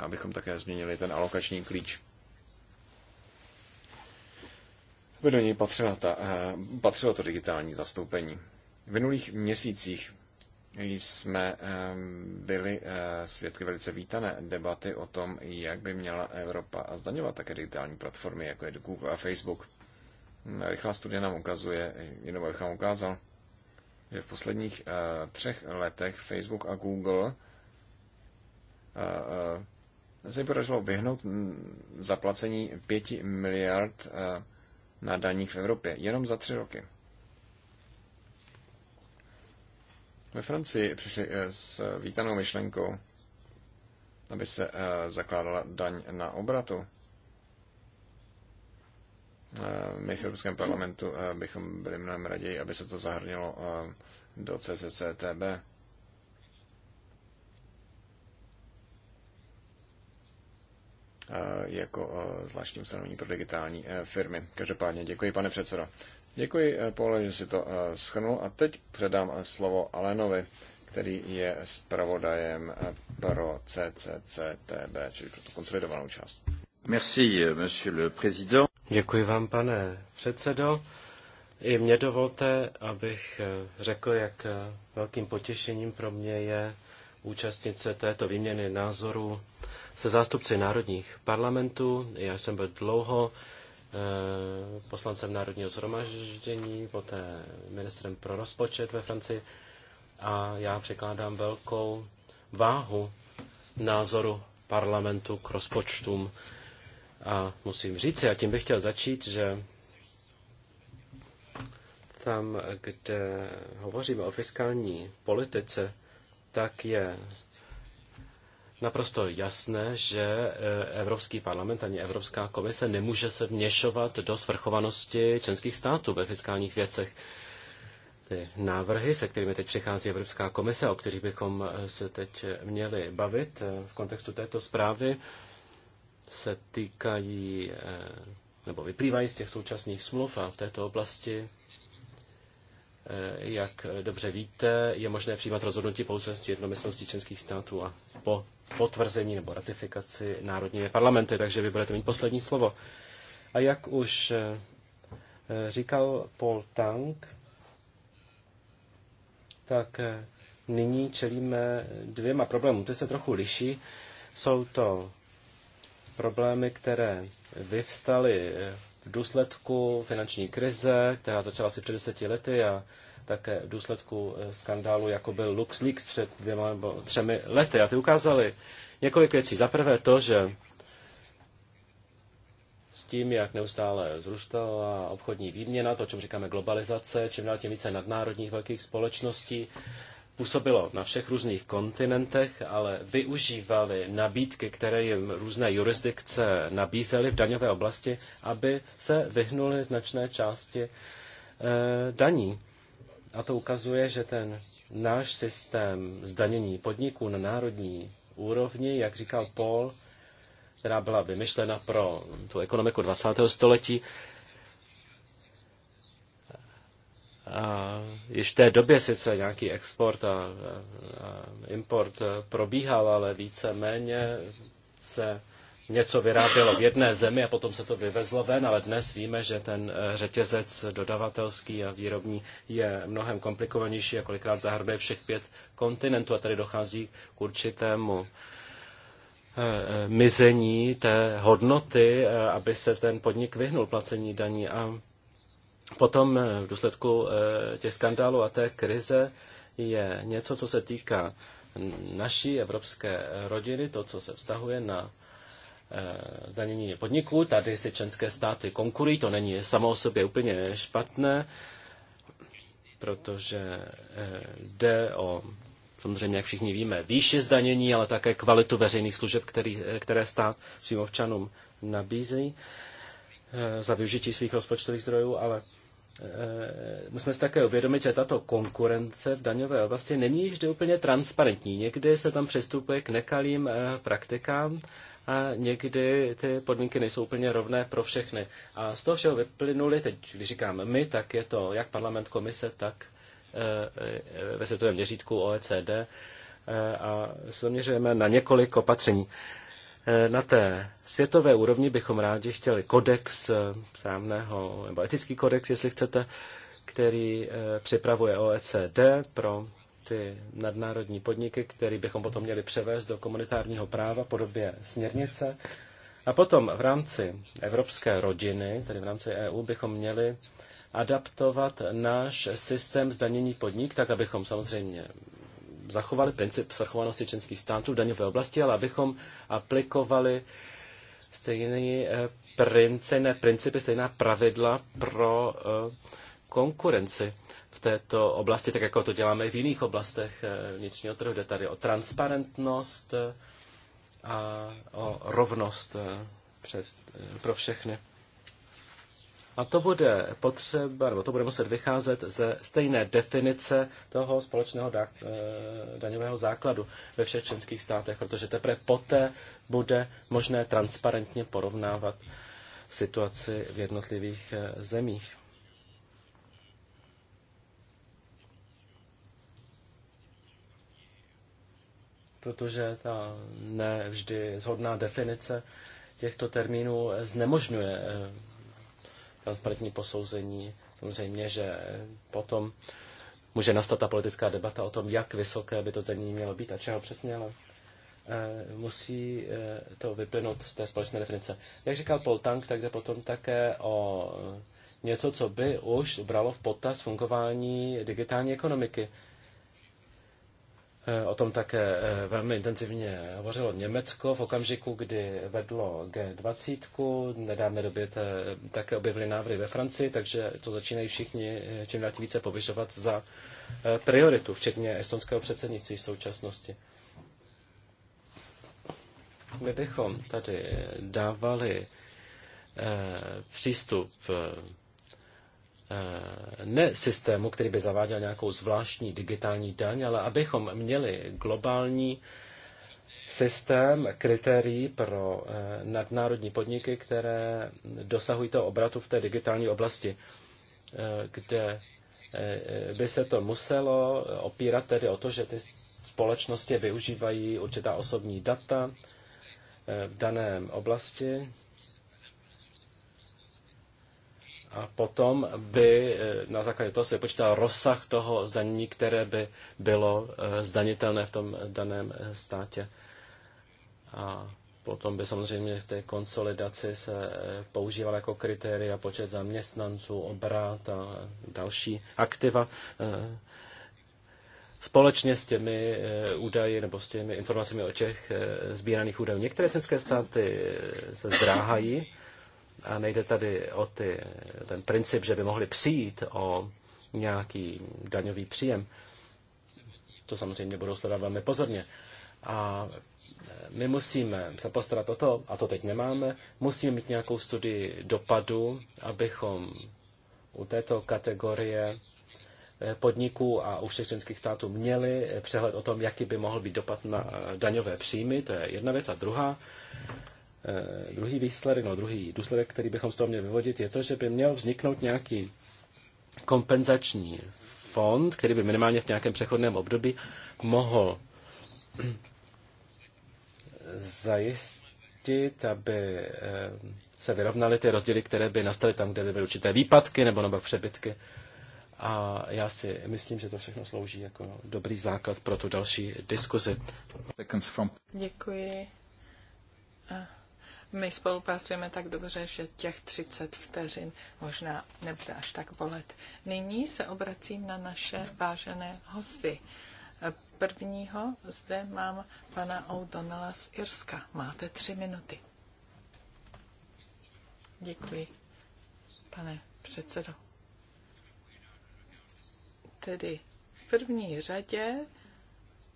abychom také změnili ten alokační klíč. aby do něj patřilo, ta, eh, patřilo to digitální zastoupení. V minulých měsících jsme ehm, byli eh, svědky velice vítané debaty o tom, jak by měla Evropa zdaňovat také digitální platformy, jako je Google a Facebook. Rychlá studie nám ukazuje, jenom abych vám ukázal, že v posledních eh, třech letech Facebook a Google se podařilo vyhnout hm, zaplacení 5 miliard na daních v Evropě. Jenom za tři roky. Ve Francii přišli eh, s eh, vítanou myšlenkou, aby se eh, zakládala daň na obratu. My v Evropském parlamentu bychom byli mnohem raději, aby se to zahrnilo do CCCTB. Eh, jako eh, zvláštní ustanovení pro digitální eh, firmy. Každopádně děkuji, pane předsedo. Děkuji, Pole, že si to schrnul a teď předám slovo Alenovi, který je zpravodajem pro CCCTB, čili pro tu konsolidovanou část. Merci, monsieur le président. Děkuji vám, pane předsedo. I mě dovolte, abych řekl, jak velkým potěšením pro mě je účastnice této výměny názorů se zástupci národních parlamentů. Já jsem byl dlouho eh, poslancem Národního zhromaždění, poté ministrem pro rozpočet ve Francii a já překládám velkou váhu názoru parlamentu k rozpočtům. A musím říct, a tím bych chtěl začít, že tam, kde hovoříme o fiskální politice, tak je naprosto jasné, že eh, Evropský parlament ani Evropská komise nemůže se vměšovat do svrchovanosti členských států ve fiskálních věcech. Ty návrhy, se kterými teď přichází Evropská komise, o kterých bychom eh, se teď měli bavit eh, v kontextu této zprávy, se týkají nebo vyplývají z těch současných smluv a v této oblasti jak dobře víte, je možné přijímat rozhodnutí pouze s jednomyslností členských států a po potvrzení nebo ratifikaci národními parlamenty, takže vy budete mít poslední slovo. A jak už eh, eh, říkal Paul Tang, tak eh, nyní čelíme dvěma problémům. Ty se trochu liší. Jsou to problémy, které vyvstaly v důsledku finanční krize, která začala asi před deseti lety a také v důsledku eh, skandálu, jako byl LuxLeaks před dvěma nebo třemi lety. A ty ukázali několik věcí. Za prvé to, že s tím, jak neustále zrůstala obchodní výměna, to, o čem říkáme globalizace, čím dál tím více nadnárodních velkých společností, působilo na všech různých kontinentech, ale využívali nabídky, které jim různé jurisdikce nabízely v daňové oblasti, aby se vyhnuli značné části eh, daní. A to ukazuje, že ten náš systém zdanění podniků na národní úrovni, jak říkal Paul, která byla vymyšlena pro tu ekonomiku 20. století, a již v té době sice nějaký export a, a import probíhal, ale více méně se něco vyrábělo v jedné zemi a potom se to vyvezlo ven, ale dnes víme, že ten eh, řetězec dodavatelský a výrobní je mnohem komplikovanější a kolikrát zahrnuje všech pět kontinentů a tady dochází k určitému eh, eh, mizení té hodnoty, aby se ten podnik vyhnul placení daní. A potom v důsledku těch skandálů a té krize je něco, co se týká naší evropské rodiny, to, co se vztahuje na Eh, zdanění podniků. Tady si členské státy konkurují, to není samo o sobě úplně špatné, protože eh, jde o, samozřejmě, jak všichni víme, výši zdanění, ale také kvalitu veřejných služeb, který, eh, které stát svým občanům nabízí za využití svých rozpočtových zdrojů, ale musíme si také uvědomit, že tato konkurence v daňové oblasti není vždy úplně transparentní. Někdy se tam přistupuje k nekalým praktikám a někdy ty podmínky nejsou úplně rovné pro všechny. A z toho všeho vyplynuli, teď když říkám my, tak je to jak parlament, komise, tak eh, eh, ve světovém měřítku OECD eh, a zaměřujeme na několik opatření. Na té světové úrovni bychom rádi chtěli kodex správného, nebo etický kodex, jestli chcete, který připravuje OECD pro ty nadnárodní podniky, které bychom potom měli převést do komunitárního práva v podobě směrnice. A potom v rámci evropské rodiny, tedy v rámci EU, bychom měli adaptovat náš systém zdanění podnik, tak abychom samozřejmě zachovali princip svrchovanosti členských států v daňové oblasti, ale abychom aplikovali stejný eh, princip, ne principy, stejná pravidla pro eh, konkurenci v této oblasti, tak jako to děláme i v jiných oblastech eh, vnitřního trhu. Jde tady o transparentnost eh, a o rovnost eh, před, pro všechny. A to bude potřeba, nebo to bude muset vycházet ze stejné definice toho společného da, daňového základu ve všech členských státech, protože teprve poté bude možné transparentně porovnávat situaci v jednotlivých zemích. protože ta nevždy zhodná definice těchto termínů znemožňuje eh, transparentní posouzení. Samozřejmě, že potom může nastat ta politická debata o tom, jak vysoké by to zdanění mělo být a čeho přesně, ale eh, musí eh, to vyplynout z té společné definice. Jak říkal Paul Tank, tak jde potom také o něco, co by už bralo v potaz fungování digitální ekonomiky. O tom také eh, velmi intenzivně hovořilo Německo v okamžiku, kdy vedlo G20. V nedávné době také objevily návrhy ve Francii, takže to začínají všichni eh, čím dál více považovat za eh, prioritu, včetně estonského předsednictví v současnosti. My bychom tady dávali přístup Eh, ne systému, který by zaváděl nějakou zvláštní digitální daň, ale abychom měli globální systém kritérií pro eh, nadnárodní podniky, které dosahují toho obratu v té digitální oblasti, eh, kde by se to muselo opírat tedy o to, že ty společnosti využívají určitá osobní data v dané oblasti a potom by eh, na základě toho se vypočítal rozsah toho zdanění, které by bylo eh, zdanitelné v tom daném eh, státě. A potom by samozřejmě v té konsolidaci se používal jako kritéria počet zaměstnanců, obrat a další aktiva. Společně s těmi údaji nebo s těmi informacemi o těch sbíraných údajů. Některé české státy se zdráhají a nejde tady o ty, ten princip, že by mohli přijít o nějaký daňový příjem. To samozřejmě budou sledovat velmi pozorně. A my musíme se postarat o to, a to teď nemáme, musíme mít nějakou studii dopadu, abychom u této kategorie podniků a u všech členských států měli přehled o tom, jaký by mohl být dopad na daňové příjmy, to je jedna věc. A druhá, Eh, druhý výsledek, no druhý důsledek, který bychom z toho měli vyvodit, je to, že by měl vzniknout nějaký kompenzační fond, který by minimálně v nějakém přechodném období mohl zajistit, aby eh, se vyrovnaly ty rozdíly, které by nastaly tam, kde by byly určité výpadky nebo nebo přebytky. A já si myslím, že to všechno slouží jako dobrý základ pro tu další diskuzi. Děkuji. Uh. My spolupracujeme tak dobře, že těch 30 vteřin možná nebude až tak bolet. Nyní se obracím na naše vážené hosty. Prvního zde mám pana O'Donnella z Irska. Máte tři minuty. Děkuji, pane předsedo. Tedy v první řadě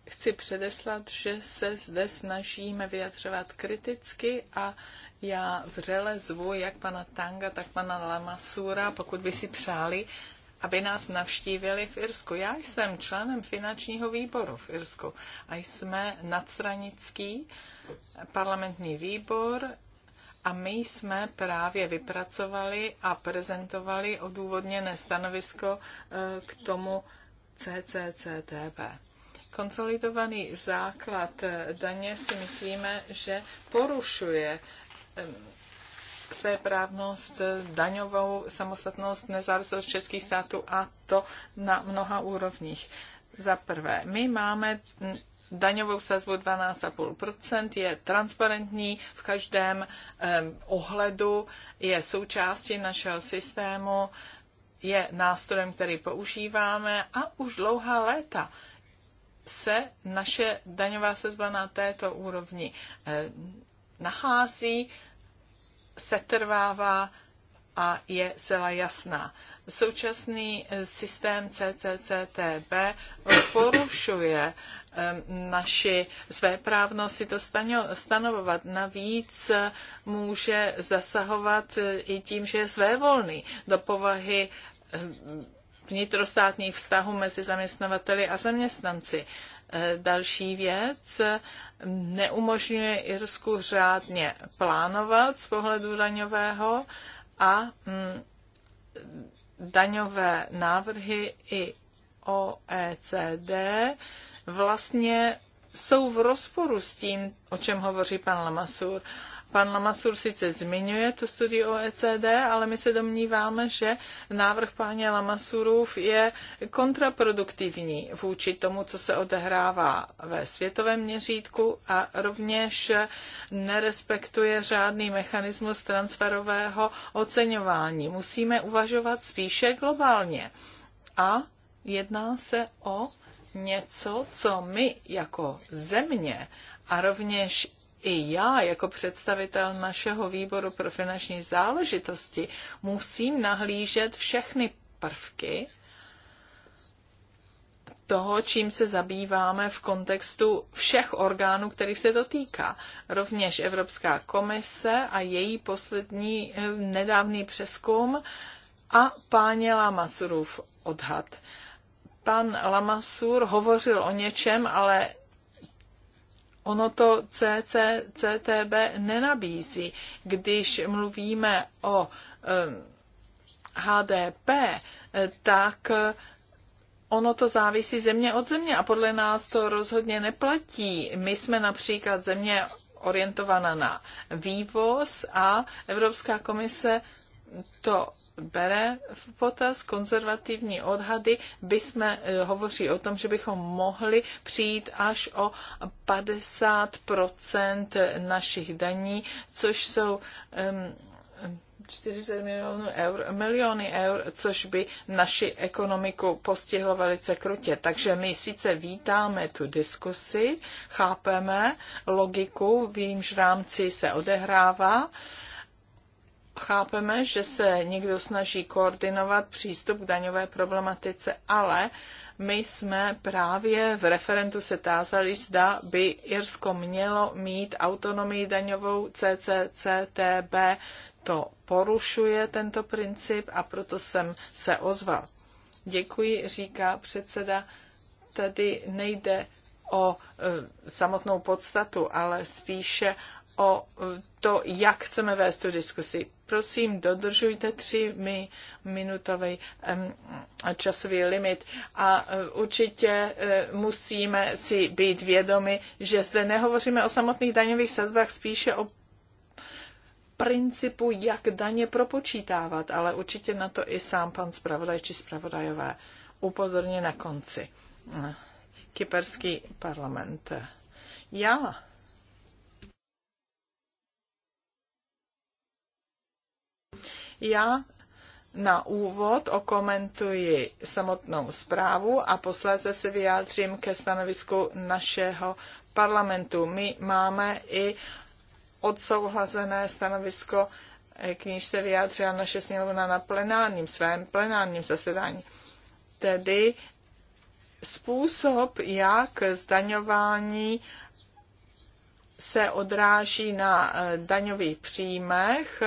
chci předeslat, že se zde snažíme vyjadřovat kriticky a já vřele zvu jak pana Tanga, tak pana Lamasura, pokud by si přáli, aby nás navštívili v Irsku. Já jsem členem finančního výboru v Irsku a jsme nadstranický parlamentní výbor a my jsme právě vypracovali a prezentovali odůvodněné stanovisko eh, k tomu CCCTV konsolidovaný základ daně si myslíme, že porušuje právnost, daňovou samostatnost, nezávislost českých států a to na mnoha úrovních. Za prvé, my máme daňovou sazbu 12,5%, je transparentní v každém ohledu, je součástí našeho systému, je nástrojem, který používáme a už dlouhá léta se naše daňová sezba na této úrovni eh, nachází, setrvává a je zcela jasná. Současný eh, systém CCCTB porušuje eh, naši své právnosti. si to stanovovat. Navíc může zasahovat i tím, že je svévolný do povahy vnitrostátních vztahů mezi zaměstnavateli a zaměstnanci. E, další věc, neumožňuje Irsku řádně plánovat z pohledu daňového a mm, daňové návrhy i OECD vlastně jsou v rozporu s tím, o čem hovoří pan Lamassur. Pan Lamasur sice zmiňuje tu studii OECD, ale my se domníváme, že návrh páně Lamasurův je kontraproduktivní vůči tomu, co se odehrává ve světovém měřítku a rovněž nerespektuje žádný mechanismus transferového oceňování. Musíme uvažovat spíše globálně. A jedná se o něco, co my jako země a rovněž i já jako představitel našeho výboru pro finanční záležitosti musím nahlížet všechny prvky toho, čím se zabýváme v kontextu všech orgánů, kterých se to týká. Rovněž Evropská komise a její poslední eh, nedávný přeskum a páně Lamasurův odhad. Pan Lamasur hovořil o něčem, ale ono to CCCTB nenabízí. Když mluvíme o HDP, tak ono to závisí země od země a podle nás to rozhodně neplatí. My jsme například země orientovaná na vývoz a Evropská komise to bere v potaz konzervativní odhady, by jsme eh, hovoří o tom, že bychom mohli přijít až o 50 našich daní, což jsou um, 40 milionů eur, miliony eur, což by naši ekonomiku postihlo velice krutě. Takže my sice vítáme tu diskusi, chápeme logiku, vím, že rámci se odehrává, Chápeme, že se někdo snaží koordinovat přístup k daňové problematice, ale my jsme právě v referendu se tázali, zda by Irsko mělo mít autonomii daňovou CCCTB. To porušuje tento princip a proto jsem se ozval. Děkuji, říká předseda. Tady nejde o e, samotnou podstatu, ale spíše o e, to, jak chceme vést tu diskusi. Prosím, dodržujte tři mi minutový časový limit a e, určitě e, musíme si být vědomi, že zde nehovoříme o samotných daňových sazbách, spíše o principu, jak daně propočítávat, ale určitě na to i sám pan zpravodaj či zpravodajové upozorně na konci. Kyperský parlament. Já Já na úvod okomentuji samotnou zprávu a posléze se vyjádřím ke stanovisku našeho parlamentu. My máme i odsouhlazené stanovisko, k níž se vyjádřila naše sněmovna na plenárním, svém plenárním zasedání. Tedy způsob, jak zdaňování se odráží na eh, daňových příjmech,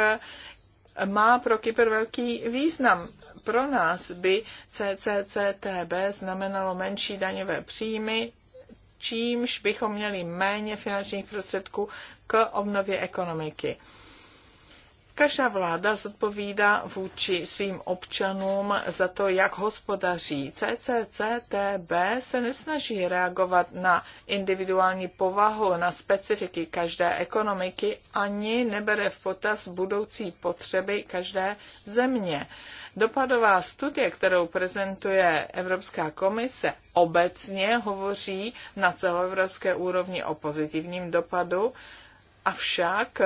má pro Kypr velký význam. Pro nás by CCCTB znamenalo menší daňové příjmy, čímž bychom měli méně finančních prostředků k obnově ekonomiky. Každá vláda zodpovídá vůči svým občanům za to, jak hospodaří. CCCTB se nesnaží reagovat na individuální povahu, na specifiky každé ekonomiky, ani nebere v potaz budoucí potřeby každé země. Dopadová studie, kterou prezentuje Evropská komise, obecně hovoří na celoevropské úrovni o pozitivním dopadu Avšak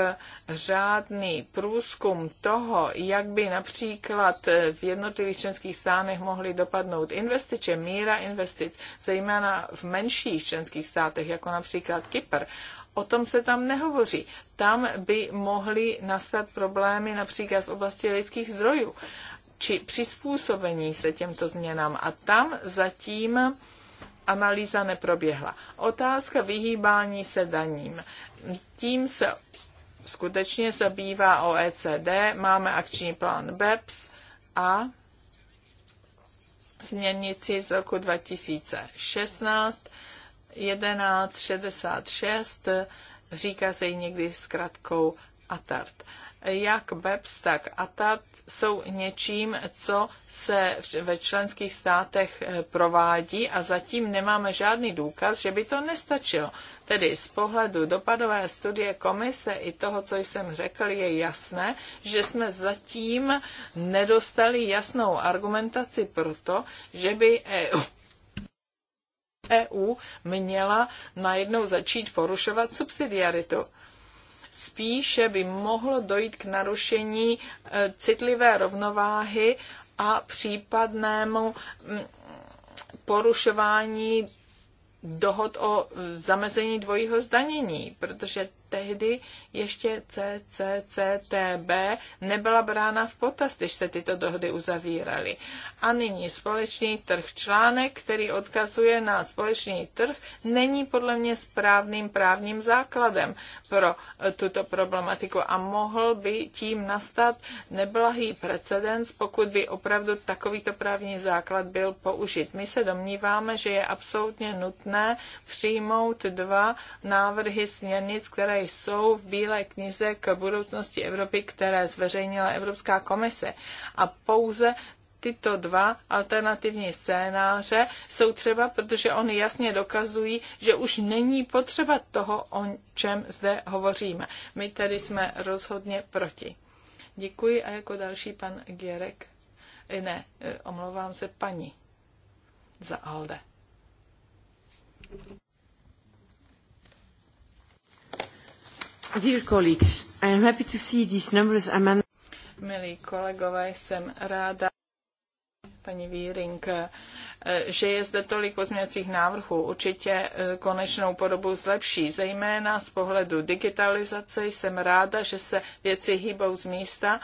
řádný průzkum toho, jak by například v jednotlivých členských stánech mohly dopadnout investice, míra investic, zejména v menších členských státech, jako například Kypr, o tom se tam nehovoří. Tam by mohly nastat problémy například v oblasti lidských zdrojů či přizpůsobení se těmto změnám. A tam zatím analýza neproběhla. Otázka vyhýbání se daním tím se skutečně zabývá OECD, máme akční plán BEPS a směrnici z roku 2016 1166, říká se ji někdy zkratkou ATART jak BEPS, tak ATAT jsou něčím, co se ve členských státech eh, provádí a zatím nemáme žádný důkaz, že by to nestačilo. Tedy z pohledu dopadové studie komise i toho, co jsem řekl, je jasné, že jsme zatím nedostali jasnou argumentaci pro to, že by EU EU měla najednou začít porušovat subsidiaritu spíše by mohlo dojít k narušení e, citlivé rovnováhy a případnému mm, porušování dohod o e, zamezení dvojího zdanění, protože tehdy ještě CCCTB nebyla brána v potaz, když se tyto dohody uzavíraly. A nyní společný trh článek, který odkazuje na společný trh, není podle mě správným právním základem pro eh, tuto problematiku a mohl by tím nastat neblahý precedens, pokud by opravdu takovýto právní základ byl použit. My se domníváme, že je absolutně nutné přijmout dva návrhy směrnic, které jsou v Bílé knize k budoucnosti Evropy, které zveřejnila Evropská komise. A pouze tyto dva alternativní scénáře jsou třeba, protože oni jasně dokazují, že už není potřeba toho, o čem zde hovoříme. My tedy jsme rozhodně proti. Děkuji a jako další pan Gierek, eh, ne, eh, omlouvám se, paní za Alde. Milí kolegové, jsem ráda, paní Víring, eh, že je zde tolik pozměňovacích návrhů. Určitě eh, konečnou podobu zlepší, zejména z pohledu digitalizace. Jsem ráda, že se věci hýbou z místa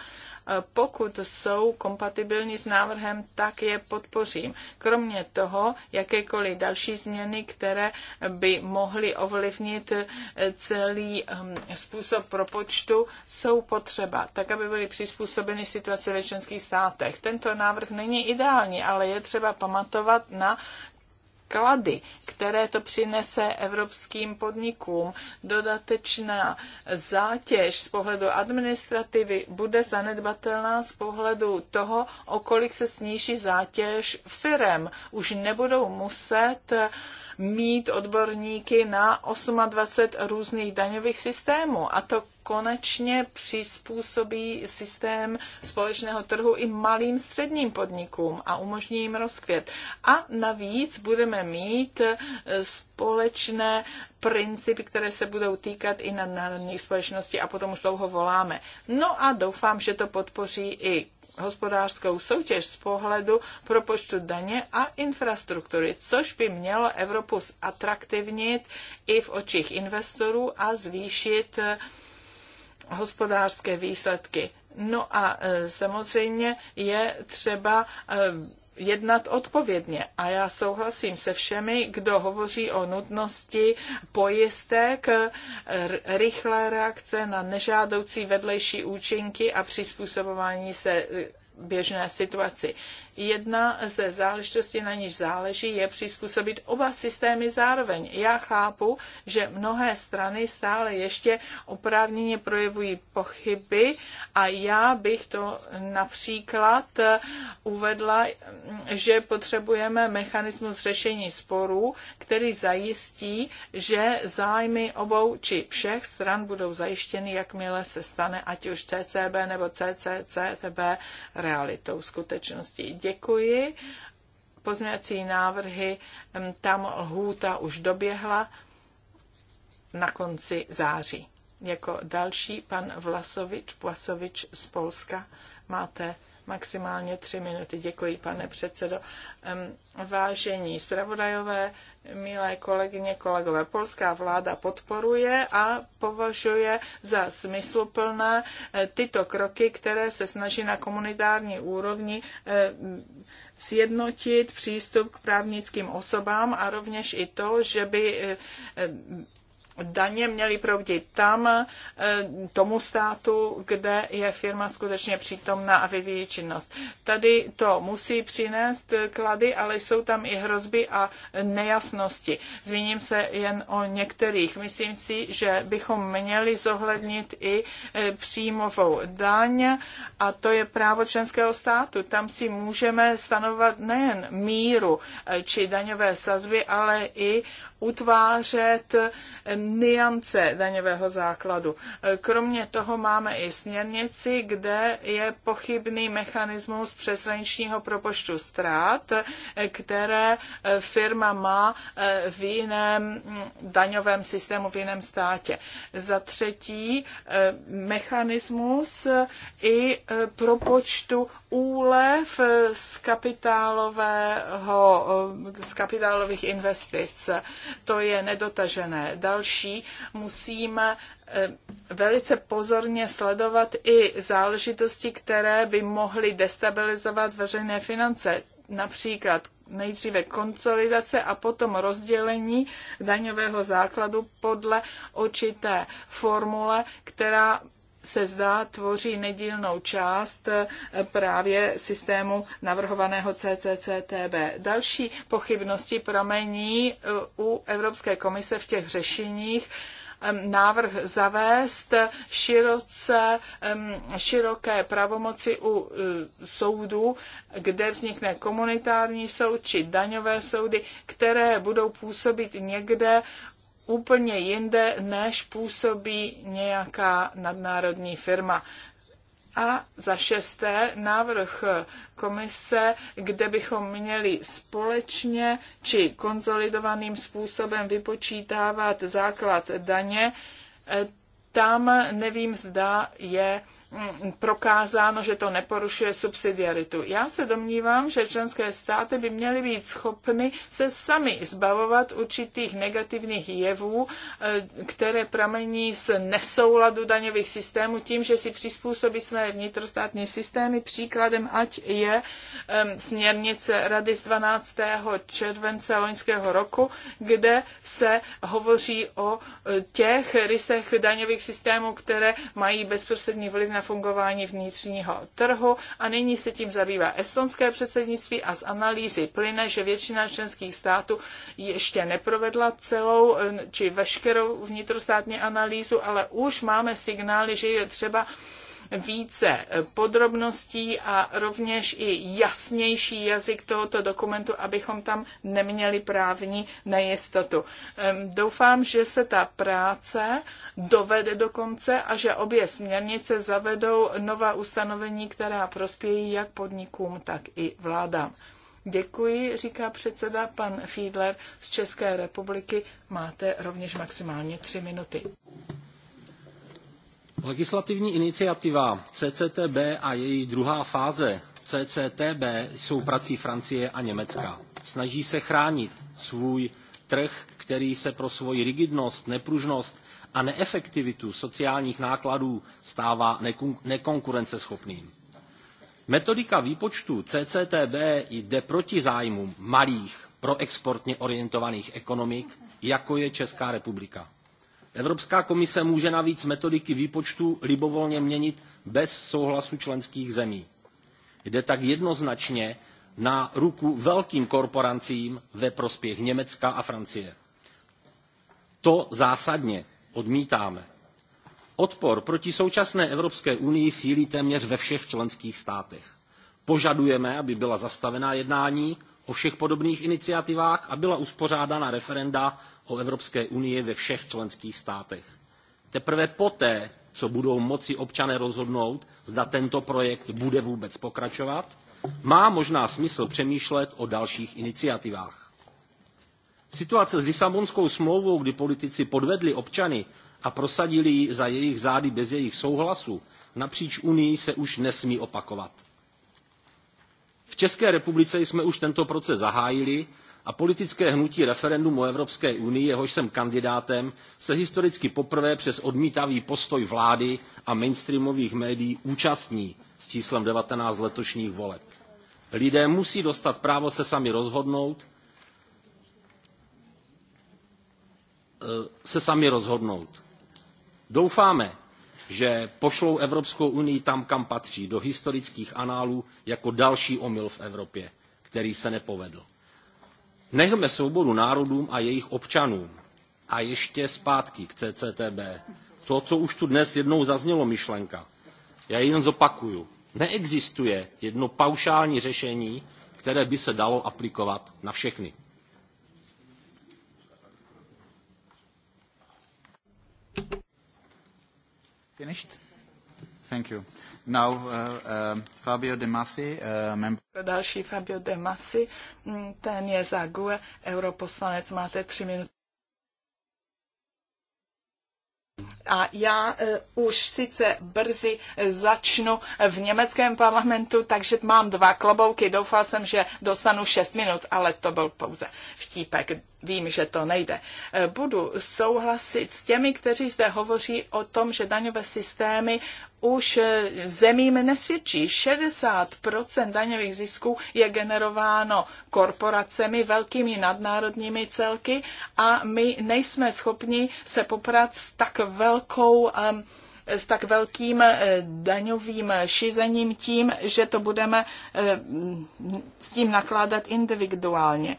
pokud jsou kompatibilní s návrhem, tak je podpořím. Kromě toho, jakékoliv další změny, které by mohly ovlivnit eh, celý hm, způsob propočtu, jsou potřeba, tak aby byly přizpůsobeny situace ve členských státech. Tento návrh není ideální, ale je třeba pamatovat na klady, které to přinese evropským podnikům, dodatečná zátěž z pohledu administrativy bude zanedbatelná z pohledu toho, o kolik se sníží zátěž firem. Už nebudou muset uh, mít odborníky na 28 různých daňových systémů a to konečně přizpůsobí systém společného trhu i malým středním podnikům a umožní jim rozkvět. A navíc budeme mít eh, společné principy, které se budou týkat i na národních společnosti a potom už dlouho voláme. No a doufám, že to podpoří i hospodářskou soutěž z pohledu propočtu daně a infrastruktury, což by mělo Evropu zatraktivnit i v očích investorů a zvýšit eh, hospodářské výsledky. No a eh, samozřejmě je třeba eh, jednat odpovědně. A já souhlasím se všemi, kdo hovoří o nutnosti pojistek, e, rychlé reakce na nežádoucí vedlejší účinky a přizpůsobování se e, běžné situaci. Jedna ze záležitostí, na níž záleží, je přizpůsobit oba systémy zároveň. Já chápu, že mnohé strany stále ještě oprávněně projevují pochyby a já bych to například uvedla, že potřebujeme mechanismus řešení sporů, který zajistí, že zájmy obou či všech stran budou zajištěny, jakmile se stane ať už CCB nebo CCCTB realitou skutečností děkuji. Pozměňovací návrhy, tam lhůta už doběhla na konci září. Jako další pan Vlasovič, Vlasovič z Polska, máte maximálně tři minuty. Děkuji, pane předsedo. Vážení zpravodajové, milé kolegyně, kolegové, polská vláda podporuje a považuje za smysluplné eh, tyto kroky, které se snaží na komunitární úrovni eh, sjednotit přístup k právnickým osobám a rovněž i to, že by eh, daně měly proudit tam, e, tomu státu, kde je firma skutečně přítomná a vyvíjí činnost. Tady to musí přinést klady, ale jsou tam i hrozby a nejasnosti. Zmíním se jen o některých. Myslím si, že bychom měli zohlednit i e, příjmovou daň a to je právo členského státu. Tam si můžeme stanovat nejen míru e, či daňové sazby, ale i utvářet niance daňového základu. Kromě toho máme i směrnici, kde je pochybný mechanismus přeshraničního propoštu ztrát, které firma má v jiném daňovém systému, v jiném státě. Za třetí, mechanismus i propočtu úlev z, kapitálového, z kapitálových investic. To je nedotažené. Další musíme eh, velice pozorně sledovat i záležitosti, které by mohly destabilizovat veřejné finance. Například nejdříve konsolidace a potom rozdělení daňového základu podle určité formule, která se zdá tvoří nedílnou část eh, právě systému navrhovaného CCCTB. Další pochybnosti pramení eh, u Evropské komise v těch řešeních, návrh zavést široce, široké pravomoci u eh, soudů, kde vznikne komunitární soud či daňové soudy, které budou působit někde úplně jinde, než působí nějaká nadnárodní firma. A za šesté návrh komise, kde bychom měli společně či konzolidovaným způsobem vypočítávat základ daně, e, tam nevím, zda je Mm, prokázáno, že to neporušuje subsidiaritu. Já se domnívám, že členské státy by měly být schopny se sami zbavovat určitých negativních jevů, eh, které pramení z nesouladu daňových systémů tím, že si přizpůsobí své vnitrostátní systémy. Příkladem ať je směrnice Rady z 12. července loňského roku, kde se hovoří o eh, těch rysech daňových systémů, které mají bezprostřední vliv na fungování vnitřního trhu a nyní se tím zabývá estonské předsednictví a z analýzy plyne, že většina členských států ještě neprovedla celou či veškerou vnitrostátní analýzu, ale už máme signály, že je třeba více podrobností a rovněž i jasnější jazyk tohoto dokumentu, abychom tam neměli právní nejistotu. Doufám, že se ta práce dovede do konce a že obě směrnice zavedou nová ustanovení, která prospějí jak podnikům, tak i vládám. Děkuji, říká předseda pan Fiedler z České republiky. Máte rovněž maximálně tři minuty. Legislativní iniciativa CCTB a její druhá fáze CCTB jsou prací Francie a Německa. Snaží se chránit svůj trh, který se pro svoji rigidnost, nepružnost a neefektivitu sociálních nákladů stává nekonkurenceschopným. Metodika výpočtu CCTB jde proti zájmům malých proexportně orientovaných ekonomik, jako je Česká republika. Evropská komise může navíc metodiky výpočtu libovolně měnit bez souhlasu členských zemí. Jde tak jednoznačně na ruku velkým korporancím ve prospěch Německa a Francie. To zásadně odmítáme. Odpor proti současné Evropské unii sílí téměř ve všech členských státech. Požadujeme, aby byla zastavena jednání o všech podobných iniciativách a byla uspořádána referenda o Evropské unii ve všech členských státech. Teprve poté, co budou moci občané rozhodnout, zda tento projekt bude vůbec pokračovat, má možná smysl přemýšlet o dalších iniciativách. Situace s Lisabonskou smlouvou, kdy politici podvedli občany a prosadili ji za jejich zády bez jejich souhlasu, napříč Unii se už nesmí opakovat. V České republice jsme už tento proces zahájili a politické hnutí referendum o Evropské unii, jehož jsem kandidátem, se historicky poprvé přes odmítavý postoj vlády a mainstreamových médií účastní s číslem 19 letošních voleb. Lidé musí dostat právo se sami rozhodnout, eh, se sami rozhodnout. Doufáme, že pošlou Evropskou unii tam, kam patří, do historických análů jako další omyl v Evropě, který se nepovedl. Nechme svobodu národům a jejich občanům. A ještě zpátky k CCTB. To, co už tu dnes jednou zaznělo myšlenka. Já ji jen zopakuju. Neexistuje jedno paušální řešení, které by se dalo aplikovat na všechny. Finished? Thank you. Now, uh, um, Fabio De Masi, uh, member... Další Fabio De Masi, mm, ten je za GUE, europoslanec, máte tři minuty. A já uh, už sice brzy začnu v německém parlamentu, takže mám dva klobouky. Doufal jsem, že dostanu šest minut, ale to byl pouze vtípek. Vím, že to nejde. Uh, budu souhlasit s těmi, kteří zde hovoří o tom, že daňové systémy už eh, zemím nesvědčí. 60% daňových zisků je generováno korporacemi, velkými nadnárodními celky a my nejsme schopni se poprat s tak velkou um, s tak velkým eh, daňovým šizením tím, že to budeme eh, s tím nakládat individuálně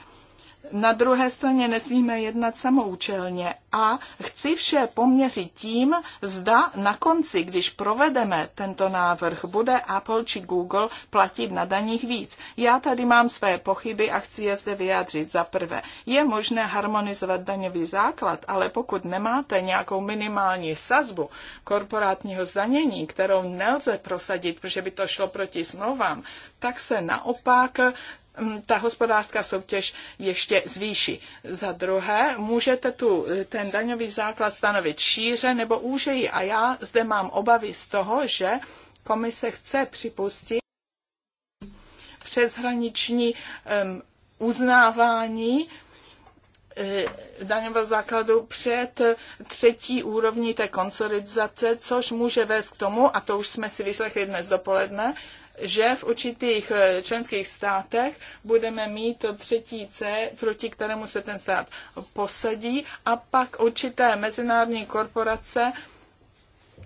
na druhé straně nesmíme jednat samoučelně a chci vše poměřit tím, zda na konci, když provedeme tento návrh, bude Apple či Google platit na daních víc. Já tady mám své pochyby a chci je zde vyjádřit. Za prvé, je možné harmonizovat daňový základ, ale pokud nemáte nějakou minimální sazbu korporátního zdanění, kterou nelze prosadit, protože by to šlo proti smlouvám, tak se naopak Mm, ta hospodářská soutěž ještě zvýší. Za druhé, můžete tu eh, ten daňový základ stanovit šíře nebo úžeji. A já zde mám obavy z toho, že komise chce připustit přeshraniční um, uznávání eh, daňového základu před eh, třetí úrovní té konsolidace, což může vést k tomu, a to už jsme si vyslechli dnes dopoledne, že v určitých eh, členských státech budeme mít to třetí C, proti kterému se ten stát posadí a pak určité mezinárodní korporace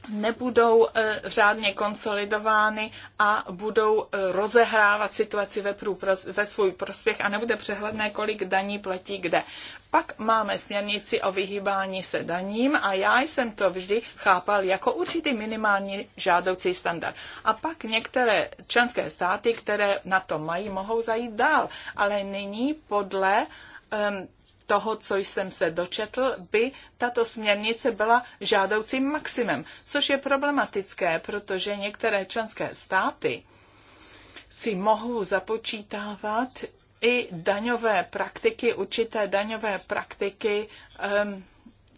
nebudou eh, řádně konsolidovány a budou eh, rozehrávat situaci ve, průpros- ve svůj prospěch a nebude přehledné, kolik daní platí kde. Pak máme směrnici o vyhýbání se daním a já jsem to vždy chápal jako určitý minimální žádoucí standard. A pak některé členské státy, které na to mají, mohou zajít dál, ale nyní podle um, toho, co jsem se dočetl, by tato směrnice byla žádoucím maximem, což je problematické, protože některé členské státy si mohou započítávat i daňové praktiky, určité daňové praktiky um,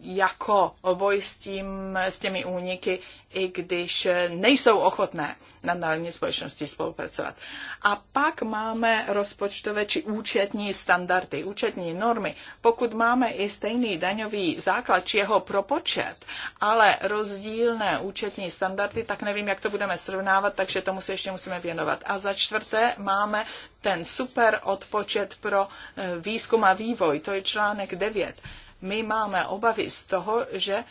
jako oboj s, tím, s těmi úniky, i když nejsou ochotné národní společnosti spolupracovat. A pak máme rozpočtové či účetní standardy, účetní normy. Pokud máme i stejný daňový základ či jeho propočet, ale rozdílné účetní standardy, tak nevím, jak to budeme srovnávat, takže tomu se ještě musíme věnovat. A za čtvrté máme ten super odpočet pro eh, výzkum a vývoj, to je článek 9 my máme obavy z toho, že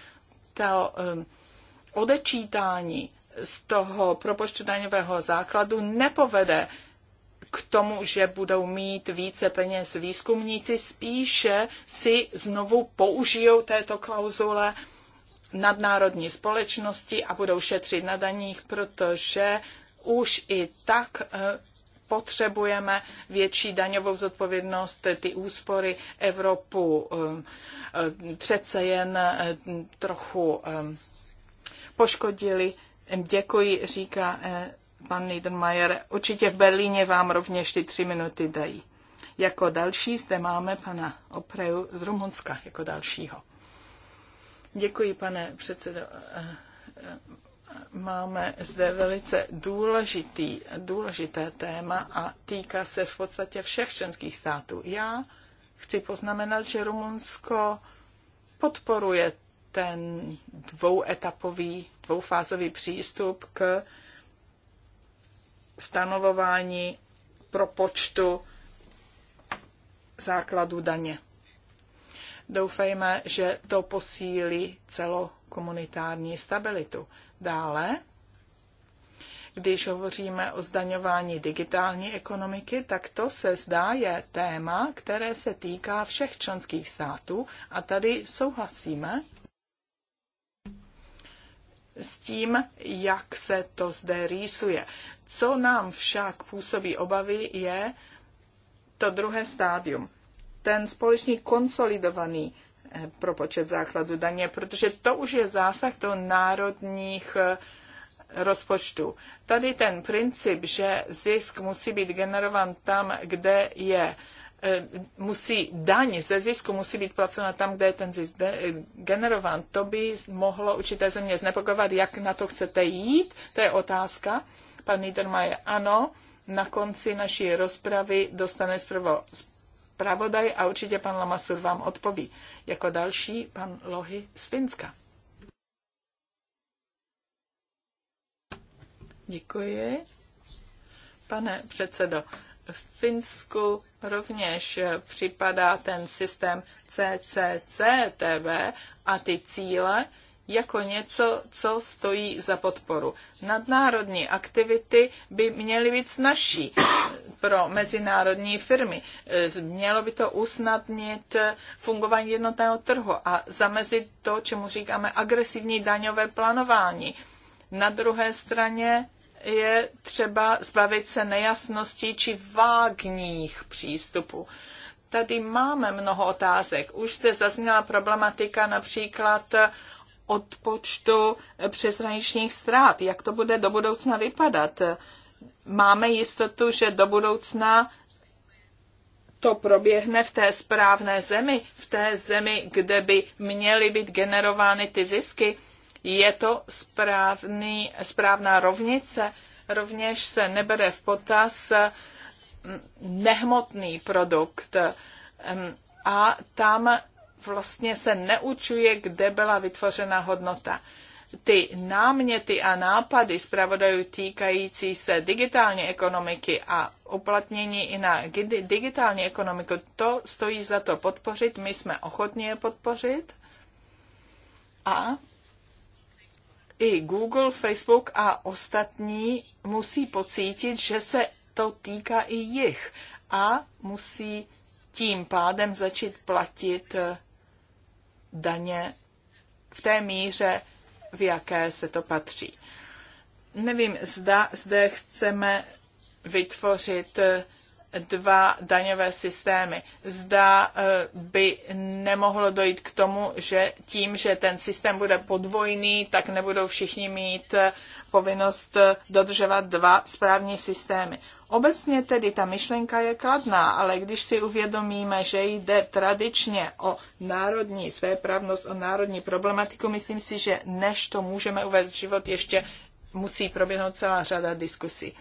to um, odečítání z toho propočtu daňového základu nepovede k tomu, že budou mít více peněz výzkumníci, spíše si znovu použijou této klauzule nadnárodní společnosti a budou šetřit na daních, protože už i tak eh, potřebujeme větší daňovou zodpovědnost, ty úspory Evropu um, eh, přece jen eh, trochu eh, poškodili. Děkuji, říká pan Niedermayer. Určitě v Berlíně vám rovněž ty tři minuty dají. Jako další zde máme pana Opreju z Rumunska jako dalšího. Děkuji, pane předsedo máme zde velice důležitý, důležité téma a týká se v podstatě všech členských států. Já chci poznamenat, že Rumunsko podporuje ten dvouetapový, dvoufázový přístup k stanovování propočtu základu daně. Doufejme, že to posílí celokomunitární stabilitu. Dále, když hovoříme o zdaňování digitální ekonomiky, tak to se zdá je téma, které se týká všech členských států a tady souhlasíme s tím, jak se to zde rýsuje. Co nám však působí obavy, je to druhé stádium. Ten společný konsolidovaný propočet základu daně, protože to už je zásah do národních eh, rozpočtů. Tady ten princip, že zisk musí být generovan tam, kde je eh, musí daň ze zisku musí být placena tam, kde je ten zisk generován. To by mohlo určité země znepokovat, jak na to chcete jít, to je otázka. Pan Niedermayer, ano, na konci naší rozpravy dostane zprvo zpravodaj a určitě pan Lamasur vám odpoví. Jako další pan Lohy z Finska. Děkuji. Pane předsedo, v Finsku rovněž připadá ten systém CCCTV a ty cíle, jako něco, co stojí za podporu. Nadnárodní aktivity by měly být snažší pro mezinárodní firmy. Eh, mělo by to usnadnit fungování jednotného trhu a zamezit to, čemu říkáme agresivní daňové plánování. Na druhé straně je třeba zbavit se nejasností či vágních přístupů tady máme mnoho otázek. Už zde zazněla problematika například odpočtu přeshraničních ztrát. Jak to bude do budoucna vypadat? Máme jistotu, že do budoucna to proběhne v té správné zemi, v té zemi, kde by měly být generovány ty zisky. Je to správný, správná rovnice. Rovněž se nebere v potaz mm, nehmotný produkt. Mm, a tam vlastně se neučuje, kde byla vytvořena hodnota. Ty náměty a nápady zpravodajů týkající se digitální ekonomiky a uplatnění i na digitální ekonomiku, to stojí za to podpořit. My jsme ochotní je podpořit. A i Google, Facebook a ostatní musí pocítit, že se to týká i jich a musí tím pádem začít platit daně v té míře, v jaké se to patří. Nevím, zda zde chceme vytvořit eh, dva daňové systémy. Zda eh, by nemohlo dojít k tomu, že tím, že ten systém bude podvojný, tak nebudou všichni mít eh, povinnost dodržovat dva správní systémy. Obecně tedy ta myšlenka je kladná, ale když si uvědomíme, že jde tradičně o národní svéprávnost, o národní problematiku, myslím si, že než to můžeme uvést v život, ještě musí proběhnout celá řada diskusí.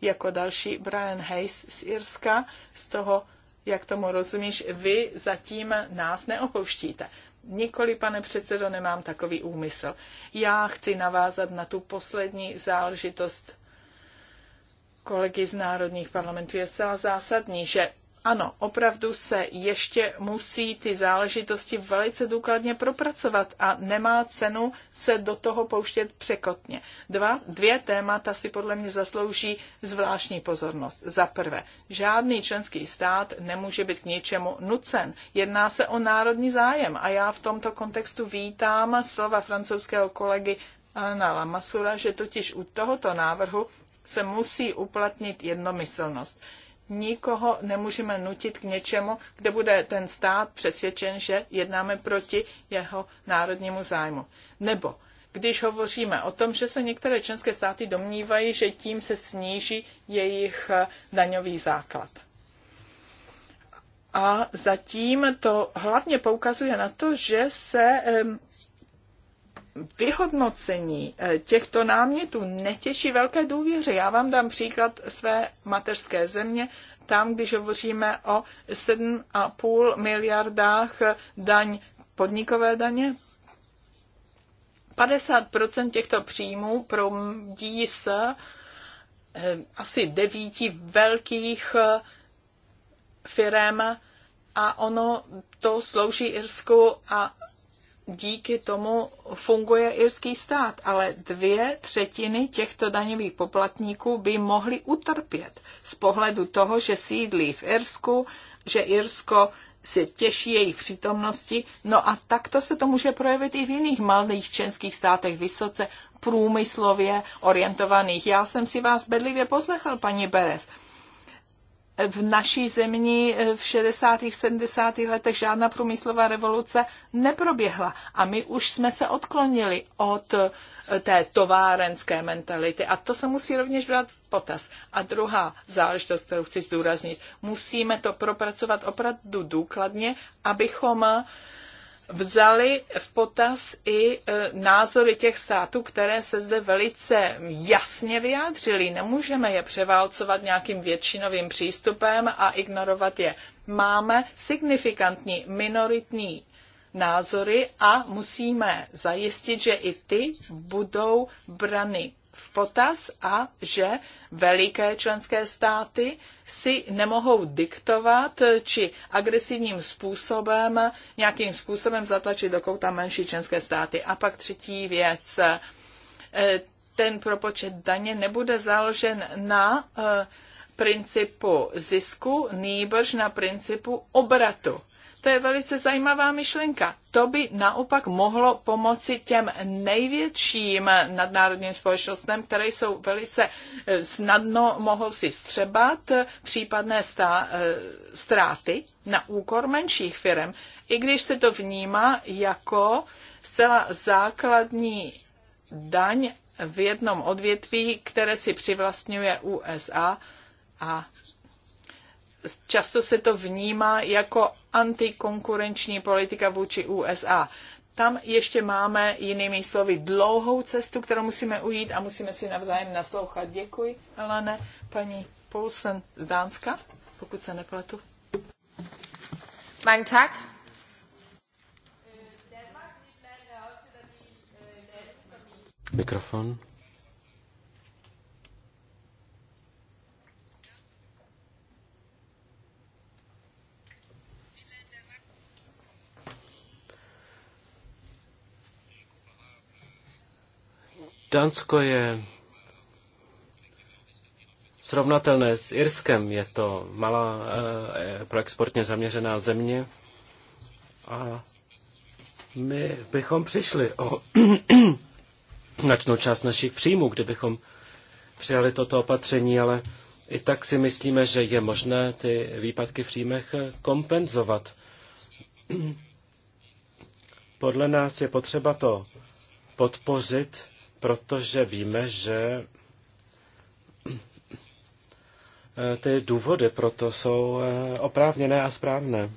Jako další Brian Hayes z Irska, z toho, jak tomu rozumíš, vy zatím nás neopouštíte. Nikoli, pane předsedo, nemám takový úmysl. Já chci navázat na tu poslední záležitost kolegy z národních parlamentů je zcela zásadní, že ano, opravdu se ještě musí ty záležitosti velice důkladně propracovat a nemá cenu se do toho pouštět překotně. Dva, dvě témata si podle mě zaslouží zvláštní pozornost. Za prvé, žádný členský stát nemůže být k něčemu nucen. Jedná se o národní zájem a já v tomto kontextu vítám slova francouzského kolegy Alana Lamasura, že totiž u tohoto návrhu se musí uplatnit jednomyslnost. Nikoho nemůžeme nutit k něčemu, kde bude ten stát přesvědčen, že jednáme proti jeho národnímu zájmu. Nebo když hovoříme o tom, že se některé členské státy domnívají, že tím se sníží jejich eh, daňový základ. A zatím to hlavně poukazuje na to, že se vyhodnocení eh, těchto námětů netěší velké důvěře. Já vám dám příklad své mateřské země, tam, když hovoříme o 7,5 miliardách daň podnikové daně. 50% těchto příjmů proudí z eh, asi devíti velkých eh, firm a ono to slouží Irsku a díky tomu funguje irský stát, ale dvě třetiny těchto daňových poplatníků by mohly utrpět z pohledu toho, že sídlí v Irsku, že Irsko se těší jejich přítomnosti. No a takto se to může projevit i v jiných malých členských státech vysoce průmyslově orientovaných. Já jsem si vás bedlivě poslechal, paní Beres v naší zemi eh, v 60. 70. letech žádná průmyslová revoluce neproběhla a my už jsme se odklonili od eh, té továrenské mentality a to se musí rovněž brát v potaz. A druhá záležitost, kterou chci zdůraznit, musíme to propracovat opravdu důkladně, abychom vzali v potaz i e, názory těch států, které se zde velice jasně vyjádřily. Nemůžeme je převálcovat nějakým většinovým přístupem a ignorovat je. Máme signifikantní minoritní názory a musíme zajistit, že i ty budou brany v potaz a že veliké členské státy si nemohou diktovat či agresivním způsobem, nějakým způsobem zatlačit do kouta menší členské státy. A pak třetí věc. E, ten propočet daně nebude založen na e, principu zisku, nýbrž na principu obratu. To je velice zajímavá myšlenka. To by naopak mohlo pomoci těm největším nadnárodním společnostem, které jsou velice eh, snadno, mohou si střebat eh, případné stá, eh, ztráty na úkor menších firm, i když se to vnímá jako zcela základní daň v jednom odvětví, které si přivlastňuje USA a Často se to vnímá jako antikonkurenční politika vůči USA. Tam ještě máme, jinými slovy, dlouhou cestu, kterou musíme ujít a musíme si navzájem naslouchat. Děkuji, Helene. Paní Poulsen z Dánska, pokud se nepletu. Mange tak. Er øh, Mikrofon. Dánsko je srovnatelné s Irskem. Je to malá e, proexportně zaměřená země a my bychom přišli o značnou část našich příjmů, kdybychom přijali toto opatření, ale i tak si myslíme, že je možné ty výpadky v příjmech kompenzovat. Podle nás je potřeba to podpořit protože víme, že eh, ty důvody pro to jsou eh, oprávněné a správné.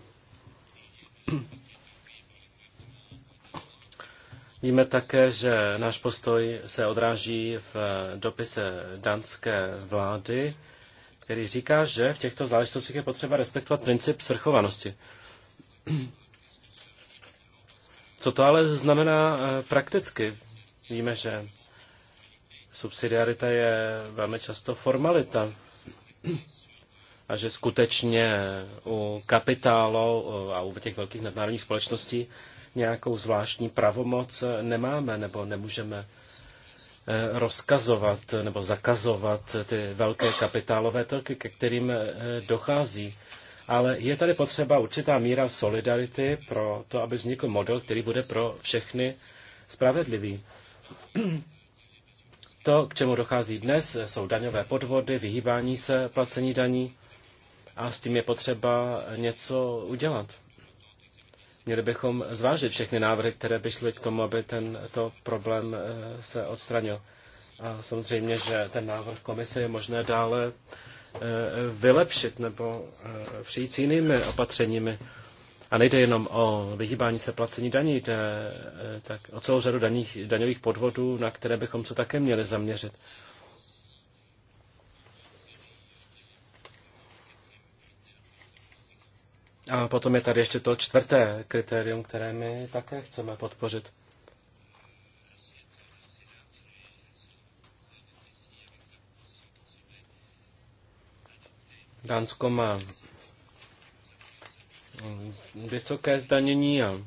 Víme také, že náš postoj se odráží v eh, dopise danské vlády, který říká, že v těchto záležitostech je potřeba respektovat princip svrchovanosti. Co to ale znamená prakticky? Víme, že subsidiarita je velmi často formalita a že skutečně u kapitálu a u těch velkých nadnárodních společností nějakou zvláštní pravomoc nemáme nebo nemůžeme eh, rozkazovat nebo zakazovat ty velké kapitálové toky, ke kterým eh, dochází. Ale je tady potřeba určitá míra solidarity pro to, aby vznikl model, který bude pro všechny spravedlivý. To, k čemu dochází dnes, jsou daňové podvody, vyhýbání se placení daní a s tím je potřeba něco udělat. Měli bychom zvážit všechny návrhy, které by šly k tomu, aby tento problém eh, se odstranil. A samozřejmě, že ten návrh komise je možné dále eh, vylepšit nebo eh, přijít s jinými opatřeními. A nejde jenom o vyhýbání se placení daní, jde eh, tak o celou řadu daních, daňových podvodů, na které bychom se také měli zaměřit. A potom je tady ještě to čtvrté kritérium, které my také chceme podpořit. Dánsko má Mm, vysoké zdanění a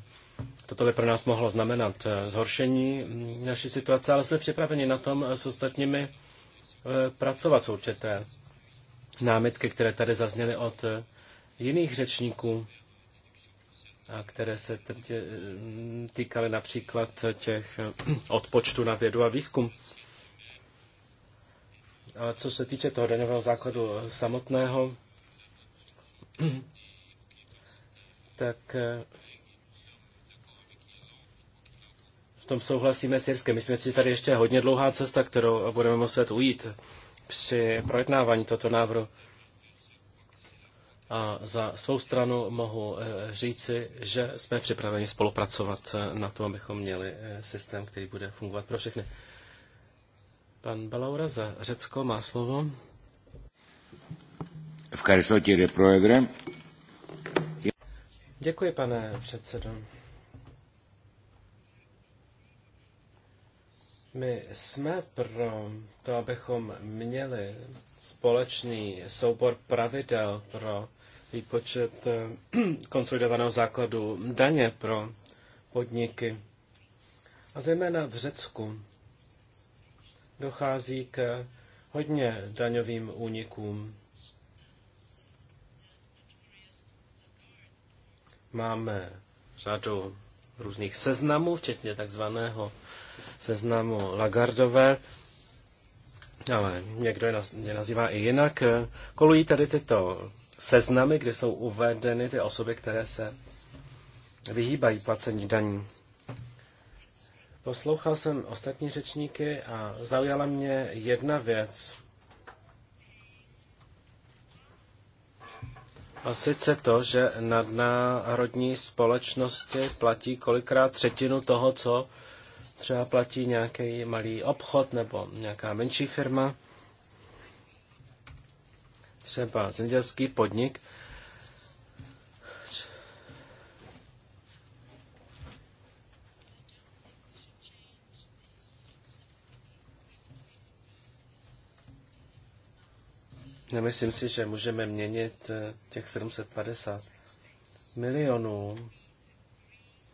toto by pro nás mohlo znamenat eh, zhoršení naší situace, ale jsme připraveni na tom eh, s ostatními eh, pracovat s určité námitky, které tady zazněly od jiných řečníků a které se týkaly například těch odpočtů na vědu a výzkum. A co se týče toho daňového základu samotného, tak eh, v tom souhlasíme s Jirskem. Myslím si, že tady ještě hodně dlouhá cesta, kterou budeme muset ujít při projednávání tohoto návrhu. A za svou stranu mohu eh, říci, že jsme připraveni spolupracovat eh, na tom, abychom měli systém, který bude fungovat pro všechny. Pan Balaura za Řecko má slovo. V κύριε Πρόεδρε. Děkuji, pane předsedo. My jsme pro to, abychom měli společný soubor pravidel pro výpočet eh, konsolidovaného základu daně pro podniky. A zejména v Řecku dochází k hodně daňovým únikům. Máme řadu různých seznamů, včetně takzvaného seznamu Lagardové, ale někdo je nazývá i jinak. Kolují tady tyto seznamy, kde jsou uvedeny ty osoby, které se vyhýbají placení daní. Poslouchal jsem ostatní řečníky a zaujala mě jedna věc. A sice to, že nadnárodní společnosti platí kolikrát třetinu toho, co třeba platí nějaký malý obchod nebo nějaká menší firma, třeba zemědělský podnik, Nemyslím si, že můžeme měnit eh, těch 750 milionů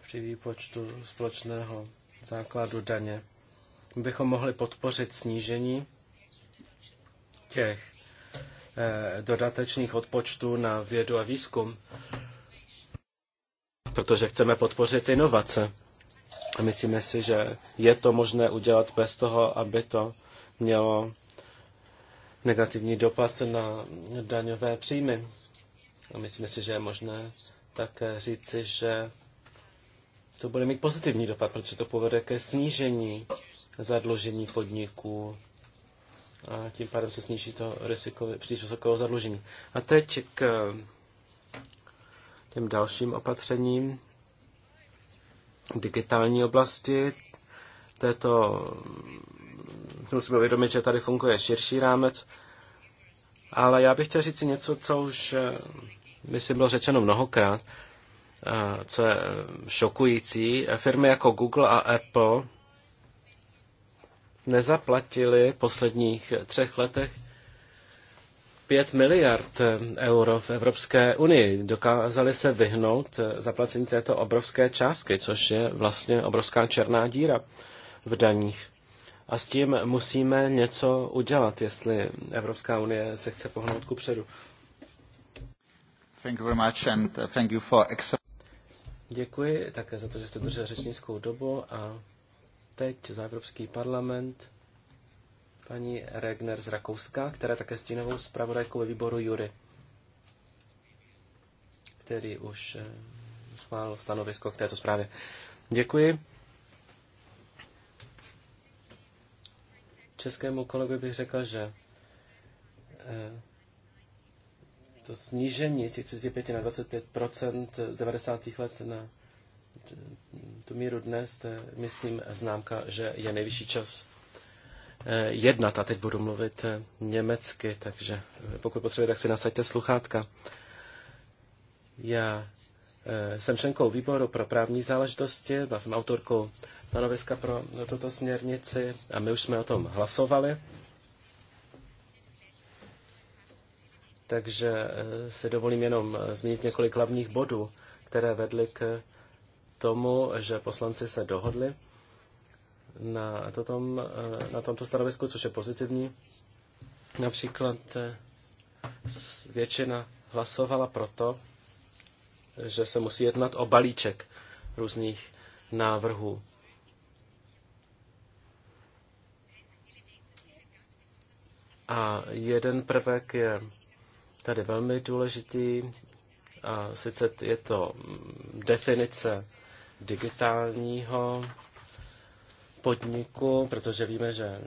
při výpočtu společného základu daně. Bychom mohli podpořit snížení těch eh, dodatečných odpočtů na vědu a výzkum, protože chceme podpořit inovace. A myslíme si, že je to možné udělat bez toho, aby to mělo negativní dopad na daňové příjmy. A myslím si, že je možné také říci, že to bude mít pozitivní dopad, protože to povede ke snížení zadlužení podniků a tím pádem se sníží to riziko příliš vysokého zadlužení. A teď k těm dalším opatřením v digitální oblasti. Této si musíme uvědomit, že tady funguje širší rámec. Ale já bych chtěl říct něco, co už, eh, myslím, bylo řečeno mnohokrát, eh, co je eh, šokující. Firmy jako Google a Apple nezaplatili v posledních třech letech 5 miliard euro v Evropské unii. Dokázali se vyhnout zaplacení této obrovské částky, což je vlastně obrovská černá díra v daních. A s tím musíme něco udělat, jestli Evropská unie se chce pohnout ku předu. Uh, Děkuji také za to, že jste držel řečnickou dobu a teď za Evropský parlament paní Regner z Rakouska, která je také stínovou zpravodajkou ve výboru Jury, který už eh, schválil stanovisko k této zprávě. Děkuji. českému kolegovi bych řekl, že eh, to snížení z těch 35 na 25 z 90. let na tu míru dnes, to je, myslím, známka, že je nejvyšší čas eh, jednat. A teď budu mluvit eh, německy, takže pokud potřebujete, tak si nasaďte sluchátka. Já Eh, jsem členkou výboru pro právní záležitosti, byla jsem autorkou stanoviska pro tuto směrnici a my už jsme o tom hlasovali. Takže eh, si dovolím jenom eh, zmínit několik hlavních bodů, které vedly k tomu, že poslanci se dohodli na, tom, na tomto stanovisku, což je pozitivní. Například většina hlasovala proto, že se musí jednat o balíček různých návrhů. A jeden prvek je tady velmi důležitý, a sice je to definice digitálního podniku, protože víme, že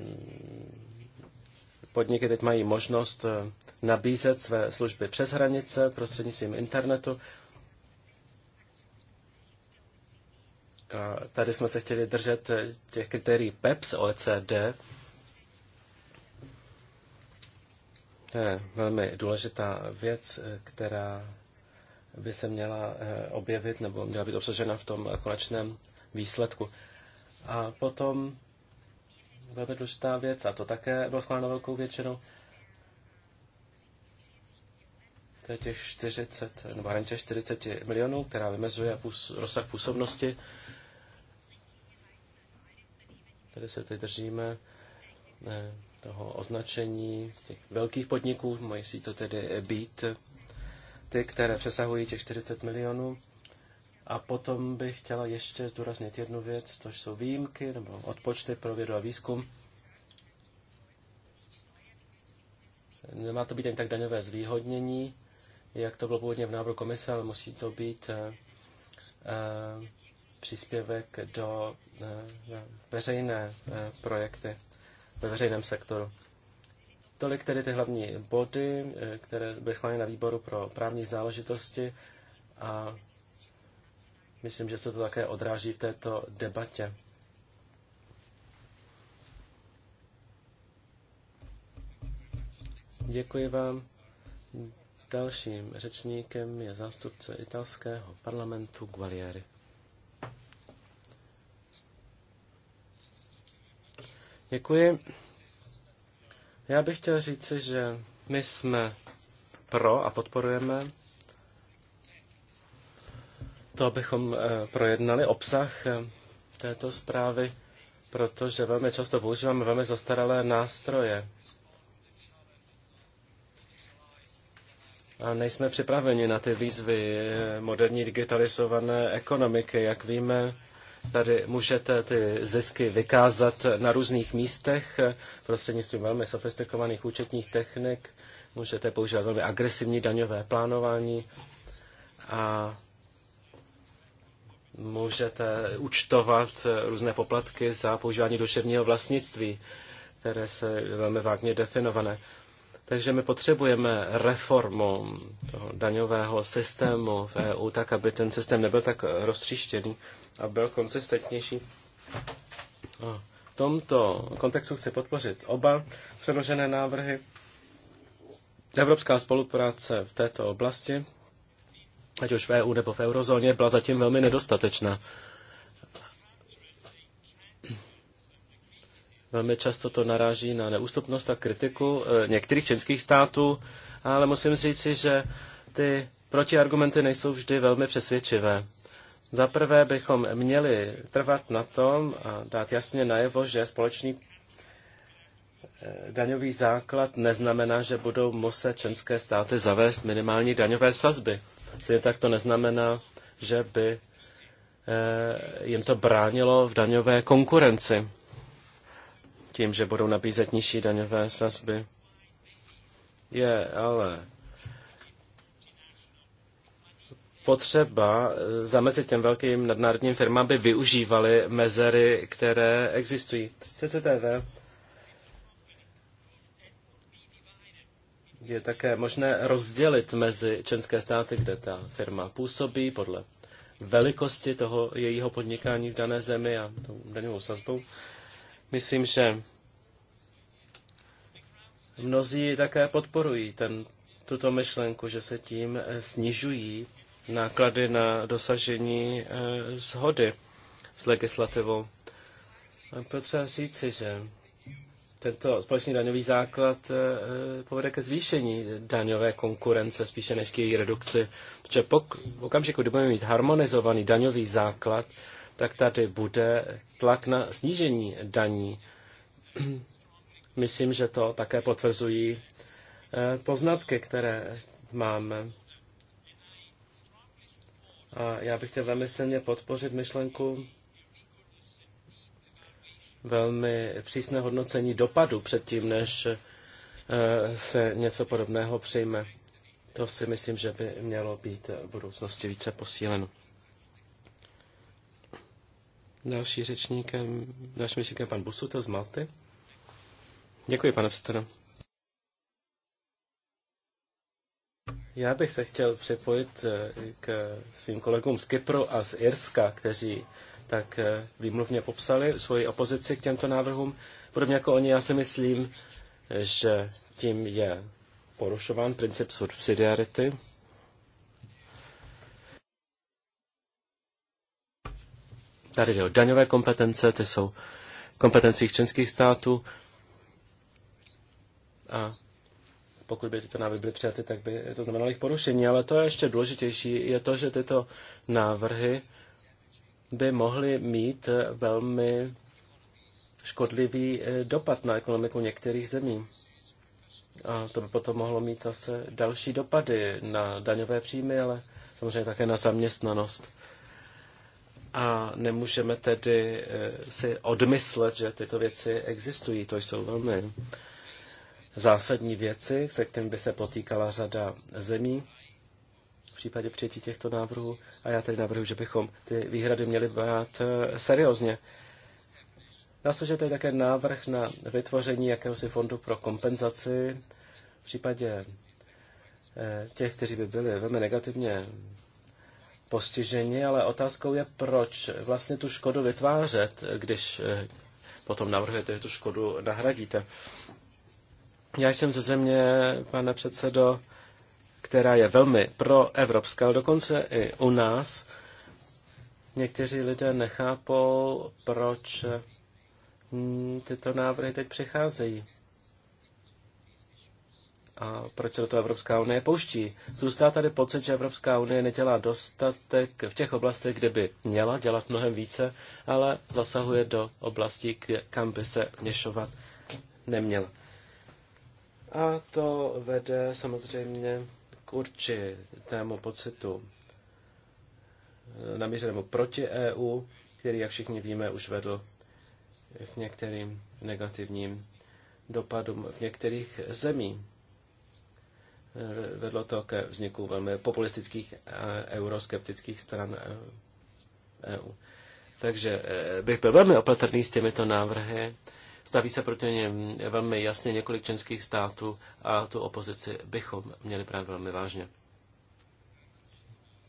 podniky teď mají možnost nabízet své služby přes hranice prostřednictvím internetu Tady jsme se chtěli držet eh, těch kritérií PEPS OECD. To je velmi důležitá věc, eh, která by se měla eh, objevit nebo měla být obsažena v tom konečném výsledku. A potom velmi důležitá věc, a to také bylo schváleno velkou většinou, to je těch 40, nebo 40 milionů, která vymezuje rozsah působnosti Tady se teď držíme eh, toho označení těch velkých podniků, mají si to tedy být ty, které přesahují těch 40 milionů. A potom bych chtěla ještě zdůraznit jednu věc, což jsou výjimky nebo odpočty pro vědu a výzkum. Nemá to být ani tak daňové zvýhodnění, jak to bylo původně v návrhu komise, ale musí to být eh, eh, příspěvek do eh, veřejné eh, projekty ve veřejném sektoru. Tolik tedy ty hlavní body, eh, které byly schváleny na výboru pro právní záležitosti a myslím, že se to také odráží v této debatě. Děkuji vám. Dalším řečníkem je zástupce italského parlamentu Gualieri. Děkuji. Já bych chtěl říci, že my jsme pro a podporujeme to, abychom eh, projednali obsah eh, této zprávy, protože velmi často používáme velmi zastaralé nástroje. A nejsme připraveni na ty výzvy eh, moderní digitalizované ekonomiky. Jak víme, Tady můžete ty zisky vykázat na různých místech prostřednictvím velmi sofistikovaných účetních technik. Můžete používat velmi agresivní daňové plánování a můžete účtovat různé poplatky za používání duševního vlastnictví, které se velmi vágně definované. Takže my potřebujeme reformu toho daňového systému v EU, tak aby ten systém nebyl tak roztříštěný a byl konzistentnější. V tomto kontextu chci podpořit oba předložené návrhy. Evropská spolupráce v této oblasti, ať už v EU nebo v eurozóně, byla zatím velmi nedostatečná. Velmi často to naráží na neústupnost a kritiku eh, některých českých států, ale musím říci, že ty protiargumenty nejsou vždy velmi přesvědčivé. Za prvé bychom měli trvat na tom a dát jasně najevo, že společný eh, daňový základ neznamená, že budou muset členské státy zavést minimální daňové sazby. Stejně tak to neznamená, že by eh, jim to bránilo v daňové konkurenci tím, že budou nabízet nižší daňové sazby. Je ale potřeba eh, zamezit těm velkým nadnárodním firmám, aby využívali mezery, které existují. CCTV je také možné rozdělit mezi členské státy, kde ta firma působí podle velikosti toho jejího podnikání v dané zemi a tou daňovou sazbou. Myslím, že mnozí také podporují ten, tuto myšlenku, že se tím eh, snižují náklady na dosažení eh, shody s legislativou. A potřeba říci, že tento společný daňový základ eh, eh, povede ke zvýšení daňové konkurence spíše než k její redukci. Protože pok, v okamžiku, kdy budeme mít harmonizovaný daňový základ, tak tady bude tlak na snížení daní. Myslím, že to také potvrzují poznatky, které máme. A já bych chtěl velmi silně podpořit myšlenku velmi přísné hodnocení dopadu předtím, než e, se něco podobného přijme. To si myslím, že by mělo být v budoucnosti více posíleno. Další řečníkem, dalším řečníkem pan Busuto z Malty. Děkuji, pane předsedo. Já bych se chtěl připojit eh, k svým kolegům z Kypru a z Irska, kteří tak eh, výmluvně popsali svoji opozici k těmto návrhům. Podobně jako oni, já si myslím, že tím je porušován princip subsidiarity. Tady jde o daňové kompetence, ty jsou kompetencích členských států. A pokud by tyto návrhy byly přijaty, tak by to znamenalo jejich porušení. Ale to je ještě důležitější, je to, že tyto návrhy by mohly mít velmi škodlivý eh, dopad na ekonomiku některých zemí. A to by potom mohlo mít zase další dopady na daňové příjmy, ale samozřejmě také na zaměstnanost. A nemůžeme tedy eh, si odmyslet, že tyto věci existují. To jsou velmi zásadní věci, se kterými by se potýkala řada zemí v případě přijetí těchto návrhů. A já tedy navrhuji, že bychom ty výhrady měli brát eh, seriózně. Dá se, že to je také návrh na vytvoření jakéhosi fondu pro kompenzaci v případě eh, těch, kteří by byli velmi negativně postiženi, ale otázkou je, proč vlastně tu škodu vytvářet, když eh, potom navrhujete, že tu škodu nahradíte. Já jsem ze země, pane předsedo, která je velmi proevropská, ale dokonce i u nás někteří lidé nechápou, proč tyto návrhy teď přicházejí. A proč se do toho Evropská unie pouští? Zůstá tady pocit, že Evropská unie nedělá dostatek v těch oblastech, kde by měla dělat mnohem více, ale zasahuje do oblastí, kam by se měšovat neměla. A to vede samozřejmě k určitému pocitu namířenému proti EU, který, jak všichni víme, už vedl k některým negativním dopadům v některých zemí. Vedlo to ke vzniku velmi populistických a euroskeptických stran EU. Takže eh, bych byl velmi opatrný s těmito návrhy Staví se proti něm velmi jasně několik členských států a tu opozici bychom měli brát velmi vážně.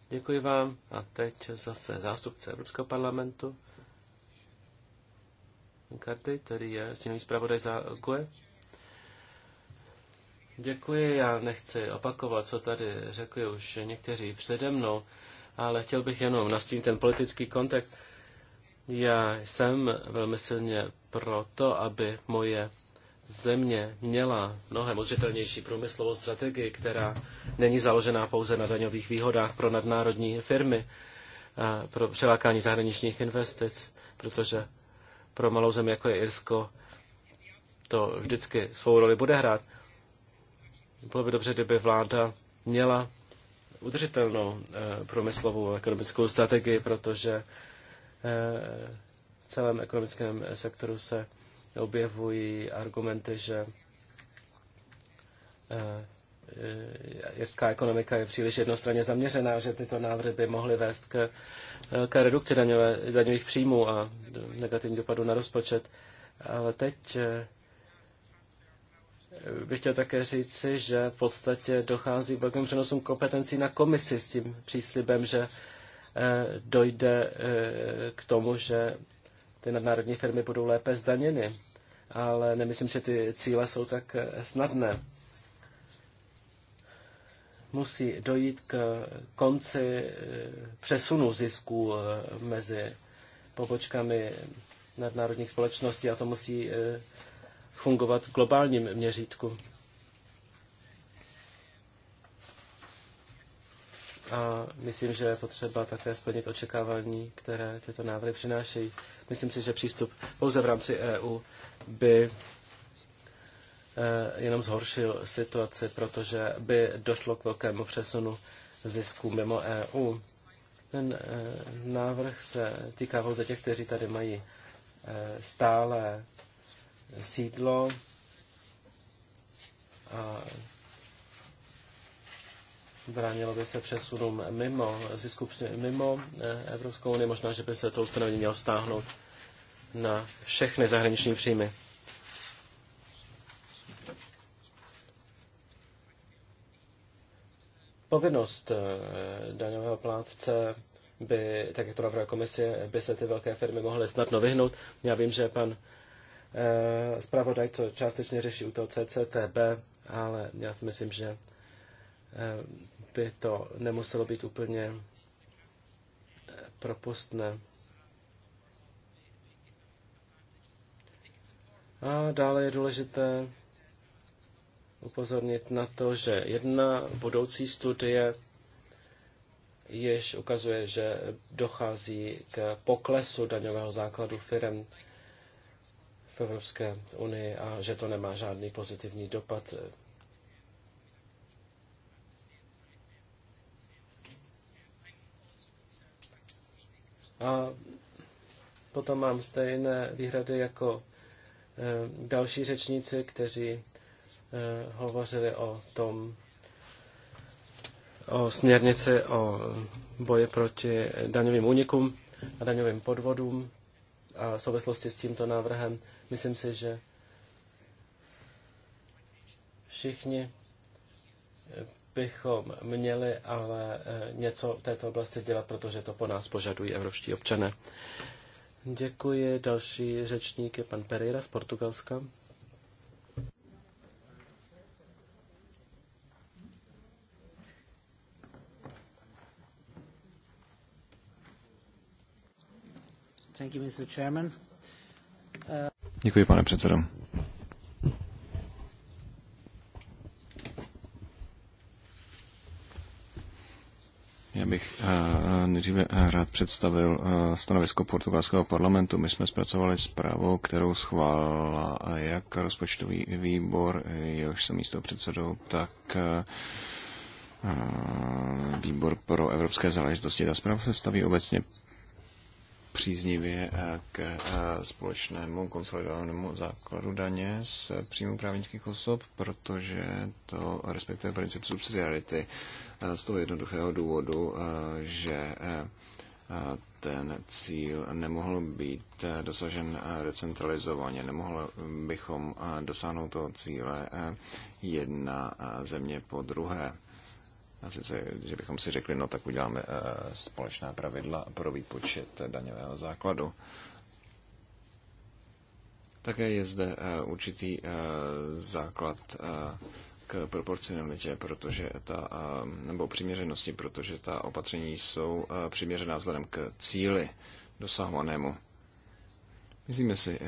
Děkuji vám a teď zase zástupce Evropského parlamentu. Karty, který je stínový zpravodaj za GUE. Děkuji, já nechci opakovat, co tady řekli už někteří přede mnou, ale chtěl bych jenom nastínit ten politický kontext. Já jsem velmi silně proto, aby moje země měla mnohem modřitelnější průmyslovou strategii, která není založená pouze na daňových výhodách pro nadnárodní firmy, a pro přelákání zahraničních investic, protože pro malou zemi, jako je Irsko, to vždycky svou roli bude hrát. Bylo by dobře, kdyby vláda měla udržitelnou eh, průmyslovou a ekonomickou strategii, protože Eh, v celém ekonomickém sektoru se objevují argumenty, že eh, eh, jirská ekonomika je příliš jednostranně zaměřená, že tyto návrhy by mohly vést k, k redukci daňové, daňových příjmů a negativní dopadu na rozpočet. Ale teď bych chtěl také říci, že v podstatě dochází k velkým přenosům kompetencí na komisi s tím příslibem, že Eh, dojde eh, k tomu, že ty nadnárodní firmy budou lépe zdaněny. Ale nemyslím, že ty cíle jsou tak eh, snadné. Musí dojít k konci přesunu zisků mezi pobočkami nadnárodních společností a to musí fungovat v globálním měřítku. A myslím, že je potřeba také splnit očekávání, které tyto návrhy přinášejí. Myslím si, že přístup pouze v rámci EU by eh, jenom zhoršil situaci, protože by došlo k velkému přesunu zisků mimo EU. Ten eh, návrh se týká pouze těch, kteří tady mají eh, stále sídlo a bránilo by se přesunům mimo, zisku při, mimo eh, Evropskou unii. Možná, že by se to ustanovení mělo stáhnout na všechny zahraniční příjmy. Povinnost eh, daňového plátce by, tak jak to navrhuje komisie, by se ty velké firmy mohly snadno vyhnout. Já vím, že pan eh, zpravodaj to částečně řeší u toho CCTB, ale já si myslím, že by to nemuselo být úplně eh, propustné. A dále je důležité upozornit na to, že jedna budoucí studie jež ukazuje, že dochází k poklesu daňového základu firm v Evropské unii a že to nemá žádný pozitivní dopad A potom mám stejné výhrady jako eh, další řečníci, kteří eh, hovořili o tom, o směrnici o boji proti daňovým únikům a daňovým podvodům a v souvislosti s tímto návrhem. Myslím si, že všichni bychom měli ale eh, něco v této oblasti dělat, protože to po nás požadují evropští občané. Děkuji. Další řečník je pan Pereira z Portugalska. Děkuji, pane předsedo. Já bych eh, eh, nejdříve eh, rád představil stanovisko portugalského parlamentu. My jsme zpracovali zprávu, kterou schválila jak rozpočtový výbor, jehož jsem místo předsedou, tak výbor pro evropské záležitosti. Ta zpráva se staví obecně příznivě eh, k eh, společnému konsolidovanému základu daně z eh, příjmu právnických osob, protože to respektuje princip subsidiarity z toho jednoduchého důvodu, že ten cíl nemohl být dosažen decentralizovaně. Nemohli bychom dosáhnout toho cíle jedna země po druhé. A sice, že bychom si řekli, no tak uděláme eh, společná pravidla pro výpočet daňového základu. Také je zde eh, určitý eh, základ k proporcionalitě, protože ta, nebo přiměřenosti, protože ta opatření jsou přiměřená vzhledem k cíli dosahovanému. Myslíme si, eh,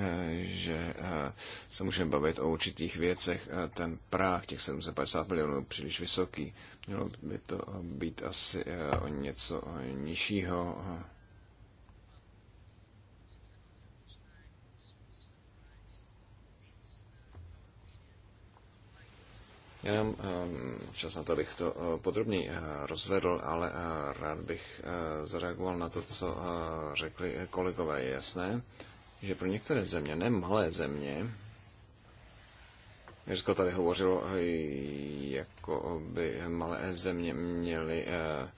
že eh, se můžeme bavit o určitých věcech. Eh, ten práh těch 750 milionů je příliš vysoký. Mělo by to být asi o něco nižšího. Jenom čas na to, abych to podrobněji rozvedl, ale rád bych zareagoval na to, co řekli kolegové. Je jasné, že pro některé země, ne malé země, Jirsko tady hovořilo, jako by malé země měly eh,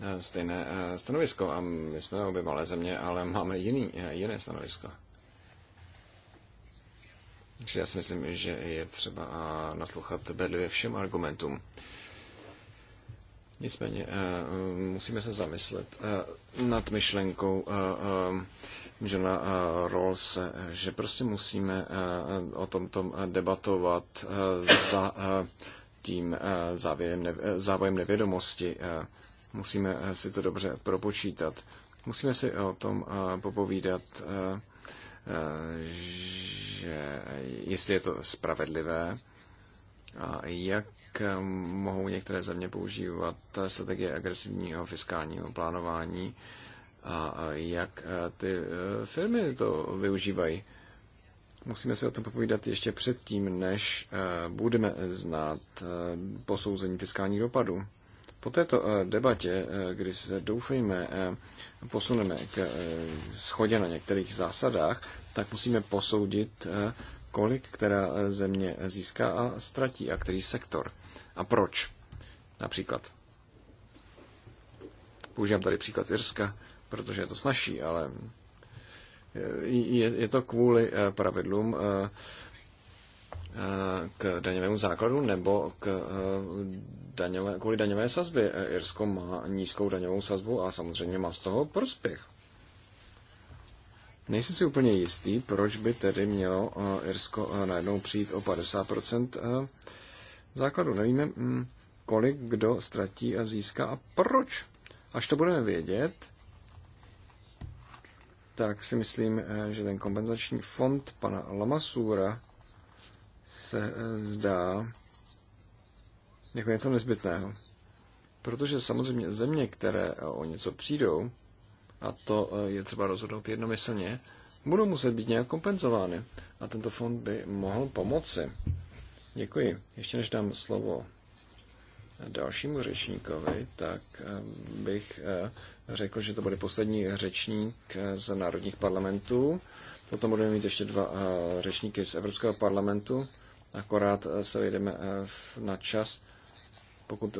eh, stejné eh, stanovisko a my jsme obě malé země, ale máme jiný, jiné stanovisko. Takže já si myslím, že je třeba naslouchat bedlivě všem argumentům. Nicméně musíme se zamyslet nad myšlenkou Johna eh, Rawls, eh, že prostě musíme eh, o tomto debatovat za tím závěrem, závojem nevědomosti. Musíme si to dobře propočítat. Musíme si o tom popovídat, že jestli je to spravedlivé a jak mohou některé země používat strategie agresivního fiskálního plánování a jak ty e, firmy to využívají. Musíme si o tom popovídat ještě předtím, než e, budeme znát e, posouzení fiskálních dopadů. Po této debatě, kdy se doufejme posuneme k schodě na některých zásadách, tak musíme posoudit, kolik která země získá a ztratí a který sektor a proč. Například. Používám tady příklad Irska protože je to snažší, ale eh, je, je to kvůli eh, pravidlům eh, k daňovému základu nebo k daňové, kvůli daňové sazbě. Irsko má nízkou daňovou sazbu a samozřejmě má z toho prospěch. Nejsem si úplně jistý, proč by tedy mělo Irsko najednou přijít o 50% základu. Nevíme, hm, kolik kdo ztratí a získá a proč. Až to budeme vědět, tak si myslím, eh, že ten kompenzační fond pana Lamasura se eh, zdá jako něco nezbytného. Protože samozřejmě země, které eh, o něco přijdou, a to je třeba rozhodnout jednomyslně, budou muset být nějak kompenzovány. A tento fond by mohl pomoci. Děkuji. Ještě než dám slovo dalšímu řečníkovi, tak eh, bych eh, řekl, že to bude poslední řečník eh, z národních parlamentů. Potom budeme mít ještě dva řečníky z Evropského parlamentu. Akorát se vejdeme na čas. Pokud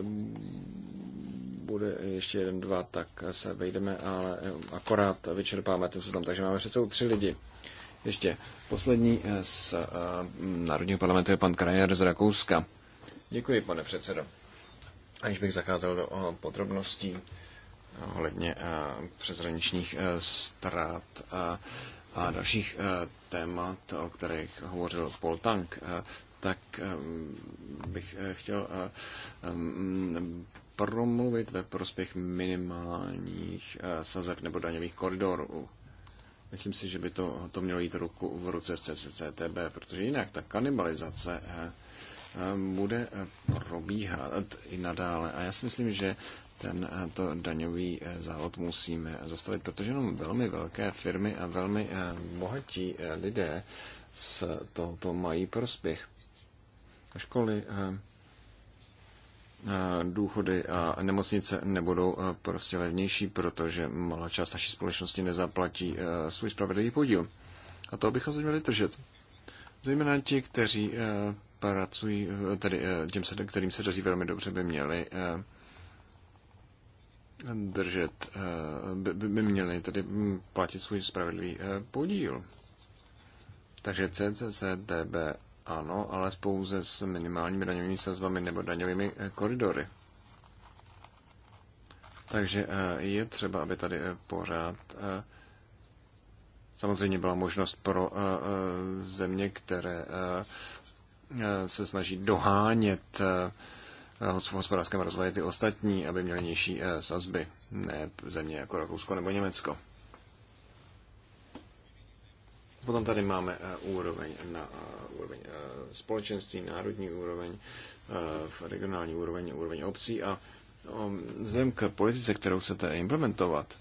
bude ještě jeden, dva, tak se vejdeme, ale akorát vyčerpáme ten seznam. Takže máme přece tři lidi. Ještě poslední z Národního parlamentu je pan Krajer z Rakouska. Děkuji, pane předsedo. Aniž bych zacházel do eh, podrobností eh, ohledně eh, přezraničních strát a dalších témat, o kterých hovořil Paul Tank, tak bych chtěl mm, promluvit ve prospěch minimálních sazeb nebo daňových koridorů. Myslím si, že by to, to mělo jít ruku v ruce s CCTB, protože jinak ta kanibalizace bude probíhat i nadále. A já si myslím, že ten to daňový eh, závod musíme zastavit, protože jenom velmi velké firmy a velmi eh, bohatí eh, lidé z tohoto mají prospěch. Školy, důchody a nemocnice nebudou prostě levnější, protože malá část naší společnosti nezaplatí svůj spravedlivý podíl. A to bychom se měli držet. Zejména ti, kteří pracují, eh, tedy eh, těm, se, kterým se daří velmi dobře, by měli eh, držet, by, by měli tedy mm, platit svůj spravedlivý podíl. Takže CCCTB ano, ale pouze s minimálními daňovými sazbami nebo daňovými koridory. Takže je třeba, aby tady pořád samozřejmě byla možnost pro země, které se snaží dohánět eh, v hospodářském rozvoji ty ostatní, aby měly nižší eh, sazby, ne země jako Rakousko nebo Německo. Potom tady máme eh, úroveň na úroveň společenství, národní úroveň, regionální úroveň, úroveň obcí a vzhledem k politice, kterou chcete implementovat,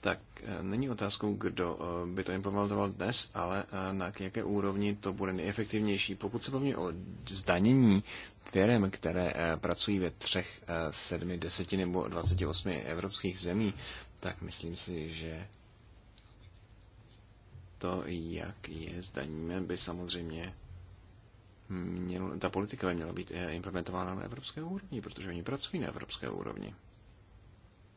tak eh, není otázkou, kdo eh, by to implementoval dnes, ale eh, na jaké úrovni to bude nejefektivnější. Pokud se bavíme o zdanění firm, které pracují ve třech, sedmi, deseti nebo 28 evropských zemí, tak myslím si, že to, jak je zdaníme, by samozřejmě měl, ta politika by měla být implementována na evropské úrovni, protože oni pracují na evropské úrovni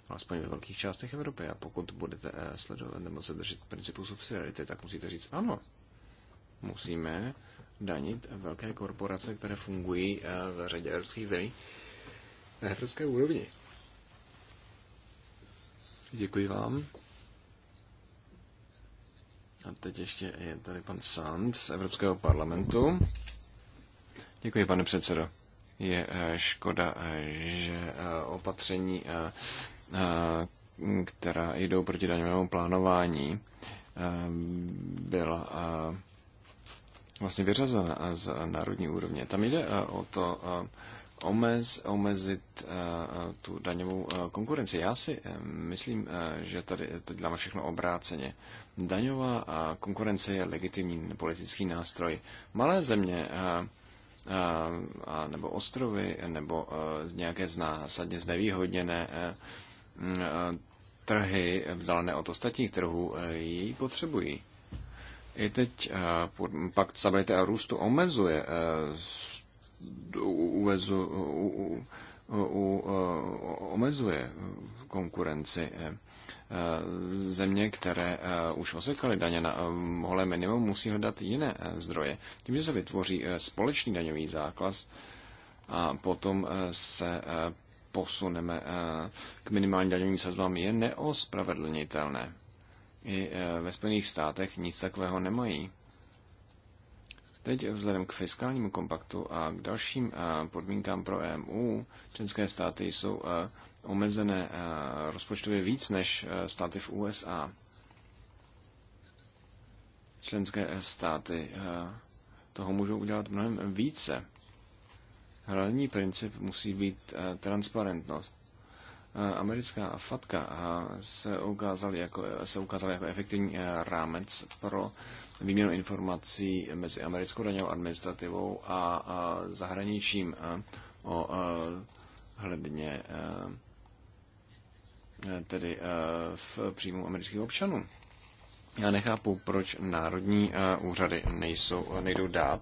alespoň ve velkých částech Evropy. A pokud budete eh, sledovat nebo se držet principu subsidiarity, tak musíte říct ano. Musíme danit velké korporace, které fungují eh, v řadě evropských zemí na evropské úrovni. Děkuji vám. A teď ještě je tady pan Sand z Evropského parlamentu. Děkuji, pane předsedo. Je eh, škoda, že opatření Eh, která jdou proti daňovému plánování, eh, byla eh, vlastně vyřazena z národní úrovně. Tam jde o to omez, omezit tu daňovou konkurenci. Já si myslím, že tady to děláme všechno obráceně. Daňová konkurence je legitimní politický nástroj. Malé země a, nebo ostrovy nebo nějaké zásadně znevýhodněné Eh, trhy vzdálené od ostatních trhů eh, jej potřebují. I teď eh, pakt stability a růstu omezuje omezuje konkurenci země, které už osekaly daně na holé minimum, musí hledat jiné zdroje. Tím, že se vytvoří společný daňový základ a potom se posuneme eh, k minimální daňovým sazbám, je neospravedlnitelné. I eh, ve Spojených státech nic takového nemají. Teď vzhledem k fiskálnímu kompaktu a k dalším eh, podmínkám pro EMU, členské státy jsou omezené rozpočtově víc než státy v USA. Členské státy toho můžou udělat mnohem více. Hlavní princip musí být eh, transparentnost. Eh, americká FATKA eh, se ukázala jako, se ukázala jako efektivní rámec pro výměnu informací mezi americkou daňovou administrativou a zahraničím o hledně tedy v příjmu amerických občanů. Já nechápu, proč národní úřady nejsou, nejdou dát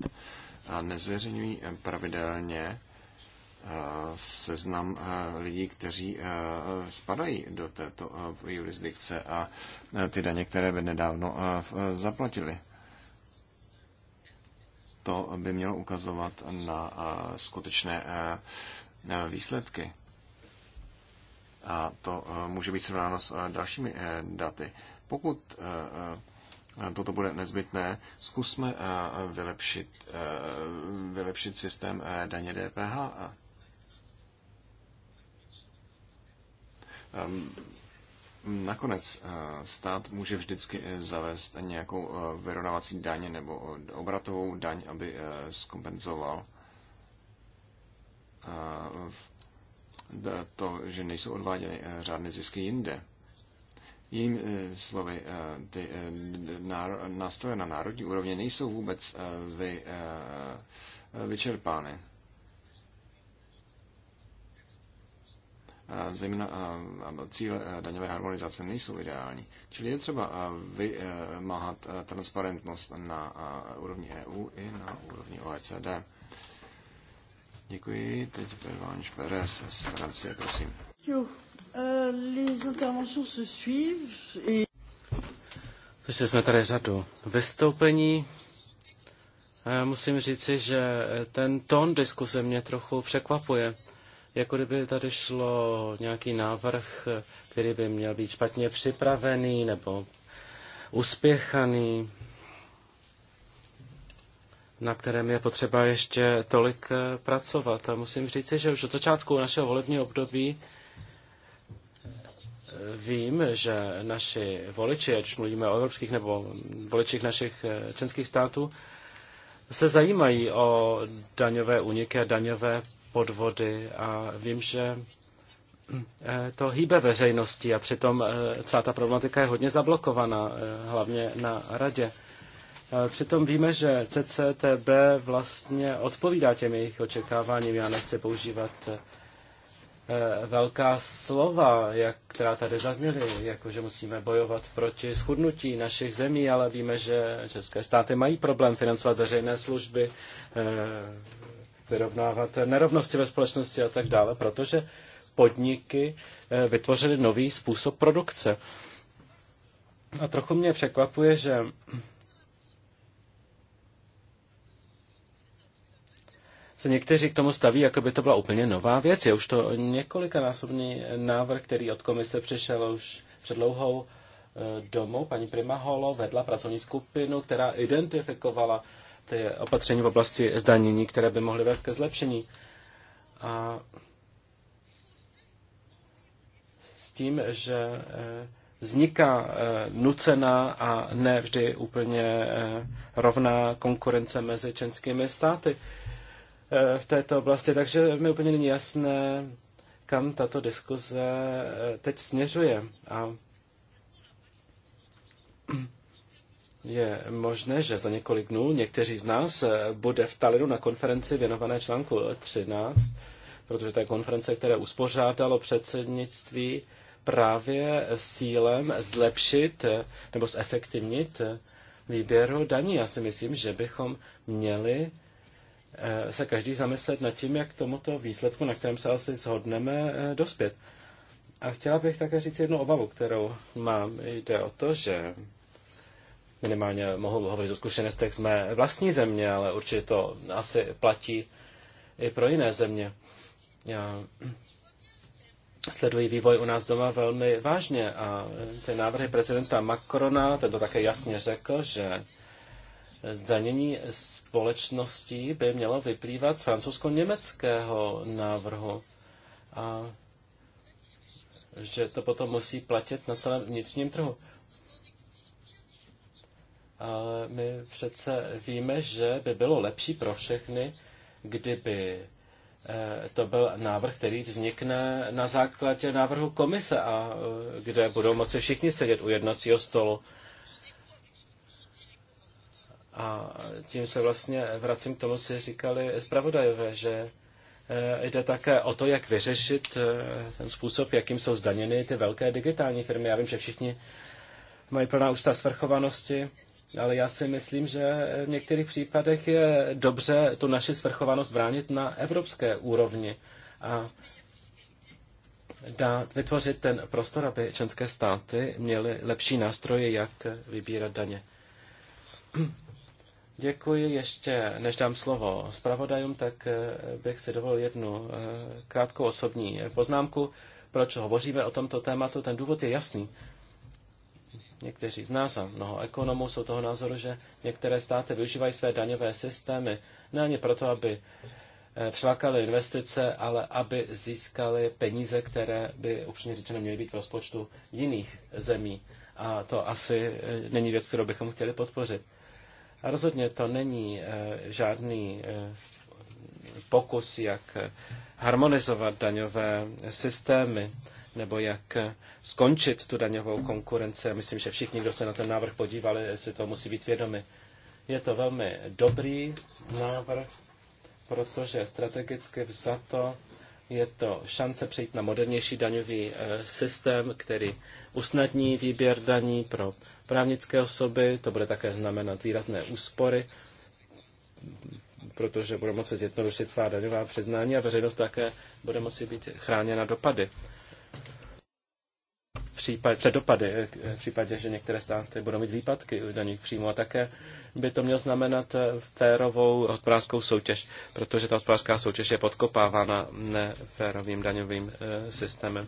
a nezveřejňují eh, pravidelně eh, seznam eh, lidí, kteří spadají do této jurisdikce a ty daně, které by nedávno zaplatili. To by mělo ukazovat na skutečné výsledky. A to může být srovnáno s dalšími daty. Pokud toto bude nezbytné. Zkusme eh, vylepšit, eh, vylepšit systém eh, daně DPH. Ehm, nakonec stát může vždycky zavést nějakou vyrovnávací daně nebo obratovou daň, aby zkompenzoval to, že nejsou odváděny řádné zisky jinde. Jinými eh, slovy, eh, ty eh, nástroje na národní úrovni nejsou vůbec vy, vyčerpány. zejména cíle daňové harmonizace nejsou ideální. Čili je třeba vymáhat transparentnost na úrovni EU i na úrovni OECD. Děkuji. Teď Pervánš Perez z Francie, prosím. Juh. Euh, Slyšeli jsme tady řadu vystoupení. Musím říci, že ten tón diskuse mě trochu překvapuje. Jako kdyby tady šlo nějaký návrh, který by měl být špatně připravený nebo uspěchaný, na kterém je potřeba ještě tolik pracovat. A musím říci, že už od začátku našeho volebního období vím, že naši voliči, ať už mluvíme o evropských nebo voličích našich eh, členských států, se zajímají o daňové úniky a daňové podvody a vím, že eh, to hýbe veřejnosti a přitom eh, celá ta problematika je hodně zablokovaná, hlavně na radě. Přitom víme, že CCTB vlastně odpovídá těm jejich očekáváním. Já nechci používat Eh, velká slova, jak, která tady zazněly, jako že musíme bojovat proti schudnutí našich zemí, ale víme, že české státy mají problém financovat veřejné služby, eh, vyrovnávat nerovnosti ve společnosti a tak dále, protože podniky eh, vytvořily nový způsob produkce. A trochu mě překvapuje, že se někteří k tomu staví, jako by to byla úplně nová věc. Je už to několikanásobný návrh, který od komise přišel už před dlouhou e, domu. Paní Prima Holo vedla pracovní skupinu, která identifikovala ty opatření v oblasti zdanění, které by mohly vést ke zlepšení. A s tím, že e, vzniká e, nucená a ne vždy úplně rovná konkurence mezi členskými státy v této oblasti, takže mi úplně není jasné, kam tato diskuze eh, teď směřuje. A je možné, že za několik dnů někteří z nás eh, bude v Talinu na konferenci věnované článku 13, protože to je konference, které uspořádalo předsednictví právě sílem zlepšit eh, nebo zefektivnit výběru daní. Já si myslím, že bychom měli Eh, se každý zamyslet nad tím, jak tomuto výsledku, na kterém se asi shodneme, eh, dospět. A chtěla bych také říct jednu obavu, kterou mám. Jde o to, že minimálně mohu hovořit o zkušenostech z mé vlastní země, ale určitě to asi platí i pro jiné země. Já sledují vývoj u nás doma velmi vážně a ty návrhy prezidenta Macrona, ten to také jasně řekl, že zdanění společností by mělo vyplývat z francouzsko-německého návrhu a že to potom musí platit na celém vnitřním trhu. Ale my přece víme, že by bylo lepší pro všechny, kdyby eh, to byl návrh, který vznikne na základě návrhu komise a eh, kde budou moci všichni sedět u jednacího stolu a tím se vlastně vracím k tomu, co říkali zpravodajové, že eh, jde také o to, jak vyřešit eh, ten způsob, jakým jsou zdaněny ty velké digitální firmy. Já vím, že všichni mají plná ústa svrchovanosti, ale já si myslím, že v některých případech je dobře tu naši svrchovanost bránit na evropské úrovni a dát, vytvořit ten prostor, aby členské státy měly lepší nástroje, jak vybírat daně. Děkuji. Ještě než dám slovo zpravodajům, tak eh, bych si dovolil jednu eh, krátkou osobní poznámku. Proč hovoříme o tomto tématu? Ten důvod je jasný. Někteří z nás a mnoho ekonomů jsou toho názoru, že některé státy využívají své daňové systémy ne ani proto, aby eh, přilákali investice, ale aby získali peníze, které by upřímně řečeno měly být v rozpočtu jiných zemí. A to asi není věc, kterou bychom chtěli podpořit. A rozhodně to není eh, žádný eh, pokus, jak eh, harmonizovat daňové systémy nebo jak skončit tu daňovou konkurenci. myslím, že všichni, kdo se na ten návrh podívali, si to musí být vědomi. Je to velmi dobrý návrh, protože strategicky vzato je to šance přejít na modernější daňový systém, který usnadní výběr daní pro právnické osoby, to bude také znamenat výrazné úspory, protože bude moci zjednodušit svá daňová přiznání a veřejnost také bude moci být chráněna dopady. případ případě, před dopady, eh, v případě, že některé státy budou mít výpadky daných příjmů a také by to mělo znamenat eh, férovou hospodářskou soutěž, protože ta hospodářská soutěž je podkopávána neférovým daňovým eh, systémem.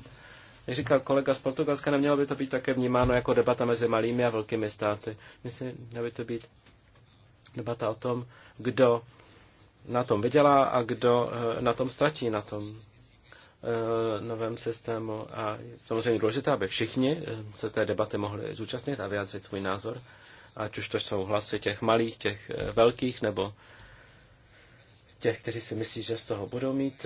Jak říkal kolega z Portugalska, nemělo by to být také vnímáno jako debata mezi malými a velkými státy. Myslím, měla by to být debata o tom, kdo na tom vydělá a kdo eh, na tom ztratí na tom eh, novém systému. A samozřejmě důležité, aby všichni eh, se té debaty mohli zúčastnit a vyjádřit svůj názor, ať už to jsou hlasy těch malých, těch velkých, nebo těch, kteří si myslí, že z toho budou mít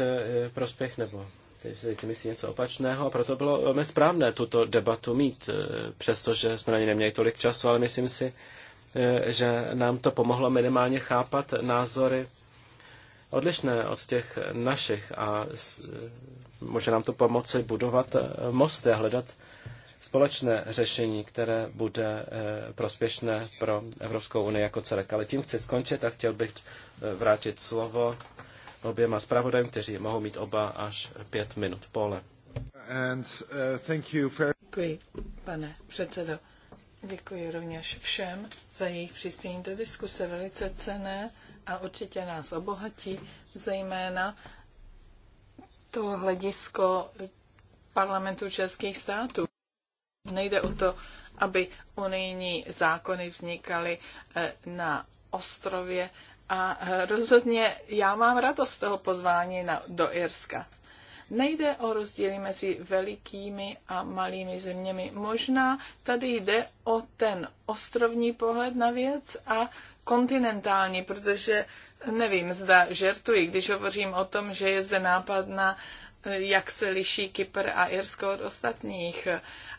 prospěch, nebo kteří si myslí něco opačného a proto bylo velmi správné tuto debatu mít, eh, přestože jsme na ní neměli tolik času, ale myslím si, eh, že nám to pomohlo minimálně chápat názory odlišné od těch našich a eh, může nám to pomoci budovat mosty a hledat společné řešení, které bude prospěšné pro Evropskou unii jako celek. Ale tím chci skončit a chtěl bych vrátit slovo oběma zpravodajům, kteří mohou mít oba až pět minut. Pole. And, uh, thank you for... Děkuji, pane předsedo. Děkuji rovněž všem za jejich přispění do diskuse, velice cené a určitě nás obohatí, zejména to hledisko parlamentu českých států. Nejde o to, aby unijní zákony vznikaly eh, na ostrově a eh, rozhodně já mám radost z toho pozvání na, do Irska. Nejde o rozdíly mezi velikými a malými zeměmi. Možná tady jde o ten ostrovní pohled na věc a kontinentální, protože nevím, zda žertuji, když hovořím o tom, že je zde nápad na eh, jak se liší Kypr a Irsko od ostatních.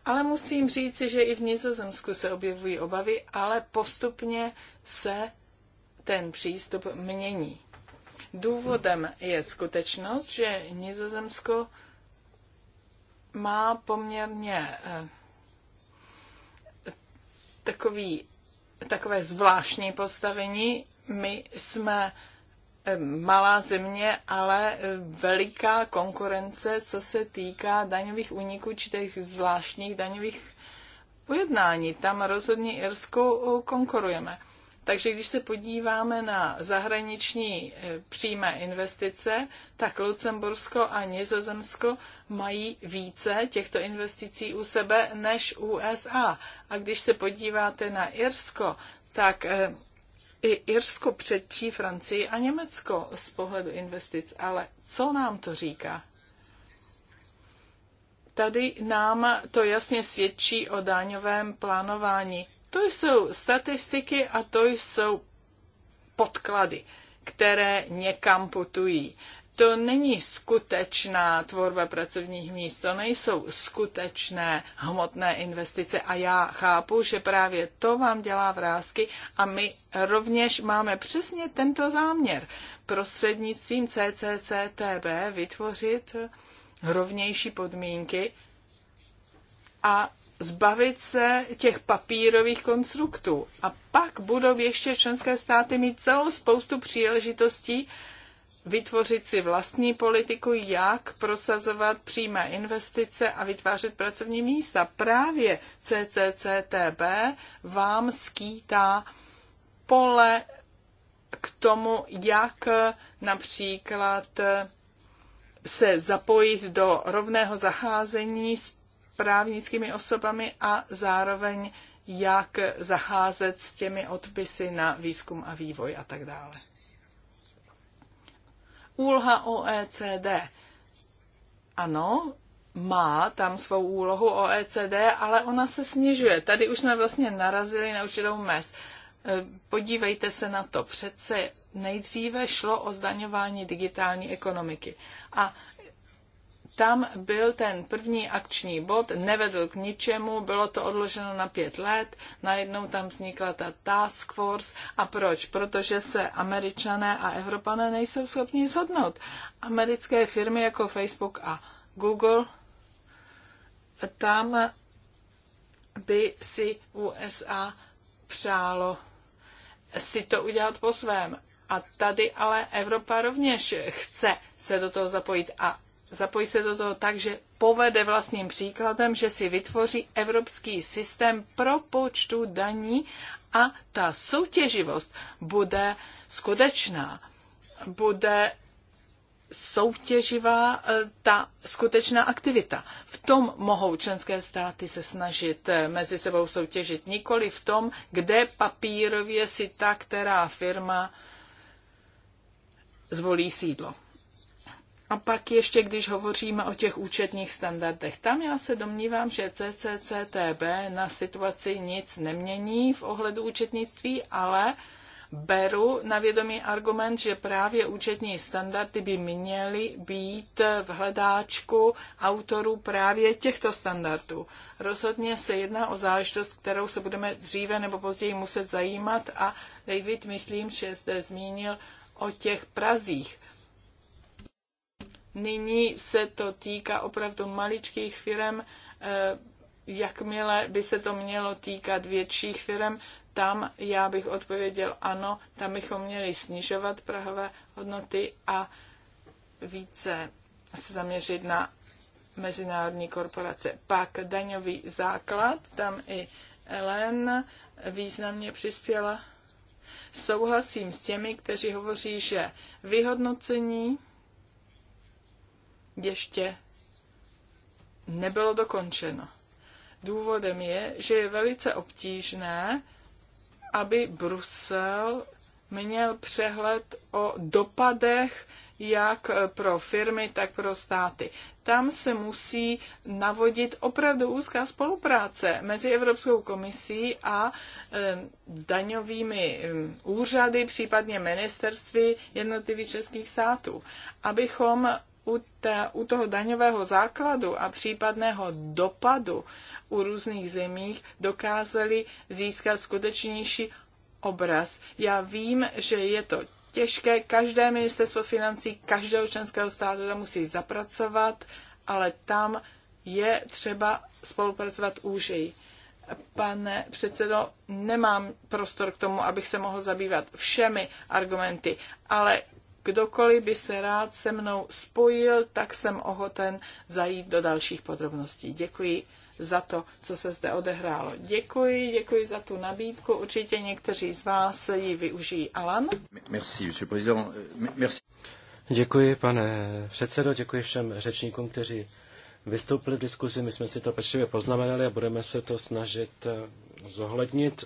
Ale musím říci, že i v Nizozemsku se objevují obavy, ale postupně se ten přístup mění. Důvodem je skutečnost, že Nizozemsko má poměrně eh, takový, takové zvláštní postavení. My jsme eh, malá země, ale eh, veliká konkurence, co se týká daňových úniků či těch zvláštních daňových ujednání. Tam rozhodně Irsku konkurujeme. Takže když se podíváme na zahraniční e, přímé investice, tak Lucembursko a Nizozemsko mají více těchto investicí u sebe než USA. A když se podíváte na Irsko, tak e, i Irsko předčí Francii a Německo z pohledu investic. Ale co nám to říká? Tady nám to jasně svědčí o dáňovém plánování. To jsou statistiky a to jsou podklady, které někam putují. To není skutečná tvorba pracovních míst, to nejsou skutečné hmotné investice a já chápu, že právě to vám dělá vrázky a my rovněž máme přesně tento záměr prostřednictvím CCCTB vytvořit rovnější podmínky a zbavit se těch papírových konstruktů. A pak budou ještě členské státy mít celou spoustu příležitostí vytvořit si vlastní politiku, jak prosazovat přímé investice a vytvářet pracovní místa. Právě CCCTB vám skýtá pole k tomu, jak například se zapojit do rovného zacházení s právnickými osobami a zároveň jak zacházet s těmi odpisy na výzkum a vývoj a tak dále. Úloha OECD. Ano, má tam svou úlohu OECD, ale ona se snižuje. Tady už jsme vlastně narazili na určitou mes. E, podívejte se na to. Přece nejdříve šlo o zdaňování digitální ekonomiky. A tam byl ten první akční bod, nevedl k ničemu, bylo to odloženo na pět let, najednou tam vznikla ta task force. A proč? Protože se američané a evropané nejsou schopni zhodnout. Americké firmy jako Facebook a Google, tam by si USA přálo si to udělat po svém. A tady ale Evropa rovněž chce se do toho zapojit a zapojí se do toho tak, že povede vlastním příkladem, že si vytvoří evropský systém pro počtu daní a ta soutěživost bude skutečná, bude soutěživá eh, ta skutečná aktivita. V tom mohou členské státy se snažit eh, mezi sebou soutěžit, nikoli v tom, kde papírově si ta která firma zvolí sídlo. A pak ještě, když hovoříme o těch účetních standardech, tam já se domnívám, že CCCTB na situaci nic nemění v ohledu účetnictví, ale beru na vědomý argument, že právě účetní standardy by měly být v hledáčku autorů právě těchto standardů. Rozhodně se jedná o záležitost, kterou se budeme dříve nebo později muset zajímat a David, myslím, že zde zmínil o těch prazích Nyní se to týká opravdu maličkých firm. Eh, jakmile by se to mělo týkat větších firm, tam já bych odpověděl ano, tam bychom měli snižovat prahové hodnoty a více se zaměřit na mezinárodní korporace. Pak daňový základ, tam i Ellen významně přispěla. Souhlasím s těmi, kteří hovoří, že vyhodnocení ještě nebylo dokončeno. Důvodem je, že je velice obtížné, aby Brusel měl přehled o dopadech jak pro firmy, tak pro státy. Tam se musí navodit opravdu úzká spolupráce mezi Evropskou komisí a daňovými úřady, případně ministerství jednotlivých českých států, abychom u, ta, u toho daňového základu a případného dopadu u různých zemích dokázali získat skutečnější obraz. Já vím, že je to těžké, každé ministerstvo financí, každého členského státu tam musí zapracovat, ale tam je třeba spolupracovat úžej. Pane předsedo, nemám prostor k tomu, abych se mohl zabývat všemi argumenty, ale Kdokoliv by se rád se mnou spojil, tak jsem ochoten zajít do dalších podrobností. Děkuji za to, co se zde odehrálo. Děkuji, děkuji za tu nabídku. Určitě někteří z vás ji využijí. Alan? Merci, monsieur président. Merci. Děkuji, pane předsedo, děkuji všem řečníkům, kteří vystoupili v diskuzi. My jsme si to pečlivě poznamenali a budeme se to snažit eh, zohlednit,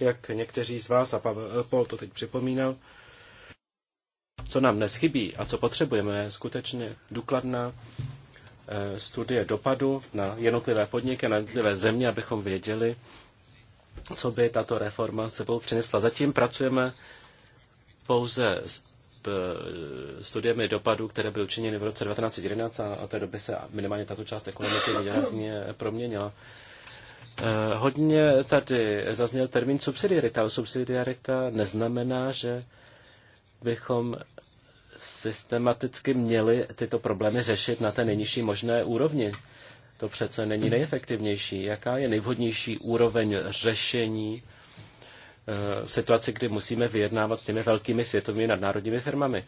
jak někteří z vás, a Pavel Pol to teď připomínal, co nám dnes chybí a co potřebujeme, je skutečně důkladná eh, studie dopadu na jednotlivé podniky, na jednotlivé země, abychom věděli, co by tato reforma sebou přinesla. Zatím pracujeme pouze s studiemi dopadu, které byly učiněny v roce 1911 a od té doby se minimálně tato část ekonomiky výrazně proměnila. Eh, hodně tady zazněl termín subsidiarita, ale subsidiarita neznamená, že bychom systematicky měli tyto problémy řešit na té nejnižší možné úrovni. To přece není nejefektivnější. Jaká je nejvhodnější úroveň řešení eh, v situaci, kdy musíme vyjednávat s těmi velkými světovými nadnárodními firmami?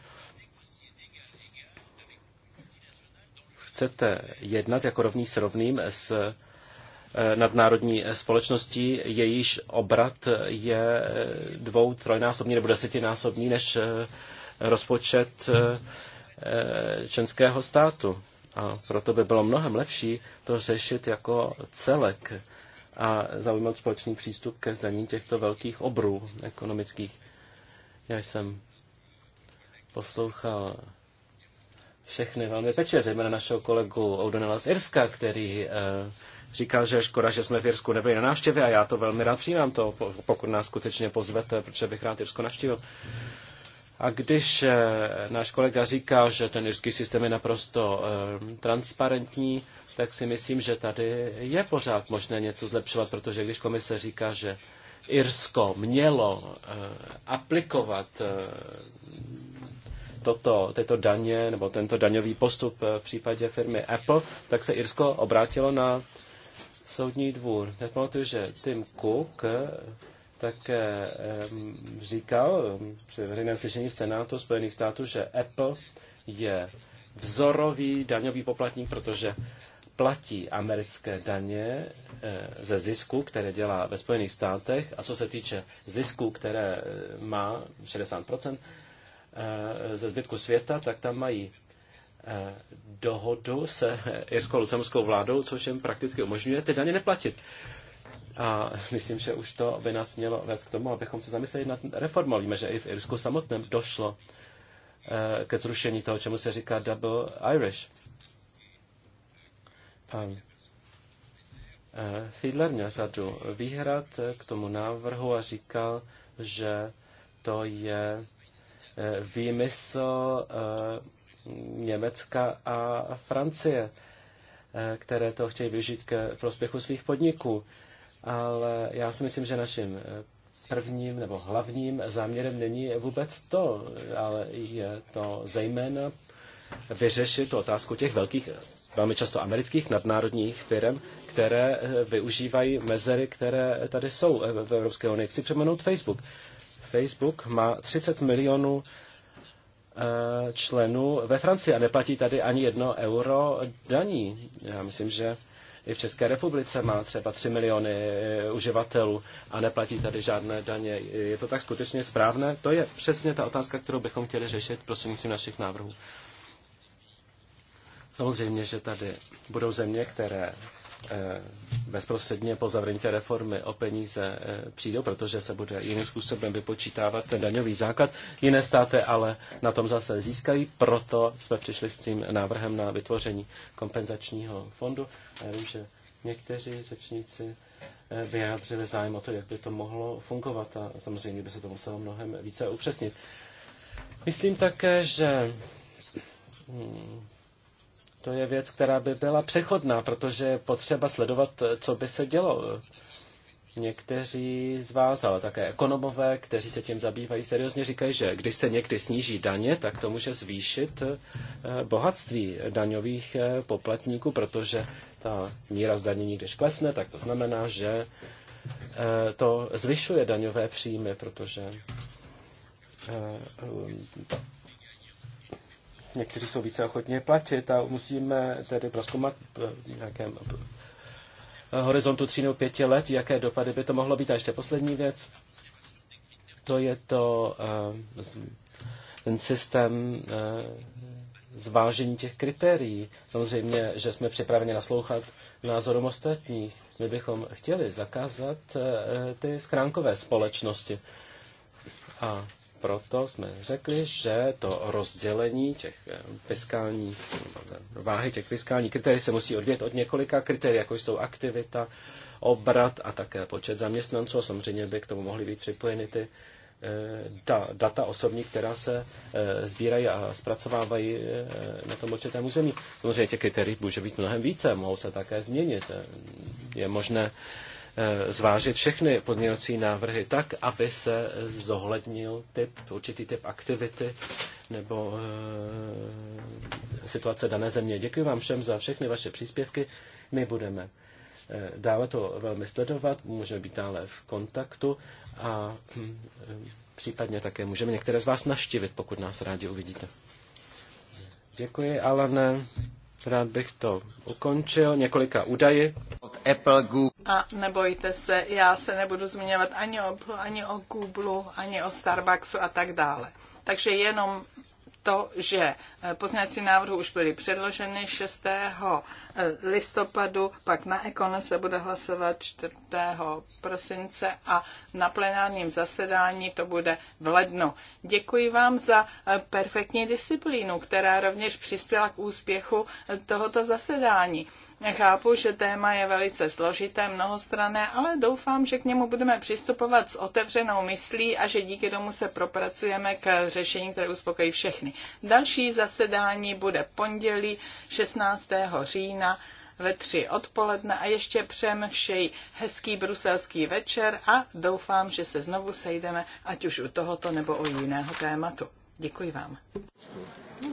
Chcete jednat jako rovný s rovným s eh, nadnárodní společností, jejíž obrat je dvou, trojnásobný nebo desetinásobný než eh, rozpočet eh, eh, členského státu. A proto by bylo mnohem lepší to řešit jako celek a zaujmout společný přístup ke zdanění těchto velkých obrů ekonomických. Já jsem poslouchal všechny velmi peče, zejména našeho kolegu O'Donnella z Irska, který eh, říkal, že je škoda, že jsme v Irsku nebyli na návštěvě a já to velmi rád přijímám to, pokud nás skutečně pozvete, protože bych rád Irsko navštívil. A když eh, náš kolega říká, že ten irský systém je naprosto eh, transparentní, tak si myslím, že tady je pořád možné něco zlepšovat, protože když komise říká, že Irsko mělo eh, aplikovat toto, tyto daně nebo tento daňový postup v případě firmy Apple, tak se Irsko obrátilo na soudní dvůr. Já pamatuju, že Tim Cook tak říkal při veřejném slyšení v Senátu Spojených států, že Apple je vzorový daňový poplatník, protože platí americké daně eh, ze zisku, které dělá ve Spojených státech a co se týče zisku, které eh, má 60% eh, ze zbytku světa, tak tam mají dohodu se irskou lucemskou vládou, což jim prakticky umožňuje ty daně neplatit. A myslím, že už to by nás mělo vést k tomu, abychom se zamysleli nad reformou. Víme, že i v Irsku samotném došlo eh, ke zrušení toho, čemu se říká Double Irish. Pan eh, Fiedler měl řadu výhrad eh, k tomu návrhu a říkal, že to je výmysl Německa a Francie, které to chtějí využít ke prospěchu svých podniků ale já si myslím, že naším eh, prvním nebo hlavním záměrem není vůbec to, ale je to zejména vyřešit tu otázku těch velkých, velmi často amerických nadnárodních firm, které eh, využívají mezery, které tady jsou eh, v Evropské unii. Chci přeměnout Facebook. Facebook má 30 milionů členů ve Francii a neplatí tady ani jedno euro daní. Já myslím, že i v České republice má třeba 3 miliony eh, uživatelů a neplatí tady žádné daně. Je to tak skutečně správné? To je přesně ta otázka, kterou bychom chtěli řešit prostřednictvím našich návrhů. Samozřejmě, že tady budou země, které Eh, bezprostředně po zavření té reformy o peníze eh, přijdou, protože se bude jiným způsobem vypočítávat ten daňový základ. Jiné státy ale na tom zase získají, proto jsme přišli s tím návrhem na vytvoření kompenzačního fondu. A já vím, že někteří řečníci eh, vyjádřili zájem o to, jak by to mohlo fungovat a samozřejmě by se to muselo mnohem více upřesnit. Myslím také, že hmm, to je věc, která by byla přechodná, protože je potřeba sledovat, co by se dělo. Někteří z vás, ale také ekonomové, kteří se tím zabývají, seriózně říkají, že když se někdy sníží daně, tak to může zvýšit eh, bohatství daňových eh, poplatníků, protože ta míra zdanění, když klesne, tak to znamená, že eh, to zvyšuje daňové příjmy, protože um, někteří jsou více ochotně platit a musíme tedy proskoumat eh, v nějakém eh, horizontu 3 nebo 5 let, jaké dopady by to mohlo být. A ještě poslední věc, to je to eh, ten systém zvážení těch kritérií. Samozřejmě, že jsme připraveni naslouchat názorům ostatních. My bychom chtěli zakázat ty skránkové společnosti. A proto jsme řekli, že to rozdělení těch eh, fiskálních, eh, váhy těch fiskálních kritérií se musí odvět od několika kritérií, jako jsou aktivita, obrat a také počet zaměstnanců. A samozřejmě by k tomu mohly být připojeny ty eh, ta data osobní, která se sbírají a zpracovávají na tom určitém území. Samozřejmě těch kritérií může být mnohem více, mohou se také změnit. Je možné Eh, zvážit všechny pozměňovací návrhy tak, aby se zohlednil typ, určitý typ aktivity nebo eh, situace dané země. Děkuji vám všem za všechny vaše příspěvky. My budeme eh, dále to velmi sledovat, můžeme být dále v kontaktu a hm, případně také můžeme některé z vás naštívit, pokud nás rádi uvidíte. Děkuji, Alane. Rád bych to ukončil několika údaji. Od Apple, Google. A nebojte se, já se nebudu zmiňovat ani o Apple, ani o Google, ani o Starbucksu a tak dále. Takže jenom to, že eh, pozněcí návrhy už byly předloženy 6 listopadu, pak na Ekonu se bude hlasovat 4. prosince a na plenárním zasedání to bude v lednu. Děkuji vám za eh, perfektní disciplínu, která rovněž přispěla k úspěchu eh, tohoto zasedání. Chápu, že téma je velice složité, mnohostrané, ale doufám, že k němu budeme přistupovat s otevřenou myslí a že díky tomu se propracujeme k řešení, které uspokojí všechny. Další zasedání bude pondělí 16. října ve tři odpoledne a ještě přem všej hezký bruselský večer a doufám, že se znovu sejdeme, ať už u tohoto nebo u jiného tématu. Děkuji vám.